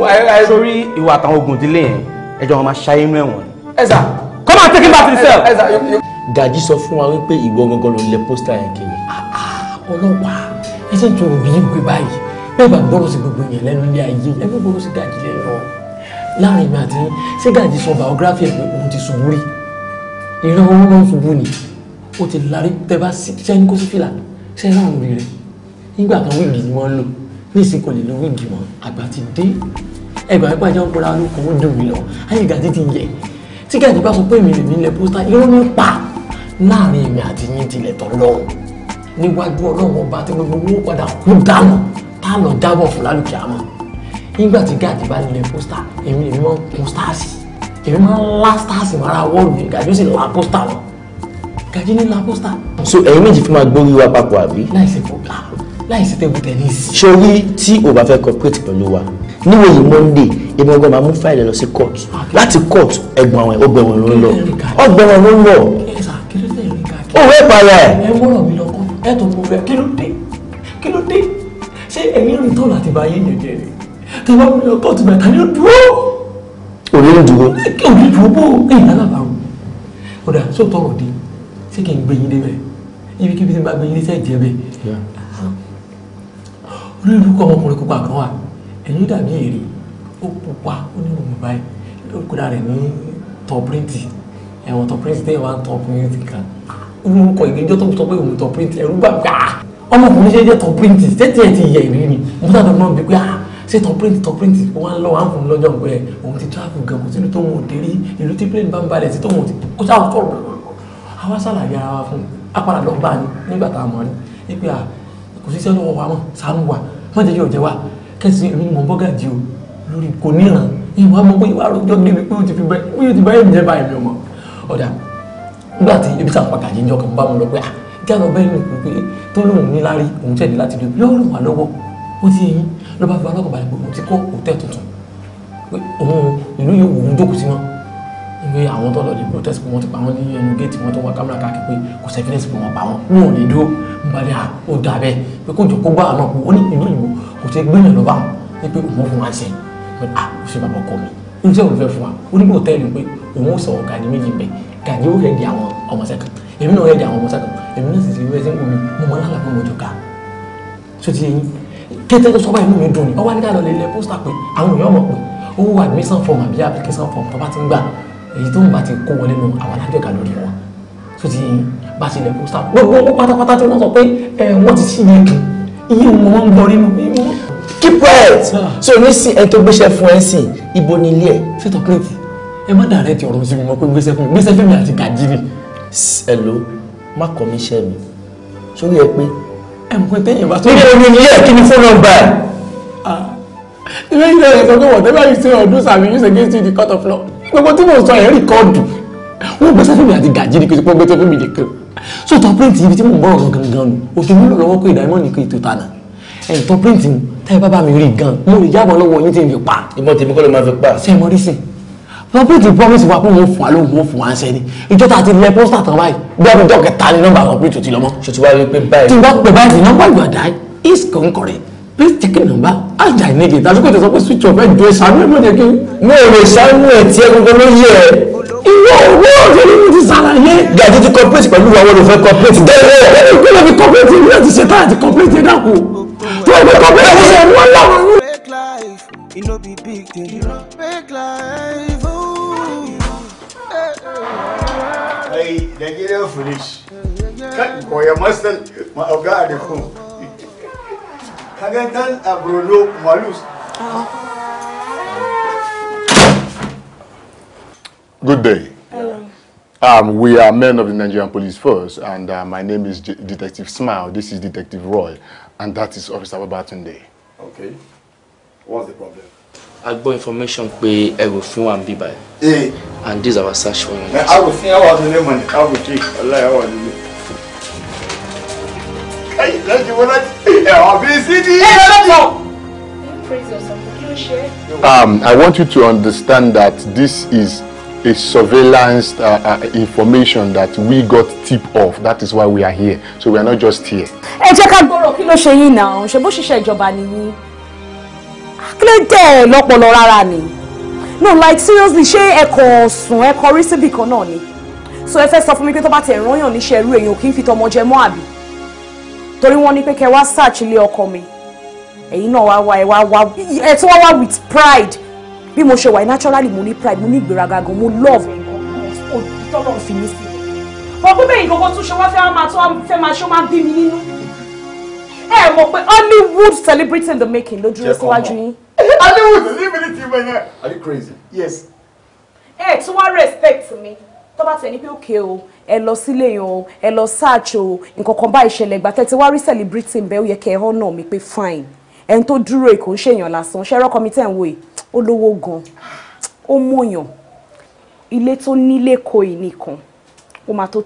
sórí ìwà àtàwọn ogun ìdílé yẹn ẹjọ́ wọn máa ṣayé inú ẹ̀wọ̀n. ẹza come and take him back to the cell. Gaji sọ fún wa wípé ìwọ gangan ló lẹ pósítà yẹn kiri. Ah, ah ọlọ́pàá ẹ sì ń tún òbí yìí pé báyìí bẹ́ẹ̀ bá gbọ́rọ̀ sí gbogbo èèyàn lẹ́nu ilé ayé ẹ bí sí gàdí lẹ́nu ọ láàrin mi àti ṣé gàdí sọ biography ẹ̀ pé ti ṣubú rí ìran owó náà ṣubú ni ó ti larí tẹ bá sẹ́ni kó sí fìlà sẹ́ni láwọn orí rẹ̀ nígbà kan wíìgì ni wọ́n lò ní ìsìnkú lè lo wíìgì mọ́ àgbà ti dé ẹgbà ẹgbà jẹ́ ọ̀pọ̀lá lókun ó dùn mí lọ ayé gàdí ti yẹ tí gàdí bá sọ pé èmi lè nílẹ̀ pósítà irọ́ mi pa láàrin èmi àti yín tilẹ̀ tọ́ lọ́rùn níwájú ọlọ́run ọba tí gbogbo owó padà kú dànù tá a lọ jábọ̀ fún lálùkì àmọ́ nígbà tí gáàdì bá nílẹ̀ pósítà èmi èmi máa ń kun stáàsì èmi máa ń lá stáàsì mara wọ́ọ̀lù mi gàdí ó sì la pósítà lọ gàdí ní la pósítà. so ẹ̀yin méjì fi máa gbórí wa papọ̀ àbí. láìsí fòkà láìsí tẹ́bù tẹ́nísì. sori tí o bá fẹ́ cooperate pẹ̀lú wa níwèyí monday èmi ọgbọ́n máa mú fáìlì lọ sí court láti court ẹ̀gbọ́n àwọn ọgbẹ̀wọ̀n ló ń lọ ọgbẹ̀wọ̀n ló ń lọ òwe pààyà ẹ̀. ẹ wọ́rọ̀ mi lọ ẹ̀tọ́ mo fẹ́ kí ló dé kí ló dé ṣé ẹ̀mí rìn tọ́ láti bá yín yẹn jẹ rẹ̀ tí wọ́n mi lọ kóòtù bẹ̀ta ni ó dúró. òní ń dúró. òní dúró bó ẹ̀yìn alábàárù kódà sóò tọrọ dé ṣé kí n gbé yín débẹ̀ ibikíbi tí n bá gbé yín ní sẹ́ẹ̀jẹ̀ bẹ́ẹ̀. orí ìlú kọ́ ọmọkùnrin pupa kan wà ẹ̀yìn dàbí èrè ó pupa ó ní ìròyìn báyìí ó kódà rẹ̀ ní tọ́ píríǹtì ẹ̀wọ̀n tọ́ píríǹtì tẹ́yìn wá tọ́ píríǹtì kan orúkọ ìgbẹ́jọ́ tó sọ pé òun tọ̀ print ẹ̀rú gbà gbà ọmọkùnrin ṣe jẹ́ tọ̀ print tẹ́tí ẹ̀ ti yẹ ìrírí ni mo tọ́ àdó náà bí pé ah ṣé tọ̀ print tọ̀ print wọn lọ wọn fún lọ́jọ́ pé òun ti travel gan kò sínú tó wọn ò dé rí ìlú tí plane bá ń balẹ̀ sí tó wọn ò ti kó sáà kọ̀ àwa ṣàlàyé ara wa fún un apàdà lọ bá a ní nígbà tá a mọ̀ ní ní pé ah, kò sí sẹ́nu wa mọ̀ sànú wa mọ̀ jẹ́ yóò jẹ́ wa kẹ́sì èmi mọ̀ bọ́gàjì o lórí kò níran ìwà mọ̀ pé ìwà àròjọ débi pé o ti fi bẹ́ẹ̀ bí o ti bẹ́ẹ̀ ń jẹ́ báyìí mi ò mọ̀ ọ̀dà nígbà tí ebi sàn pàkàjì ń jọkàn bá mi lọ pé à ah, já lọ bẹ́ẹ̀ nìkú pé tó lóun ní lárí òun tẹ̀lé láti lè yọ ọ̀rùn wà lọ́wọ́ ó ti yín ló bá fi wọn lọ́kàn balẹ̀ pé òun ti kọ́ òtẹ́ tuntun pé òun ìlú yìí òun jókòó sí wọn pé àwọn tó lọ lè protest pé wọ́n ti pa wọ́n ní ẹnu géètì wọn tó wá kámẹ́rà káàkiri pé kò sí evidence pé wọ́n pa wọ́n mi ò ní dúró ń balẹ̀ à ó dà bẹ́ẹ̀ pé kó jọ kó gbá àná pé ó ní ìlú ìlú kò tẹ́ gbéyàn lọ́ba wọn pé òun fún wa ah, ṣe pé òun fẹ́ fún wa ó ní pé òun ó sọ ọ̀gá ní méjì bẹ́ẹ̀ gàdí ó rẹ̀ di àwọn ọmọọṣẹ́ kan èmi náà rẹ̀ di àwọn ọmọọṣẹ́ kan èmi náà sì ti rí ẹsẹ̀ omi mo mọ lálàá pé mo jọ ká tó ti yẹn kété tó sọ́ba mi dùn ni ọwọ́ nígbà lọ lè lẹ pósítà pé àwọn èèyàn mọ̀ pé owó admission form àbí application form tó bá ti ń gbà èyí tó ń bá ti kó wọlé nu àwọn alájọ ìka lórí wọn tó ti yẹn bá ti lẹ pósítà wọ́n pátápátá tí wọ́n sọ pé wọ́n ti sí yẹn dùn iye wọn ń bọ nínú mímú. keep quiet ah. so ní si ẹni tó gbéṣẹ́ fún ẹ sí ibo ni ilé ẹ. ṣètò kírètì ẹ má dàrẹ́ ti ọ̀rọ̀ sí mi mọ́ pé gbèsè fún mi gbèsè fún mi àti kàjírí. ẹ̀lò má kọ́ mi iṣẹ́ mi sórí ẹ pé ẹ mọ̀ pé tẹ́yìn bá tó. nígbà wo ni ilé ẹ̀kí ni fóònù ọgbà ẹ̀. ilé ilé ẹ̀ sọ pé whatever you say or do sàmì you say against the court of law gbogbo tí mo sọ ẹ̀ rìkọ́ọ̀dù wọ́n gbèsè fún mi àti kàjírí kí wọ́n gbèsè fún mi nìkan so tọ́ print ibi tí mo bọ̀rọ̀ gangan nu oṣù mi lọ́wọ́ pé ìdá ẹ̀yìn tó píríǹtì táyé bàbá mi rí gan mo lè jábọ̀ lọ́wọ́ yín tí n fi pa. ìmọ̀ tèmi kọ́ ló máa fi pa. ṣé mo rí sìn wọn pé promise wa pé wọn fún wa ló wọn fún wa ń sẹni ìjọ ta ti lẹ pósítà tán báyìí bẹ́ẹ̀ dọkẹ ta ni nọ́mbà wọn pé tó ti lọ mọ. ṣètò wa wípé báyìí. tí wọn pè báyìí nọ́mbà yóò dá is concurrent please check the number ajá ìnege tàbí kò tẹ sọ pé switch off ẹ jọ ìṣàánú ẹ mọ̀jẹ̀ kí. mi ò lè ṣàánú ẹ tí ẹ gbogbo ló yẹ. ìwọ owó òde ni mo ti ṣàlàyé. gàdí ti complete pẹ̀lú wa wọn complete dẹ́rẹ́. ẹni ìpínlẹ̀ mi complete ìlú ẹ̀ ti ṣe táyà ti complete ẹ̀dá kù. tó o bẹ complete ẹ̀ wọ́n lọ́wọ́ ai Nigerian foolish kan koya masal ma'auga a dukkan kagan dan a bruno malus good day Hello. Um, we are men of the Nigerian Police Force, and uh, my name is J Detective Smile. This is Detective Roy, and that is Officer Babatunde. Okay. What's the problem? a gbọ́ information pé ẹrùfín wà ń bíbá ẹ̀ and this our search for you. arúfin àwọn àtúnlé mọ̀ ní káàbùtì ọláyàwó nílé. ẹyìn lọ́jú wọn láti ẹ̀wọ̀n bíi sídìí. ẹ lọ́pọ̀. Um, I want you to understand that this is a surveillance uh, uh, information that we got tip off. That is why we are here. So we are not just here. Ẹ jẹ́ ká gbọ́rọ̀ kí ló ṣe yín náà, ṣe bó ṣiṣẹ́ ìjọba nìyí kí ló dé ẹ rárá ni no like seriously ṣé ẹ̀kọ́ sùn ẹ̀kọ́ rí síbì kan náà ni so ẹ fẹ́ sọ fún mi pé tó bá tẹ̀ rányàn níṣẹ́ irú èèyàn kì í fi tọmọ jẹ mọ́ àbí torí wọ́n ní pé kẹ́ wá search ilé ọkọ mi ẹ̀yin náà wá wá ẹ wá wá ẹ tún wá wá with pride bí mo ṣe wà naturally mo ní pride mo ní ìgbéraga gan mo love tọ́lọ̀ fi mí sí ọgbọ́n bẹ́ẹ̀ ìgbogbo tún ṣe wá fẹ́ máa tó fẹ́ máa ṣó máa bí mi nínú ẹ mọ̀ pé Hollywood celebrity in the making ló dúró síwájú yín. Are you crazy? Yes. Ẹ to what respect me? Tọ́ba tẹ̀ ní pé òkè o, ẹ lọ sílé yẹn o, ẹ lọ search o, nǹkan kan bá ìṣẹ̀lẹ̀ ìgbà tẹ̀ tí wá rí celebrity ń bẹ́ ó yẹ kẹ́ mi pé fine. Ẹni tó dúró èkó ń ṣèyàn lásán, ṣẹ́rọ́ kọ́mi tẹ̀ ń wò yìí, ó lówó gan, ó mọ̀yàn. Ilé tó nílé kò ì nìkan, ó máa tó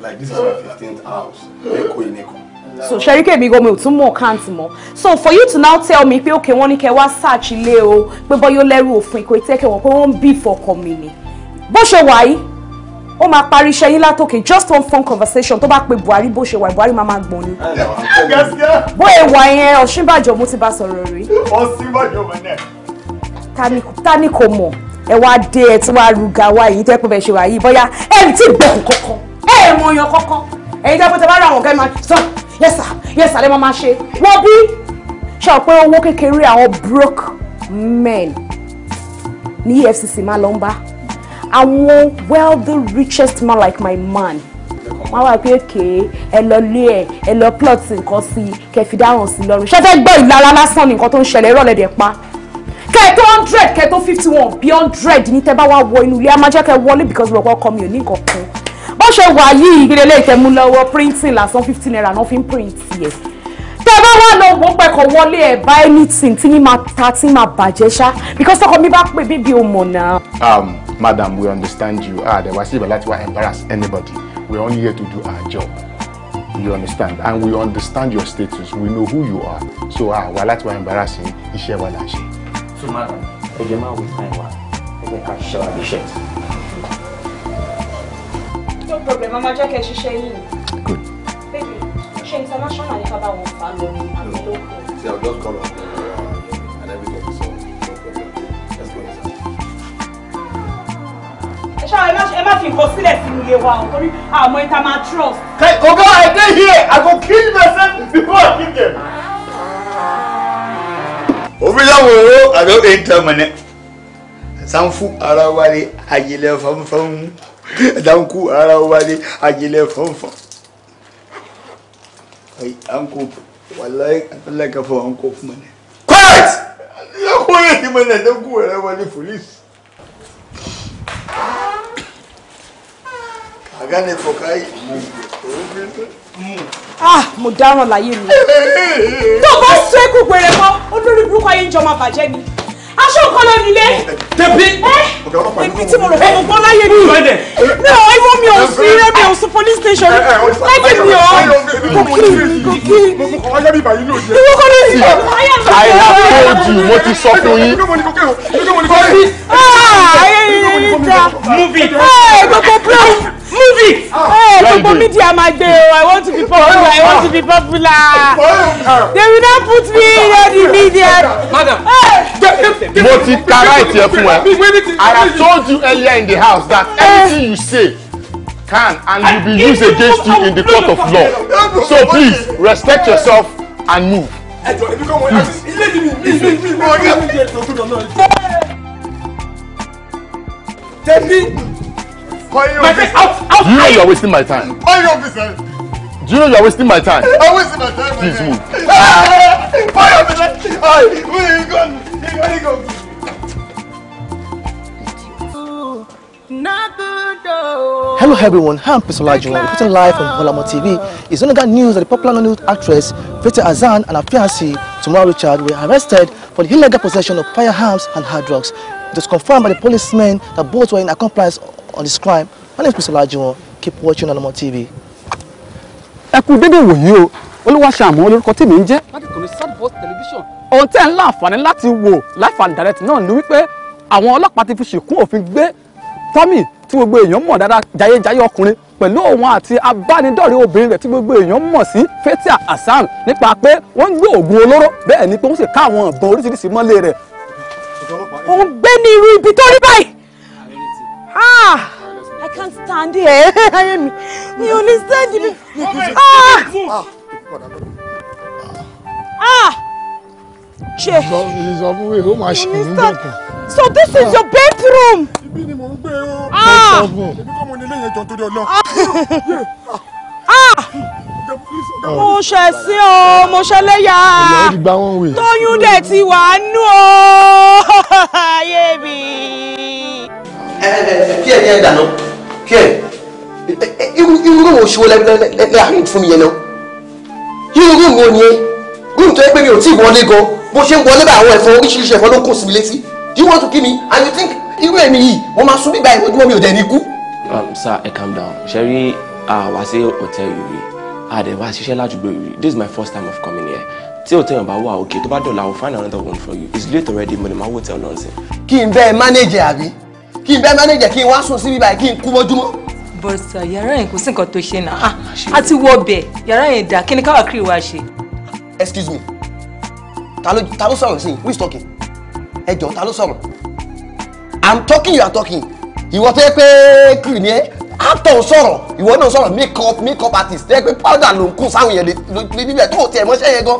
Like this is my 15th house, Èkó ì nìkan so ṣẹ́rí kèmí go? mi ò tún mọ̀ kant mọ́ so for you to now tell me pé okay wọ́n ní kẹ́ wá search ilé o pé bọ́yọ́ lẹ́rù òfin kò tẹ́ kẹ́ wọ́n pé wọ́n ń bí fọkàn mi ni bó ṣe wà yìí ó máa parí iṣẹ́ yín just one phone conversation To bá pe Buhari bó ṣe wà Buhari máa máa gbọ́n ni. bó ìwà yẹn Ọ̀ṣínbàjò mo ti bá sọ̀rọ̀ rí. Ọ̀ṣínbàjò mọ̀ náà. ta Tani, kò mọ̀ ẹ wá dé ẹ tí wàá ruga wá èyí tẹ́ pé bẹ́ẹ̀ ṣe wà yìí bóyá ẹ ti gbẹ̀kùn kankan ẹ ẹ mọ ọyàn kankan èyí tẹ́ pé tẹ́ ra àwọn ọ̀gá ẹ máa yes sir yes sir lẹ́ máa máa ṣe wọ́n bí ṣe ọ̀pẹ owó kékeré àwọn broke men ní EFCC máa lọ ń bá àwọn the richest man like my man wọ́n wá pé èké ẹ lọ lé ẹ ẹ lọ plot nǹkan sí i kẹfì dáhùn sí lọ́rùn ṣé fẹ́ gbọ́ ìlara lásán ní nǹkan tó ń ṣẹlẹ̀ ìrọ̀lẹ́ dẹ̀ pa kẹtó hundred kẹtó fifty one bí hundred ní tẹ́ bá wá wọ inú ilé a máa jẹ́ kẹ́ wọlé because ìrọ̀pọ̀ ọkọ mi ò ní nǹkan kan bó ṣe wà yìí ìgbélélé ìtẹ̀mú lọ́wọ́ printing lásán fifteen naira náà fi ń print yẹ tẹ bá wà lọ wọ́n pẹ̀kọ̀ wọlé ẹ̀ bá anything tí yín máa ta tí máa bàjẹ́ ṣá because tọkọ mi bá pè bíbí o mọ̀ náà. um madam we understand you ah dẹ̀ wá sí ibà láti wá embarrass anybody we are only here to do our job you understand and we understand your status we know who you are so ah wá láti wá embarrass yín iṣẹ́ wa là ń ṣe. so madam ẹ jẹ́ máa wí fún ẹ wá ẹ jẹ́ ká ṣiṣẹ́ wa bí ṣẹ́ẹ̀tì no problem mama jẹ́ kẹ́ ṣiṣẹ́ good. baby ṣe international ní bàbá wọn fà lọ ní àmì lóko. see i just call up uh, and everything so let's go inside. ẹ ṣáà ẹ má ẹ má fi nǹkan sílẹ̀ sínú ilé wa o torí àmọ́ trust. kai oga i dey here i go kill myself before i kill them. òbílẹ̀wò àbẹ̀wò èyí tẹ̀ mọ̀ ní sanfu ara wa ni ayẹlẹ fanfanfu ẹ̀dánkù ara wálé ajílẹ̀ fọ́nfọ́n ayi anko wàláyé àtàlẹ́kà fún anko fún mi. quiet ẹ̀dánkù yẹn ti mọ̀ ní ẹ̀dánkù ara wálé police. àgánni fọkàyè mú òun bí tó. ah mo dáràn láyé mi tó bá sọ ẹkú péré mọ olórí burúkú ayé ń jọ máa bàjẹ́ ni aṣọ nǹkan lọ nílé. tẹ̀bí ibi tí mo rò fún gbọ́n láyé mi no ìwọ mi ò sí ilé mi ò sí police station láyé mi ò kò kí kò kí. ìwọ kọ́ ló I have told you mo ti sọ fún yín. kò sí. ayé yìí dá. gbogbo plan move it. ẹ gbogbo media máa i want to be popular i want to be popular they will not put me in the media. Madam, hey, eh. ka right yẹn fún ẹ and i told you earlier in the house that eh. anything you say can and will be used against you in the court of law so please respect eh. yourself and move. Please, jọ ibi Calling my friend, out, out. You know you are wasting my time. Calling officer. Do you know you are wasting my time? I'm wasting my time. Please move. Ah! Calling officer. Hey, where you gone? Where you gone? Hello everyone, I'm Pesolajuwon, reporting live from Holamo TV. It's only got news that the popular Nollywood actress Fete Azan and her fiancé Tomorrow Richard were arrested for the illegal possession of firearms and hard drugs. It was confirmed by the policemen that both were in accomplice on this crime my name is Mr. Olajuwon keep watching Animal TV. ẹ kú dédé wòyí o olúwa ṣàmú olórúkọ tèmi ń jẹ́ láti kàn ní Sadbot television ohun tẹ́ ń láǹfààní láti wò Life and direct náà ni wípé àwọn ọlọ́pàá ti fi ṣìkún òfin gbé Tommy tí gbogbo èèyàn mọ̀ dáadáa jayéjayé ọkùnrin pẹ̀lú òun àti abánidọ́rẹ̀ẹ́ obìnrin rẹ̀ tí gbogbo èèyàn mọ̀ sí Fatia Hasan nípa pé wọ́n ń gbé oògùn olóró bẹ́ẹ̀ ni pé wọ́n sì ká àwọn ìbọn oríṣiríṣi mọ́lé rẹ̀. òun gbé ní irú ibi tó rí báyìí Ah! I can't stand it. Eh, eh, ayé mi, mi ò lè stand ah! ah! Ah! Ṣé. So this is ah. your bedroom. Ah! ah! Ah! Mo ṣẹ̀ sí o, mo ṣẹ̀ léyà. Tóyún dẹ̀ ti wà á o. Ayé mi kí ẹ yẹn dànù kí ẹ irú irú òṣùwò lẹ́lẹ́ àárín fún mi yẹn náà irú irú wo ni irú tó yẹ pé mi ò tí ì wọlé gan bó ṣe ń wọlé bá àwọn ẹ̀fọn oríṣiríṣi ẹ̀fọn ló kún sí mi létí do you want to kill me and you think irú èmi yìí mo máa sún bíbá ìwọ́jú mi ò dẹ̀ ní kú. Um, sir ẹ calm down ṣe rí àwa sí hòtẹ́ẹ̀lì yìí àdẹ̀wà ṣiṣẹ́ ládùúgbò yìí this is my first time of coming here tí o tẹ̀yàn bá wà òkè tó bá dọ̀la i will find another one for you it's late already mo lè máa wò tẹ̀ ọ́ lọ́sìn. kí n bẹ́ẹ̀ mánéjì àbí kí n bẹ́ẹ̀ mẹ́nẹ́jẹ̀ kí n wá sùn síbi báyìí kí n kú mọ́júmọ́. bọ́sà yàrá yẹn kò sí nǹkan tó ṣe náà ah, ah, a ti wọ ọbẹ̀ yàrá yẹn dà kí ni káwá kiri wá ṣe. excuse me ta ló ta ló sọ̀rọ̀ sí who is talking ẹ jọ̀ọ́ ta ló sọ̀rọ̀ i'm talking you are talking ìwọ tó yẹ pé kiri ni ẹ actor sọ̀rọ̀ ìwọ náà sọ̀rọ̀ make up make up artist tó yẹ pé powder ló ń kún sáwọn yẹn lójú bíbẹ̀ tó tiẹ̀ mọ́ṣẹ́ yẹn gan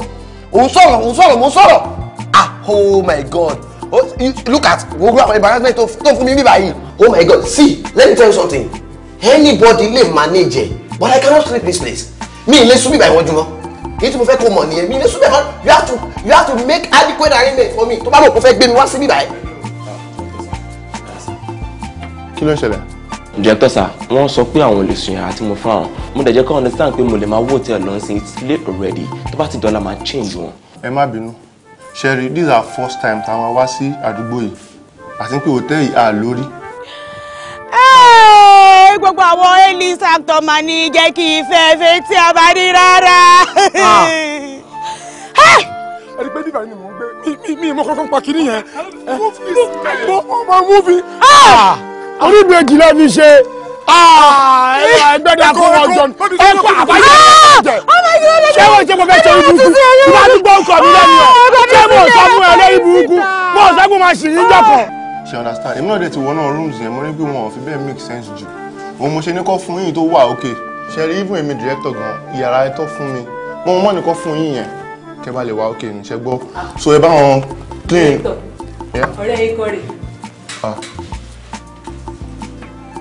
òun sọ̀rọ̀ òun sọ̀rọ̀ mo sọ̀rọ̀ ah oh my god Oh, look at gbogbo àwọn embarrassment tó fún mi bíbá yìí. oh my god see let me tell you something anybody lè manage it but i cannot sleep this place mi ì lè sùn bíbá ìwọ́n jùmọ̀ èyí tí mo fẹ́ kó mọ̀ nìyẹn mi ì lè sùn you have to you have to make adequate arrangement for me tó bá mọ̀ kó fẹ́ gbé mi wá sí bíbá yìí. kí ló ń ṣẹlẹ̀. ǹjẹ́ tọ́sà wọ́n sọ pé àwọn olè sùn yàrá tí mo fún àwọn mo dẹ̀ jẹ́ kó understand pé mo lè máa wó hotel lọ́sìn it's late already tó bá ti dọ́là máa change wọn. ẹ má bínú Sherry, this is our first time tá a máa wá sí àdúgbò yìí àti pé hòtẹ́ẹ̀lì à lórí. gbogbo àwọn elite actor máa ní jẹ́ kí ìfẹ́ fẹ́ tí a bá ní rárá. ẹni pé nígbà yìí ni mò ń gbé mi ìmọ̀ kankan pa kínní yẹn. mo máa mú fi. orí mi èjìlá mi ṣe ẹgbẹ́ni akọwọ́ ọjọ́ni ẹ̀kọ́ àbáyé ẹ̀jẹ̀ ṣé wọ́n ṣe mo fẹ́ ṣe ibùkún ìbá mi gbọ́ ọkọ̀ mi lẹ́nu ẹ̀ ah, ṣé mo sọ fún ẹ lẹ́yìn ibùkún mo sọ fún ma ṣì yín jọ̀kọ̀. Ah. ṣe understand èmi náà dẹ̀ ti wọnà rooms yẹn mo rí pé wọn ò fi bẹ́ẹ̀ make sense jù òun mo ṣe ní kọ́ fún yín tó wà okay ṣe rí even èmi director gan ìyàrá ẹ tọ́ fún mi mo mọ̀ ní kọ́ fún yín yẹn kẹ́ bá lè wà okay níṣẹ́ gbọ́ so ẹ bá wọn clean. ọ̀rẹ́ ikọ̀ rẹ̀.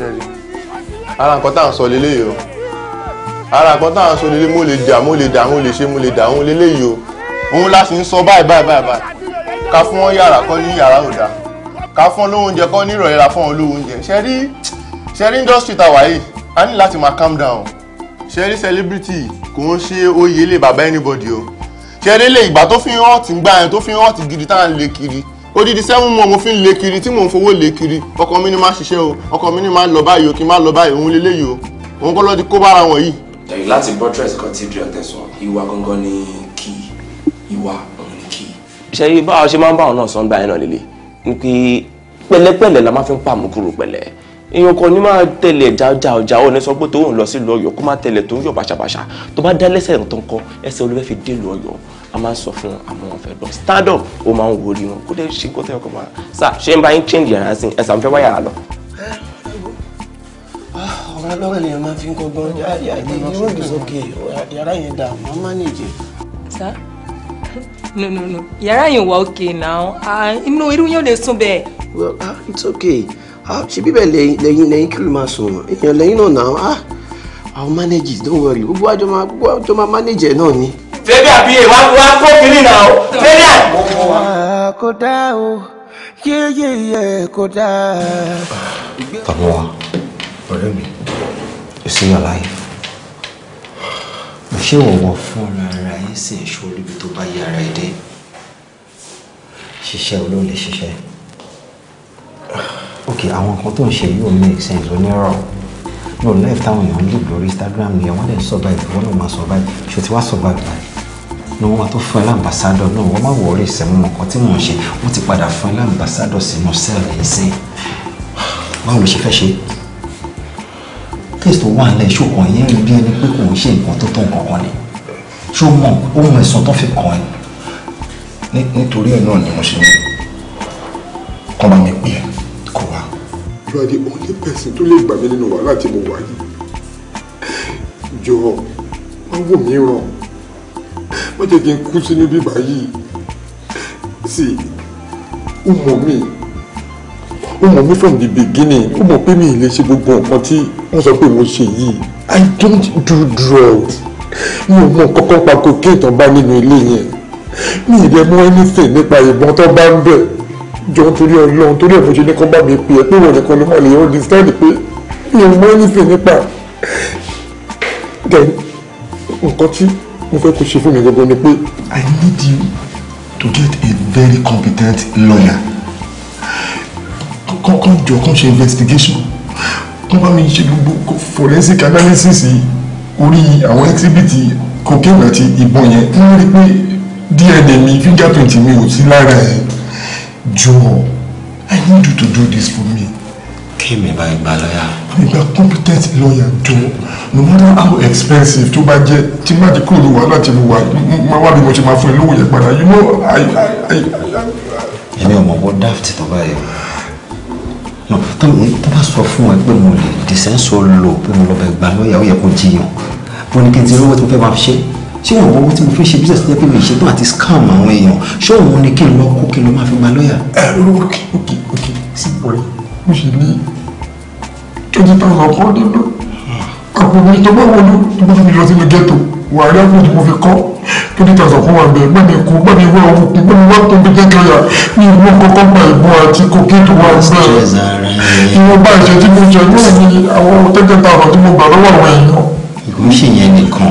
ṣẹ́rí ara nǹkan tá à ń sọ lélẹ́yìí o ara nǹkan tá à ń sọ lélẹ́yìí mo lè jà mo lè dà mo lè ṣe mo lè dà òun lélẹ́yìí o òun láti ń sọ báyìí báyìí báyìí ká fún wọn yàrá kọ́ ní yàrá ò dáa ká fún lóúnjẹ kọ́ ní ìrọ̀lẹ́ra fún wọn lóúnjẹ ṣẹ́rí ṣẹ́rí industry tàwa yìí a ní láti máa calm down ṣẹ́rí celebrity kò ń ṣe oyè lè bàbá anybody o ṣẹ́rí lè ìgbà tó fi hàn ti gbà yẹn tó fi hàn ti gidi tá à ń lè kiri odidi seven months mo fi ń lé kiri tí mò ń fowó lé kiri ọkọ mi ni máa ṣiṣẹ́ o ọkọ mi ni máa lọ báyìí o kí n máa lọ báyìí òun lélẹ́yìí o òun kọ́ ló ti kó bára wọn yìí. ẹ̀yìn láti buttress kan tí adrian tẹ̀sán ìwà gangan ni kí ìwà òun ni kí. ṣé báwo ṣe máa ń bá àwọn náà sọ ń gba ẹ̀nà líle ni pé pẹ̀lẹ́pẹ̀lẹ́ la máa fi ń pa àmúkúrò pẹ̀lẹ́ èèyàn kan ní máa tẹ̀lé jájà ọjà ò ní sọ pé tó ń lọ sílùú Ọ̀yọ́ kó má tẹ̀lé tó ń yọ bàṣàbàṣà tó bá dá lẹ́sẹ̀ tó ń kọ ẹsẹ̀ fi dé lù a máa ń sọ fún àwọn ọ̀fẹ́ dọ̀ stand up ó máa ń wọrí wọn kó dẹ̀ ṣe nǹkan tẹ́ ọkọ̀ máa sà ṣé n bá yín change yàrá sí ẹ̀sà ń fẹ́ wáyà lọ. Ah, ọ̀rọ̀ lọ́rọ̀ lèèyàn máa fi ń kọ́gbọ́n ìròyìn sókè yàrá yẹn dà máa má nìjẹ́. sá no no no yàrá yẹn wà òkè náà inú irú yẹn ò lè sùn bẹ́ẹ̀. well ah it's okay ah ṣe bíbẹ̀ lẹ́yìn lẹ́yìn kiri máa sùn èèyàn lẹ́yìn náà náà ah our managers don't worry gbogbo àjọ máa gbogbo àjọ máa manage ẹ̀ náà ni bébí àbí ẹ wá kó kiri náà o bébí àbí. kò dáa o yéyéyé kò dáa. tàbí wa ọ̀rẹ́ mi èsì yà láàyè mo ṣe wọ̀wọ̀ fún ọ̀rọ̀ ara yín sì ń ṣó níbi tó bá yára ẹ dé ṣiṣẹ́ olóòlè ṣiṣẹ́ ok àwọn nǹkan tó ń ṣe yóò make sense onírọ̀ no life táwọn èèyàn ń lò lórí Instagram nìyẹn wọ́n dẹ̀ survive wọ́n náà máa survive ṣòtí wá survive báyìí ni wọ́n máa tó fún ẹ lámbàsádọ̀ náà wọ́n má wọ̀ọ́rì ìsẹ̀mú mọ̀kàn tí mò ń ṣe wọ́n ti padà fún ẹ lámbàsádọ̀ sínú sẹ́ẹ̀lì ẹ̀sìn báwo ló ṣe fẹ́ ṣe kéèsì tó wà nílẹ̀ ṣòkan yẹn rí bí ẹni pé kò ń ṣe nǹkan tó tó nǹkan kan ni ṣó mọ ohun ẹ̀sùn tó fi kàn ẹ́. nítorí ẹ̀ náà ni mo ṣe ní kọ́ bá mi pè é kó wá. you are the only person tó lè gbà mí nínú wàhálà tí mo wà yìí jọ̀ọ́ má wò mí ràn wọ́n jẹ́ kí n kú sínú bíbá yìí sí ó mọ̀ mí ó from the beginning ó pé mi lè ṣe gbogbo nǹkan tí wọ́n sọ pé mo ṣe yìí I don't do drugs mi ò mọ nǹkan kan pa cocaine tó bá nínú ilé yẹn mi ì lè mọ anything nípa ìbọn tó bá ń bẹ̀ jọ torí ọlọ́run torí ẹ̀ mo ṣe ní kó bá mi pè é pé wọ́n nìkan ló mọ̀ lè understand pé mi ò mọ anything nípa then nǹkan tí mo fẹ́ kó ṣe fún mi gbogbo ni pé I need you to get a very competent lawyer kọ́kọ́ jọ kán ṣe investigation kán bá mi ṣe gbogbo forensic analysis orí àwọn exhibit cocaine àti ìbọn yẹn wọ́n rí pé DNA mi fingerprint mi ò sí lára ẹ̀ jọ̀ọ́ I need you to do this for me. kí mi bá gba lọ́yà ìgbà competent lawyer do no matter how expensive tó bá jẹ́ tí má di kúrò wà láti wà má wà bí mo ṣe máa fún ẹ lówó yẹn padà you know i i i. èmi ò mọ̀ wọ́n dáfítì tó báyìí o tó bá sọ fún ẹ pé mo lè dìsẹ́ńsọ lò pé mo lọ bẹ gbà lọ́ọ̀yà ó yẹ kó jiyàn wọn ni kí n ti rówó tí mo fẹ́ máa ṣe ṣé wọn owó tí mo fi ṣe business jẹ́ pé mi ṣe tó àti scam àwọn èèyàn ṣé òun ni kí n lọ kó kí n lọ máa fi gba lọ́ọ̀yà. ẹ eh, ok ok ok sí ọ̀rẹ́ mo ṣe ní twenty thousand kọ́ dídó àpò mi tó bá wọlé tó bá fi lọ sínú ghetto wà á rí àpò tí mo fi kọ́ twenty thousand kọ́ wà bẹ́ẹ̀ gbọ́n mi kú gbọ́n mi wá owó kú gbọ́n mi wá tó bí jẹ́kẹ́ ọ̀yà ní ìwọ kọ́kọ́ gba ìbọn àti kòkéètò wà bẹ́ẹ̀ ìwọ bá ìṣẹ́ tí mo jẹ náà ni àwọn tẹ́tẹ́ tààrà tí mo gbà lọ́wọ́ àwọn èèyàn kò ń ṣèyẹn nìkan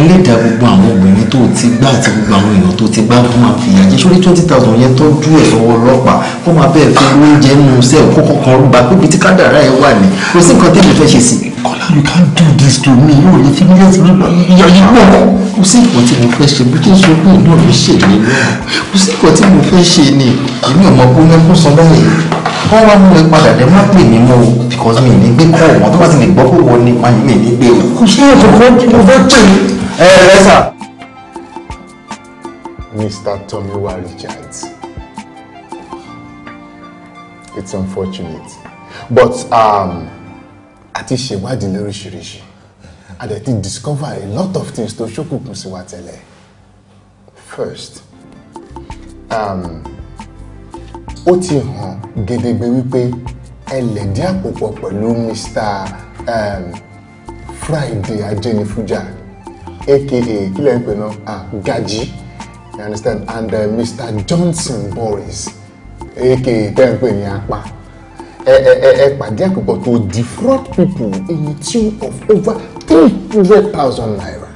ẹlẹ́dàá gbogbo àwọn obìnrin tó ti gbá àti gbogbo àwọn èèyàn tó ti gbá fún máa fi ìyà jẹ sórí twenty thousand yẹn tọ́jú ẹ̀ sọ́wọ́ ọlọ́pàá kó máa bẹ́ẹ̀ fi oúnjẹ nù sẹ́ẹ̀ kó kọ̀ọ̀kan rúba pípi tí kádàrá ẹ̀ wà ní kò sí nǹkan tẹ́lẹ̀ fẹ́ ṣe sí. Kọ́lá you can't do this to me yóò lè fi mílíọ̀tì nípa ìyá yìí wọ̀ kò sí nǹkan tí mo fẹ́ ṣe bí tó sọ pé ìlú ọ̀rẹ́ ṣèlè náà kò sí nǹkan tí mo fẹ́ ṣe ni èmi ò mọ kọ́ wá mú mi padà dé má pè mí mọ́ o because mi ní gbé kọ́ wọn tó bá ti lè gbọ́ pé wọ́n ní mi ní gbé o. kò sí ìfòkó mo fẹ́ pè é. ẹ ẹ sà. Mr. Tomiwa Richards it's unfortunate but um, a ti ṣèwádìí lóríṣiríṣi a dẹ̀ ti discover a lot of things tó ṣókùnkùn sí wa tẹ́lẹ̀ first. Um, ó ti hàn gedegbe wípé ẹlẹ́dí àpòpọ̀ pẹ̀lú Mr um, ehm, Friday ajẹnifuja aka kílẹ̀ ń pè náà ah, Gaji you understand and uh, eh, Mr Johnson Boris aka tẹ́ ń pè ní apá ẹ ẹ ẹ pàdé àpòpọ̀ tó defraud people in the tune of over three hundred thousand naira.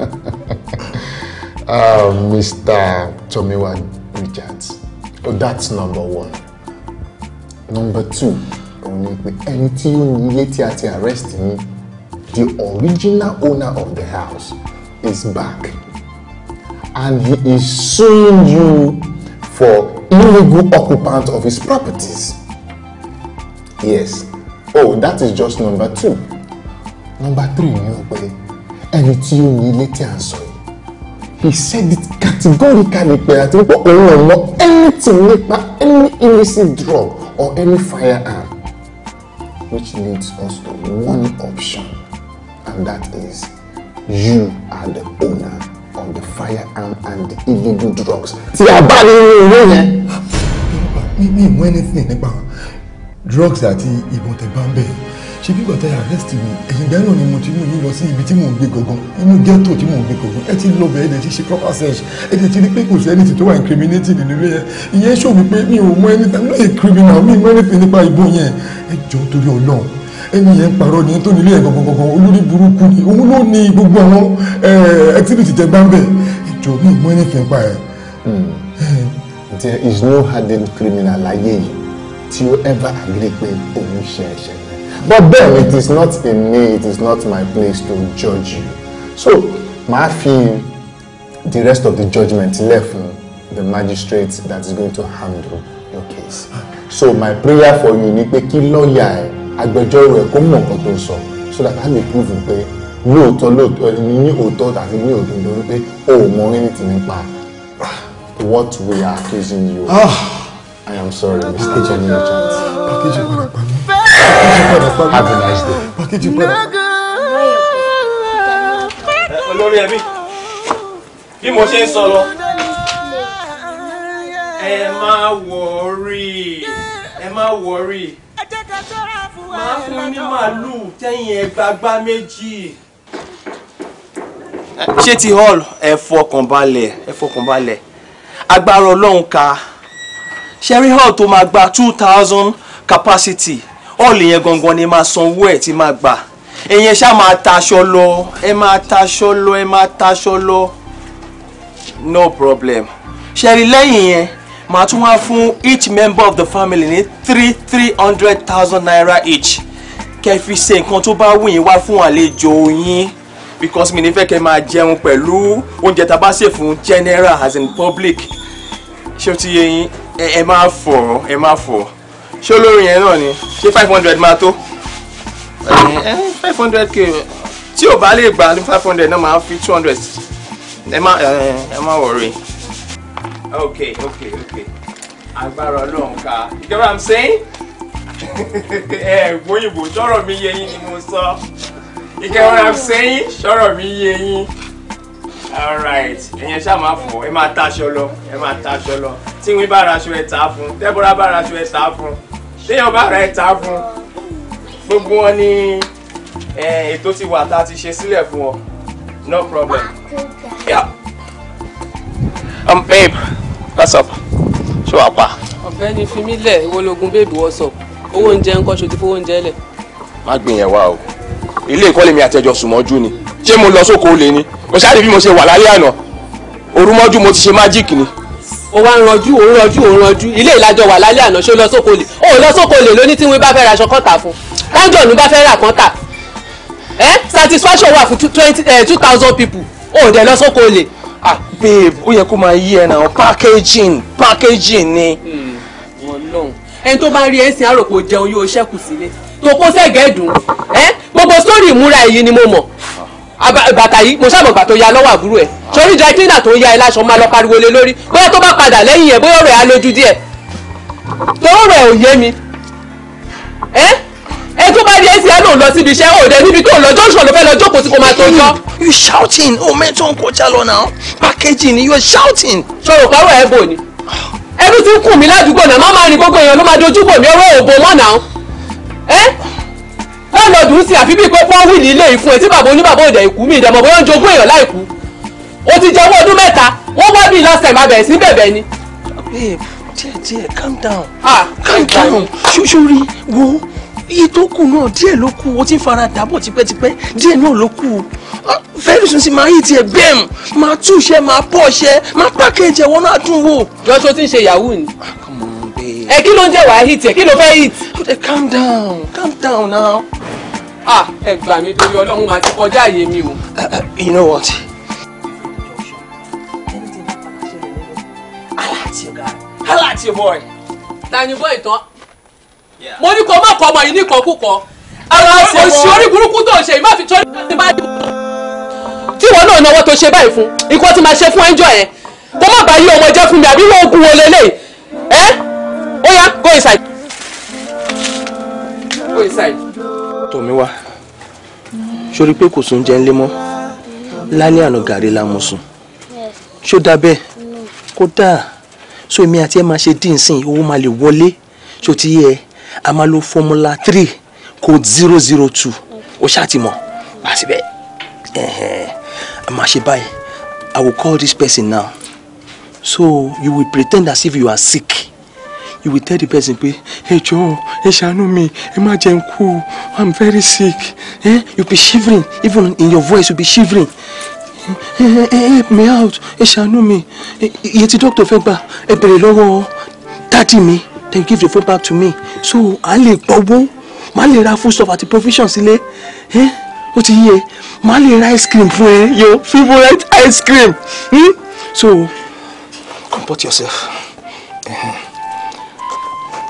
uh, ah, Mr. Tomiwa Richards. So that's number one. Number two, òun ni pé ẹni tí ó ní ilé tí a ti arrest ní the original owner of the house is back and he is suing you for illegal occupant of his properties. Yes. Oh, that is just number two. Number three ni o pé ẹni tí ó ní ilé tí a sọ yìí he said it categorically pé àti pé òun ò mọ anything nípa any illicit drug or any firearm which leads us to one option and that is you are the owner of the firearm and the illegal drugs. tí a bá ní irú ìwé yẹn. mi mi mú anything nípa drugs àti ìbọn tẹ̀ bá ń bẹ̀rẹ̀ ṣe bí gbàtà arrest mi ẹ̀yìn ìgbà náà ni mo ti mú yín lọ sí ibi tí mò ń gbé gangan inú ghetto tí mò ń gbé gangan ẹ ti lọ bẹ̀ ẹ ti ṣe proper search ẹ dẹ̀ ti rí pé kò sí ẹni tó wà incriminating nínú ilé yẹn ìyẹn ṣò wípé mi ò mọ ẹni tàbí lóye criminal mi mọ ẹni nípa ìbò yẹn ẹ jọ torí ọlọ́run ẹni yẹn ń parọ́ ni tó nílé yẹn gangan olórí burúkú ni òun ló ní gbogbo àwọn activity tẹ bá ń bẹ̀ ẹ jọ mi mọ ẹni nípa ẹ. Hmm. there is no hardened criminal láyé yìí tí ó ever agree pé òun ṣe ẹ̀ṣẹ̀ but then it is not in me it is not my place to judge you so màá fi the rest of the judgment left for the magistrate that is going to handle your case so my prayer for you ni pé kí lọ́ọ̀yà ẹ̀ agbẹjọ́rò ẹ̀ kó mọ̀ nǹkan tó sọ so that I may prove pé lóòótọ́ lóòótọ́ ẹni ní òótọ́ àti ní òdodo wípé o ò mọ anything nípa what we are accusing you of. Ah! I am sorry, Mr. Jenny Richards. Have a nice day. Package your brother. Olórí ẹbí, bí mo ṣe ń sọ lọ, ẹ má wọrí, ẹ má wọrí. Màá fún ní màálù tẹ́yìn ẹgbàgbá méjì. Ṣé ti hall ẹ fọkàn balẹ̀ ẹ fọkàn balẹ̀ agbára Ọlọ́run ka ṣẹ́rí hall tó máa gba two thousand capacity ọ̀ọ̀lì yẹn gangan ni máa sanwó ẹ̀ tí máa gbà èyàn ṣá máa taṣọ lọ ẹ máa taṣọ lọ ẹ máa taṣọ lọ no problem ṣẹ̀rí lẹ́yìn yẹn màá tún wá fún each member of the family ní three three hundred thousand naira each kẹ́ fi ṣe nǹkan tó bá wù yín wá fún àlejò yín because mi ní fẹ́ kẹ́ máa jẹun pẹ̀lú oúnjẹ tá a bá ṣe fún general as in public ṣé o ti yé yín ẹ máa fọ̀ ẹ máa fọ̀ ṣé olórin yẹn náà ni ṣé five hundred máa tó eh, eh, five hundred k tí ò bá lè gbà ní five hundred náà máa fi two hundred ẹ má eh, ẹ má wọrí. ok ok ok agbára ọlọ́run ká you know what i'm saying ẹ gbóyìnbó sọ̀rọ̀ mi yé yín ni mo sọ you get what i'm saying sọ̀rọ̀ mi yé yín alright ẹ̀yẹn ṣáà máa fọ̀ ẹ máa taṣọ lọ ẹ máa taṣọ lọ tí wọ́n bá raṣọ ẹ̀ tà fún tẹ́bọ̀rà bá raṣọ ẹ̀ tà fún téèyàn bá rẹ̀ ta fún gbogbo wọn ní ètò ti wà tá a ti ṣe sílẹ̀ fún ọ no problem. Yeah. Um, babe, what's up? ṣé wàá pa. ọ̀gbẹ́ni fimilẹ̀ ìwọlógún bèbí wọ́n sọ owó oúnjẹ ńkọ́ ṣojú fowó oúnjẹ lẹ̀. má gbìyànjú wa o ilé ìkọ́lé mi àtẹjọ sùmọ́jú ni ṣé mo lọ sóko olè ni mo ṣáà rí bí mo ṣe wà lálẹ́ àná òru mo ti ṣe májíìkì ni ó wá ń ranjú òun ranjú òun ranjú ilé ìlàjọ wà lálẹ́ àná ṣó lọ sóko lè ó lọ sóko lè lóní tí wọn bá fẹ́ ra aṣọ kọ́ta fún kájọ̀nù bá fẹ́ rà kọ́ta ẹ satisfaction wà fún two thousand people ó dẹ̀ lọ sóko lè. ah babe ó yẹ kó máa yí ẹ náà packaging packaging ni. Hmm, Ọlọ́run ẹni tó bá rí ẹ sìn àròpọ̀ jẹun yóò ṣẹ́kù sílé tó kó sẹ́gẹ̀ẹ́ dùn ẹ gbogbo sórí ìmúra èyí ni mo mọ̀ bàtà yìí mo sábà gbà tó ya lọ́wọ́ àbúrò ẹ̀ sórí dry cleaner tó ń ya ẹ láṣọ máa lọ pariwo lé lórí bóyá tó bá padà lẹ́yìn yẹn bóyá ọ̀rọ̀ ẹ̀ á lójú díẹ̀ tọ́wọ́ rẹ̀ ò yé mi ẹ́ ẹ tó bá rí ẹ sí ẹ lòun lọ síbi iṣẹ́ òde níbi tó lọ junction ló fẹ́ lọ jókòó sí kó máa tó you shouting o oh, mẹ́tọ́ ń kọjá lọ náà packaging you shouting. sọ̀rọ̀ pàrọ̀ ẹ̀ bò ni ẹnu ti ń kùn mí ládùúgbò náà má máa rìn gbogbo èèyàn ló máa dojúbò mi ọwọ́ òbò mọ́ náà ẹ́ wọ́n lọ dùn sí àfi bíi pé wọ́n wí ní ilé ìfún ẹ tí bàbá oníbàbá òde ìkú mi ìdẹ̀mọ̀ bóyá ń jogún èèyàn láìkú o ti jẹ́wọ́ ọdún mẹ́ta wọ́n wá bíi last time abẹ̀ sí bẹ̀bẹ̀ ni. babe díẹ̀ díẹ̀ calm down ah calm down ṣoṣori wo iye tó kù náà díẹ̀ ló kù o ti ń fara dàbọ̀ tipẹ́tipẹ́ díẹ̀ náà ló kù ah, very soon sì máa yí tiẹ̀ bẹ́ẹ̀m máa túṣẹ́ máa pọ̀ṣẹ́ máa pákéjì ẹ̀wọ́n náà dùn wò. jọ́sọ ti ń ṣe yahoo ni ah, ẹ kí ló ń jẹ́ wàá hit ẹ kí ló fẹ́ hit. Eh, calm down calm down now ah ẹ gbà mí torí ọlọ́run máa ti kọjá àyè mi o. you know what. hálà àti boy. ta ni boy tán. mo ní kó má kọ ọmọ yìí ní ìkọkúkọ. ara òsì orí burúkú tó ṣe ìmáfi tó ní bá dé. tí wọn náà náwó tó ṣe báyìí fún ikú ti máa ṣe fún ẹjọ́ yẹn kó má bàa yí ọmọ jẹ́ fún mi àbí wọn ogun wọlé lè ẹ ó yá go inside. go inside tọ̀mí wá sórí pé kò sún jẹ́ ńlé mọ́ lálẹ́ àná gàrí la mú sùn ṣó dá bẹ́ẹ̀ kó dáa so èmi àti ẹ máa ṣe dín sìn owó máa lè wọlé ṣó ti yẹ a máa lo formula three code zero zero two o ṣáà ti mọ̀ wá síbẹ̀ a máa ṣe báyìí I will call this person now so you will pretend as if you are sick you will tell the person pé ẹ jọ̀ọ́ ẹ ṣàánú mi ẹ má jẹ́ kú o i'm very sick eh? you be shivering even in your voice you be shivering eh, eh, eh, help me out ẹ ṣàánú mi eh, iye tí doctor fẹ́ gbà ẹ bèrè lọ́wọ́ dáàdì mi then give the phone back to me so à lè gbọ́wọ́ màá lè ra at the provisions sílé eh, ó ti yé màá lè ra ice cream fún ẹ your favourite ice cream hmm? so comport yourself. Uh -huh.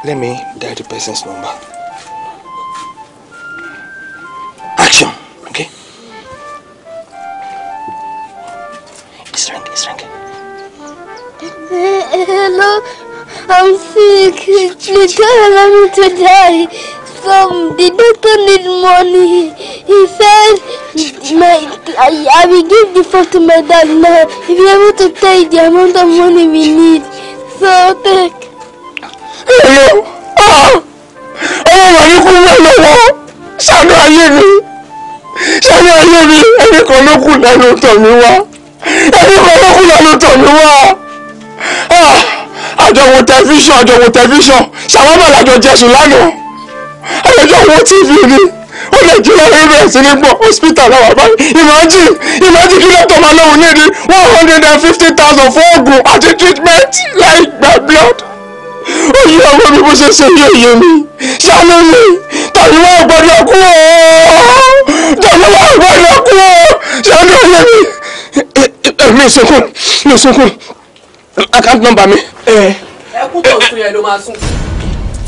Let me dial the person's number. Action, okay? It's ringing, it's ringing. Hello, I'm sick. Please don't allow me to die. Some, the doctor need money. He said my I, I will give the phone to my dad now. If you able to take the amount of money we need, so take èlò ah, ọmọ màmí kú wọ́n lọ́wọ́ ṣàánú ayé mi ṣàánú ayé mi ẹnì kan ló kù lẹ́nu tọ̀ mí wá ẹnì kan ló kù lẹ́nu tọ̀ mí wá ah, àjọwò tẹlifíṣàn àjọwò tẹlifíṣàn ṣàwọ́bà làjọ jẹ̀sùn lánàá àjọjọ wo tv ni ó lè jí lọ rí bẹ́ẹ̀ sí ní gbọ́ hospital náà wà báyìí imagine imagine kí lọ́tọ̀ máa lóhùn ní ní one hundred and fifty thousand fún oògùn àti treatment láì gba blood òye ọmọ mi bó ṣe ṣe yé òye mi ṣáná mi tàbí wọ́n gbọ́dọ̀ kú o tàbí wọ́n gbọ́dọ̀ kú o ṣáná òye mi. mi sunkún mi sunkún account number mi. Eh. ẹ kú tó sun yẹn ló máa sùn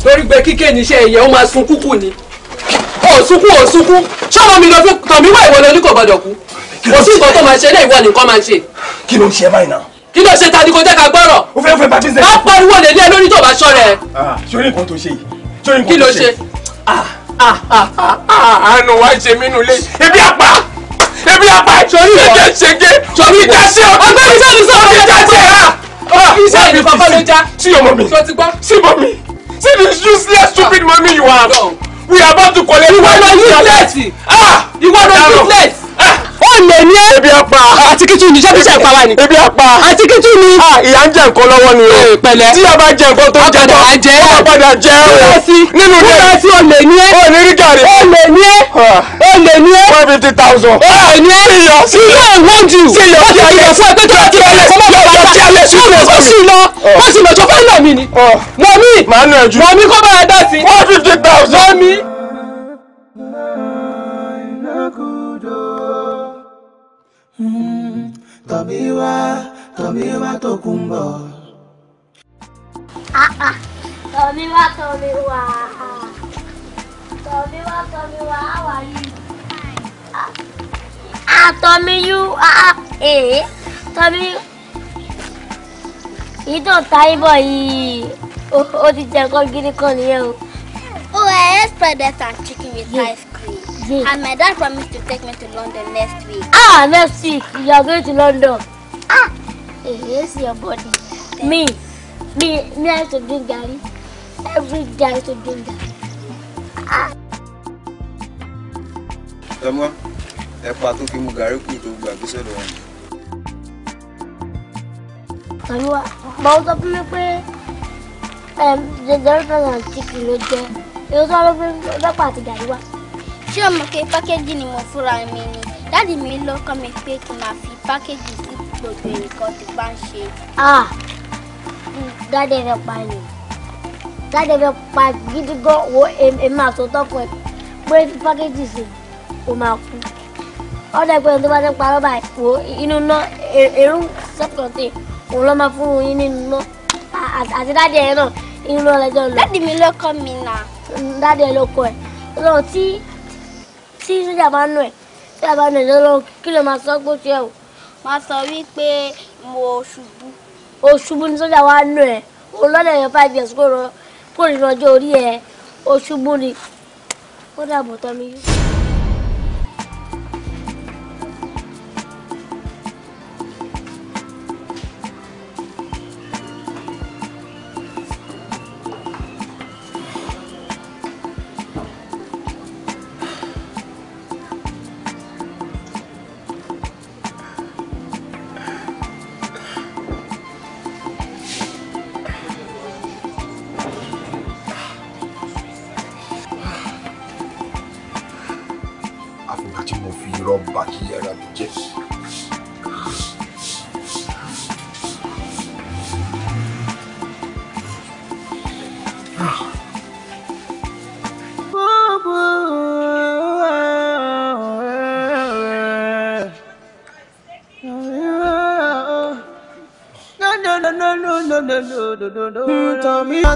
lórí gbẹ kíkẹ́ níṣẹ́ ẹ̀yẹ ó máa sun kúkú ni òsùnkún òsùnkún ṣọ́mọ mi lọ fi tàn mí wá kú òsùnkún tó máa ṣe ilé ìwọ nìkan máa ṣe. kí ló ń ṣe báyìí náà kí ló ṣe tani kò jẹ́ ká gbọ́rọ̀. ó fẹ́ fẹ́ bá business. má pariwo lè lé ẹ lórí tó bá ṣọ́ rẹ. sori ah, nǹkan tó ṣe yìí sori nǹkan tó ṣe. kí ló ṣe. Ah, ah, àánú wa ṣe mí nù lé ebi àpá ebi àpá ṣege ṣege ìjà ṣe ọtí ọgbẹni sọmi sọmi ìjà ṣe ra. iṣẹ́ mi papa ló já. sí ọmọ mi sí ọmọ mi sí the useless stupid mommy you are we are about to collect. ìwọ lọ useless ìwọ lọ useless olè ní ẹ. ebi apa. àti kìtù ni sẹ́bí sẹ́ẹ̀ pa wá ni. ebi apa. àti kìtù ni. a ìyá ń jẹ nǹkan lọ́wọ́ ni o. pẹ̀lẹ́ tí a bá jẹ nǹkan tó jẹ tán ó bá padà jẹ o. kúrẹ́sì nínú ilé kúrẹ́sì olè ní ẹ. olè ní gàrí. olè ní ẹ. olè ní ẹ. one fifty thousand. olè ní ẹ. síyọ síyọ I want you. síyọ síyọ síyọ fún ẹ pé tó ti bẹ̀rẹ̀ fún ọmọ bàbá tí a lè sùn lọ sí mi. wọ́n sì lọ sọ fún ẹ̀ náà mi ni. mọ̀mí mọ̀mí kó bá ẹ dá sí. one fifty thousand. mọ̀mí. tọ̀bí wá tọ̀bí wá tó kún bọ̀. tọ̀bí wá tọ̀bí wá tọ̀bí wá tọ̀bí how are you. àtọ̀mí yú èé tọ̀bí yìí tó táyé bọ̀ yìí ó ti jẹ́ nǹkan gidi kan nìyẹn o. oh i expect that chicken with rice today. And my dad promised to take me to London next week. Ah, next week you are going to London. Ah, here's your body. Me, me, me, I have to drink garri. Every day I have to drink garri. Ah. Tọ́mọ́, ẹ pa tó kí mu gàrí kù tó gbàgbé sọ́dọ̀ wọn. Tọ́lúwa, báwo sọ fún the pé jẹjẹrẹ fẹ́ràn àti kìlọ̀ jẹ, èyí tó ló fi dọ́pọ̀ àti gàrí wá ṣé o mọ̀ pé pákéjì ni mo fúnra mi ni dáàdì mi ló kọ́ mi pé kí n máa fi pákéjì sí gbogbo nǹkan tí bá ń ṣe. Ah! Hmm. dáàdì rẹ pa ni dáàdì rẹ pa gidi gan wo èmi àtọ́tọ́ fún ẹ pé pákéjì sí o máa kú ọ̀dà ìpẹ́yìn tó bá ti parọ́ báyìí wo inú náà èrú e, sẹ́kọ̀tì òun ló máa fún un yín nínú náà àti dáàdì ẹ náà inú náà lẹ́jọ́ lọ. dáàdì mi ló kọ́ mi nà. Hmm, dáàdì ẹ ló kọ́ ẹ lọ tí tí sójà bá nù ẹ̀ tí a bá nù ẹ̀ lọ́wọ́ kí ló máa sọ pé ó ṣe ẹ̀ o. máa sọ wípé mo ṣubú. o ṣubú ni sójà wa nù ẹ̀ o lọ́dẹ̀ yẹn five years kó rọ kó rìn ọjọ́ orí ẹ̀ o ṣubú ni ó dàbọ̀ tán mi yìí.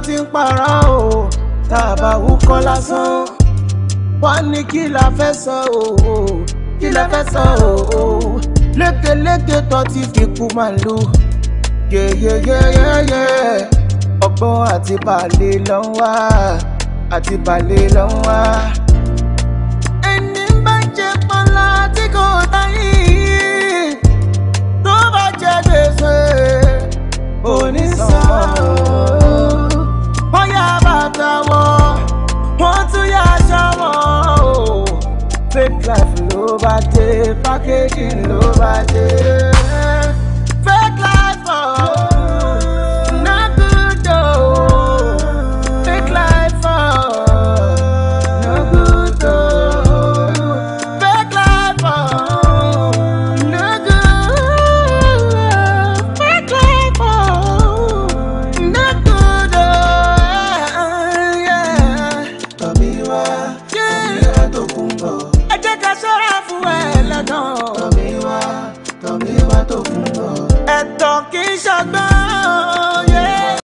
ti ń para o tá a bá wúkọ́ lásán wọ́n ní kí la fẹ́ sọ o kí la fẹ́ sọ o lékeléke tó ti fi kú màlúù yeyeyeyeye ọgbọ́n àti balẹ̀ ló ń wá àti balẹ̀ ló ń wá. ẹni bá jẹ pọlá After wọ́n tún yà àtàwọn o fake life nobody. bá dé packaging ló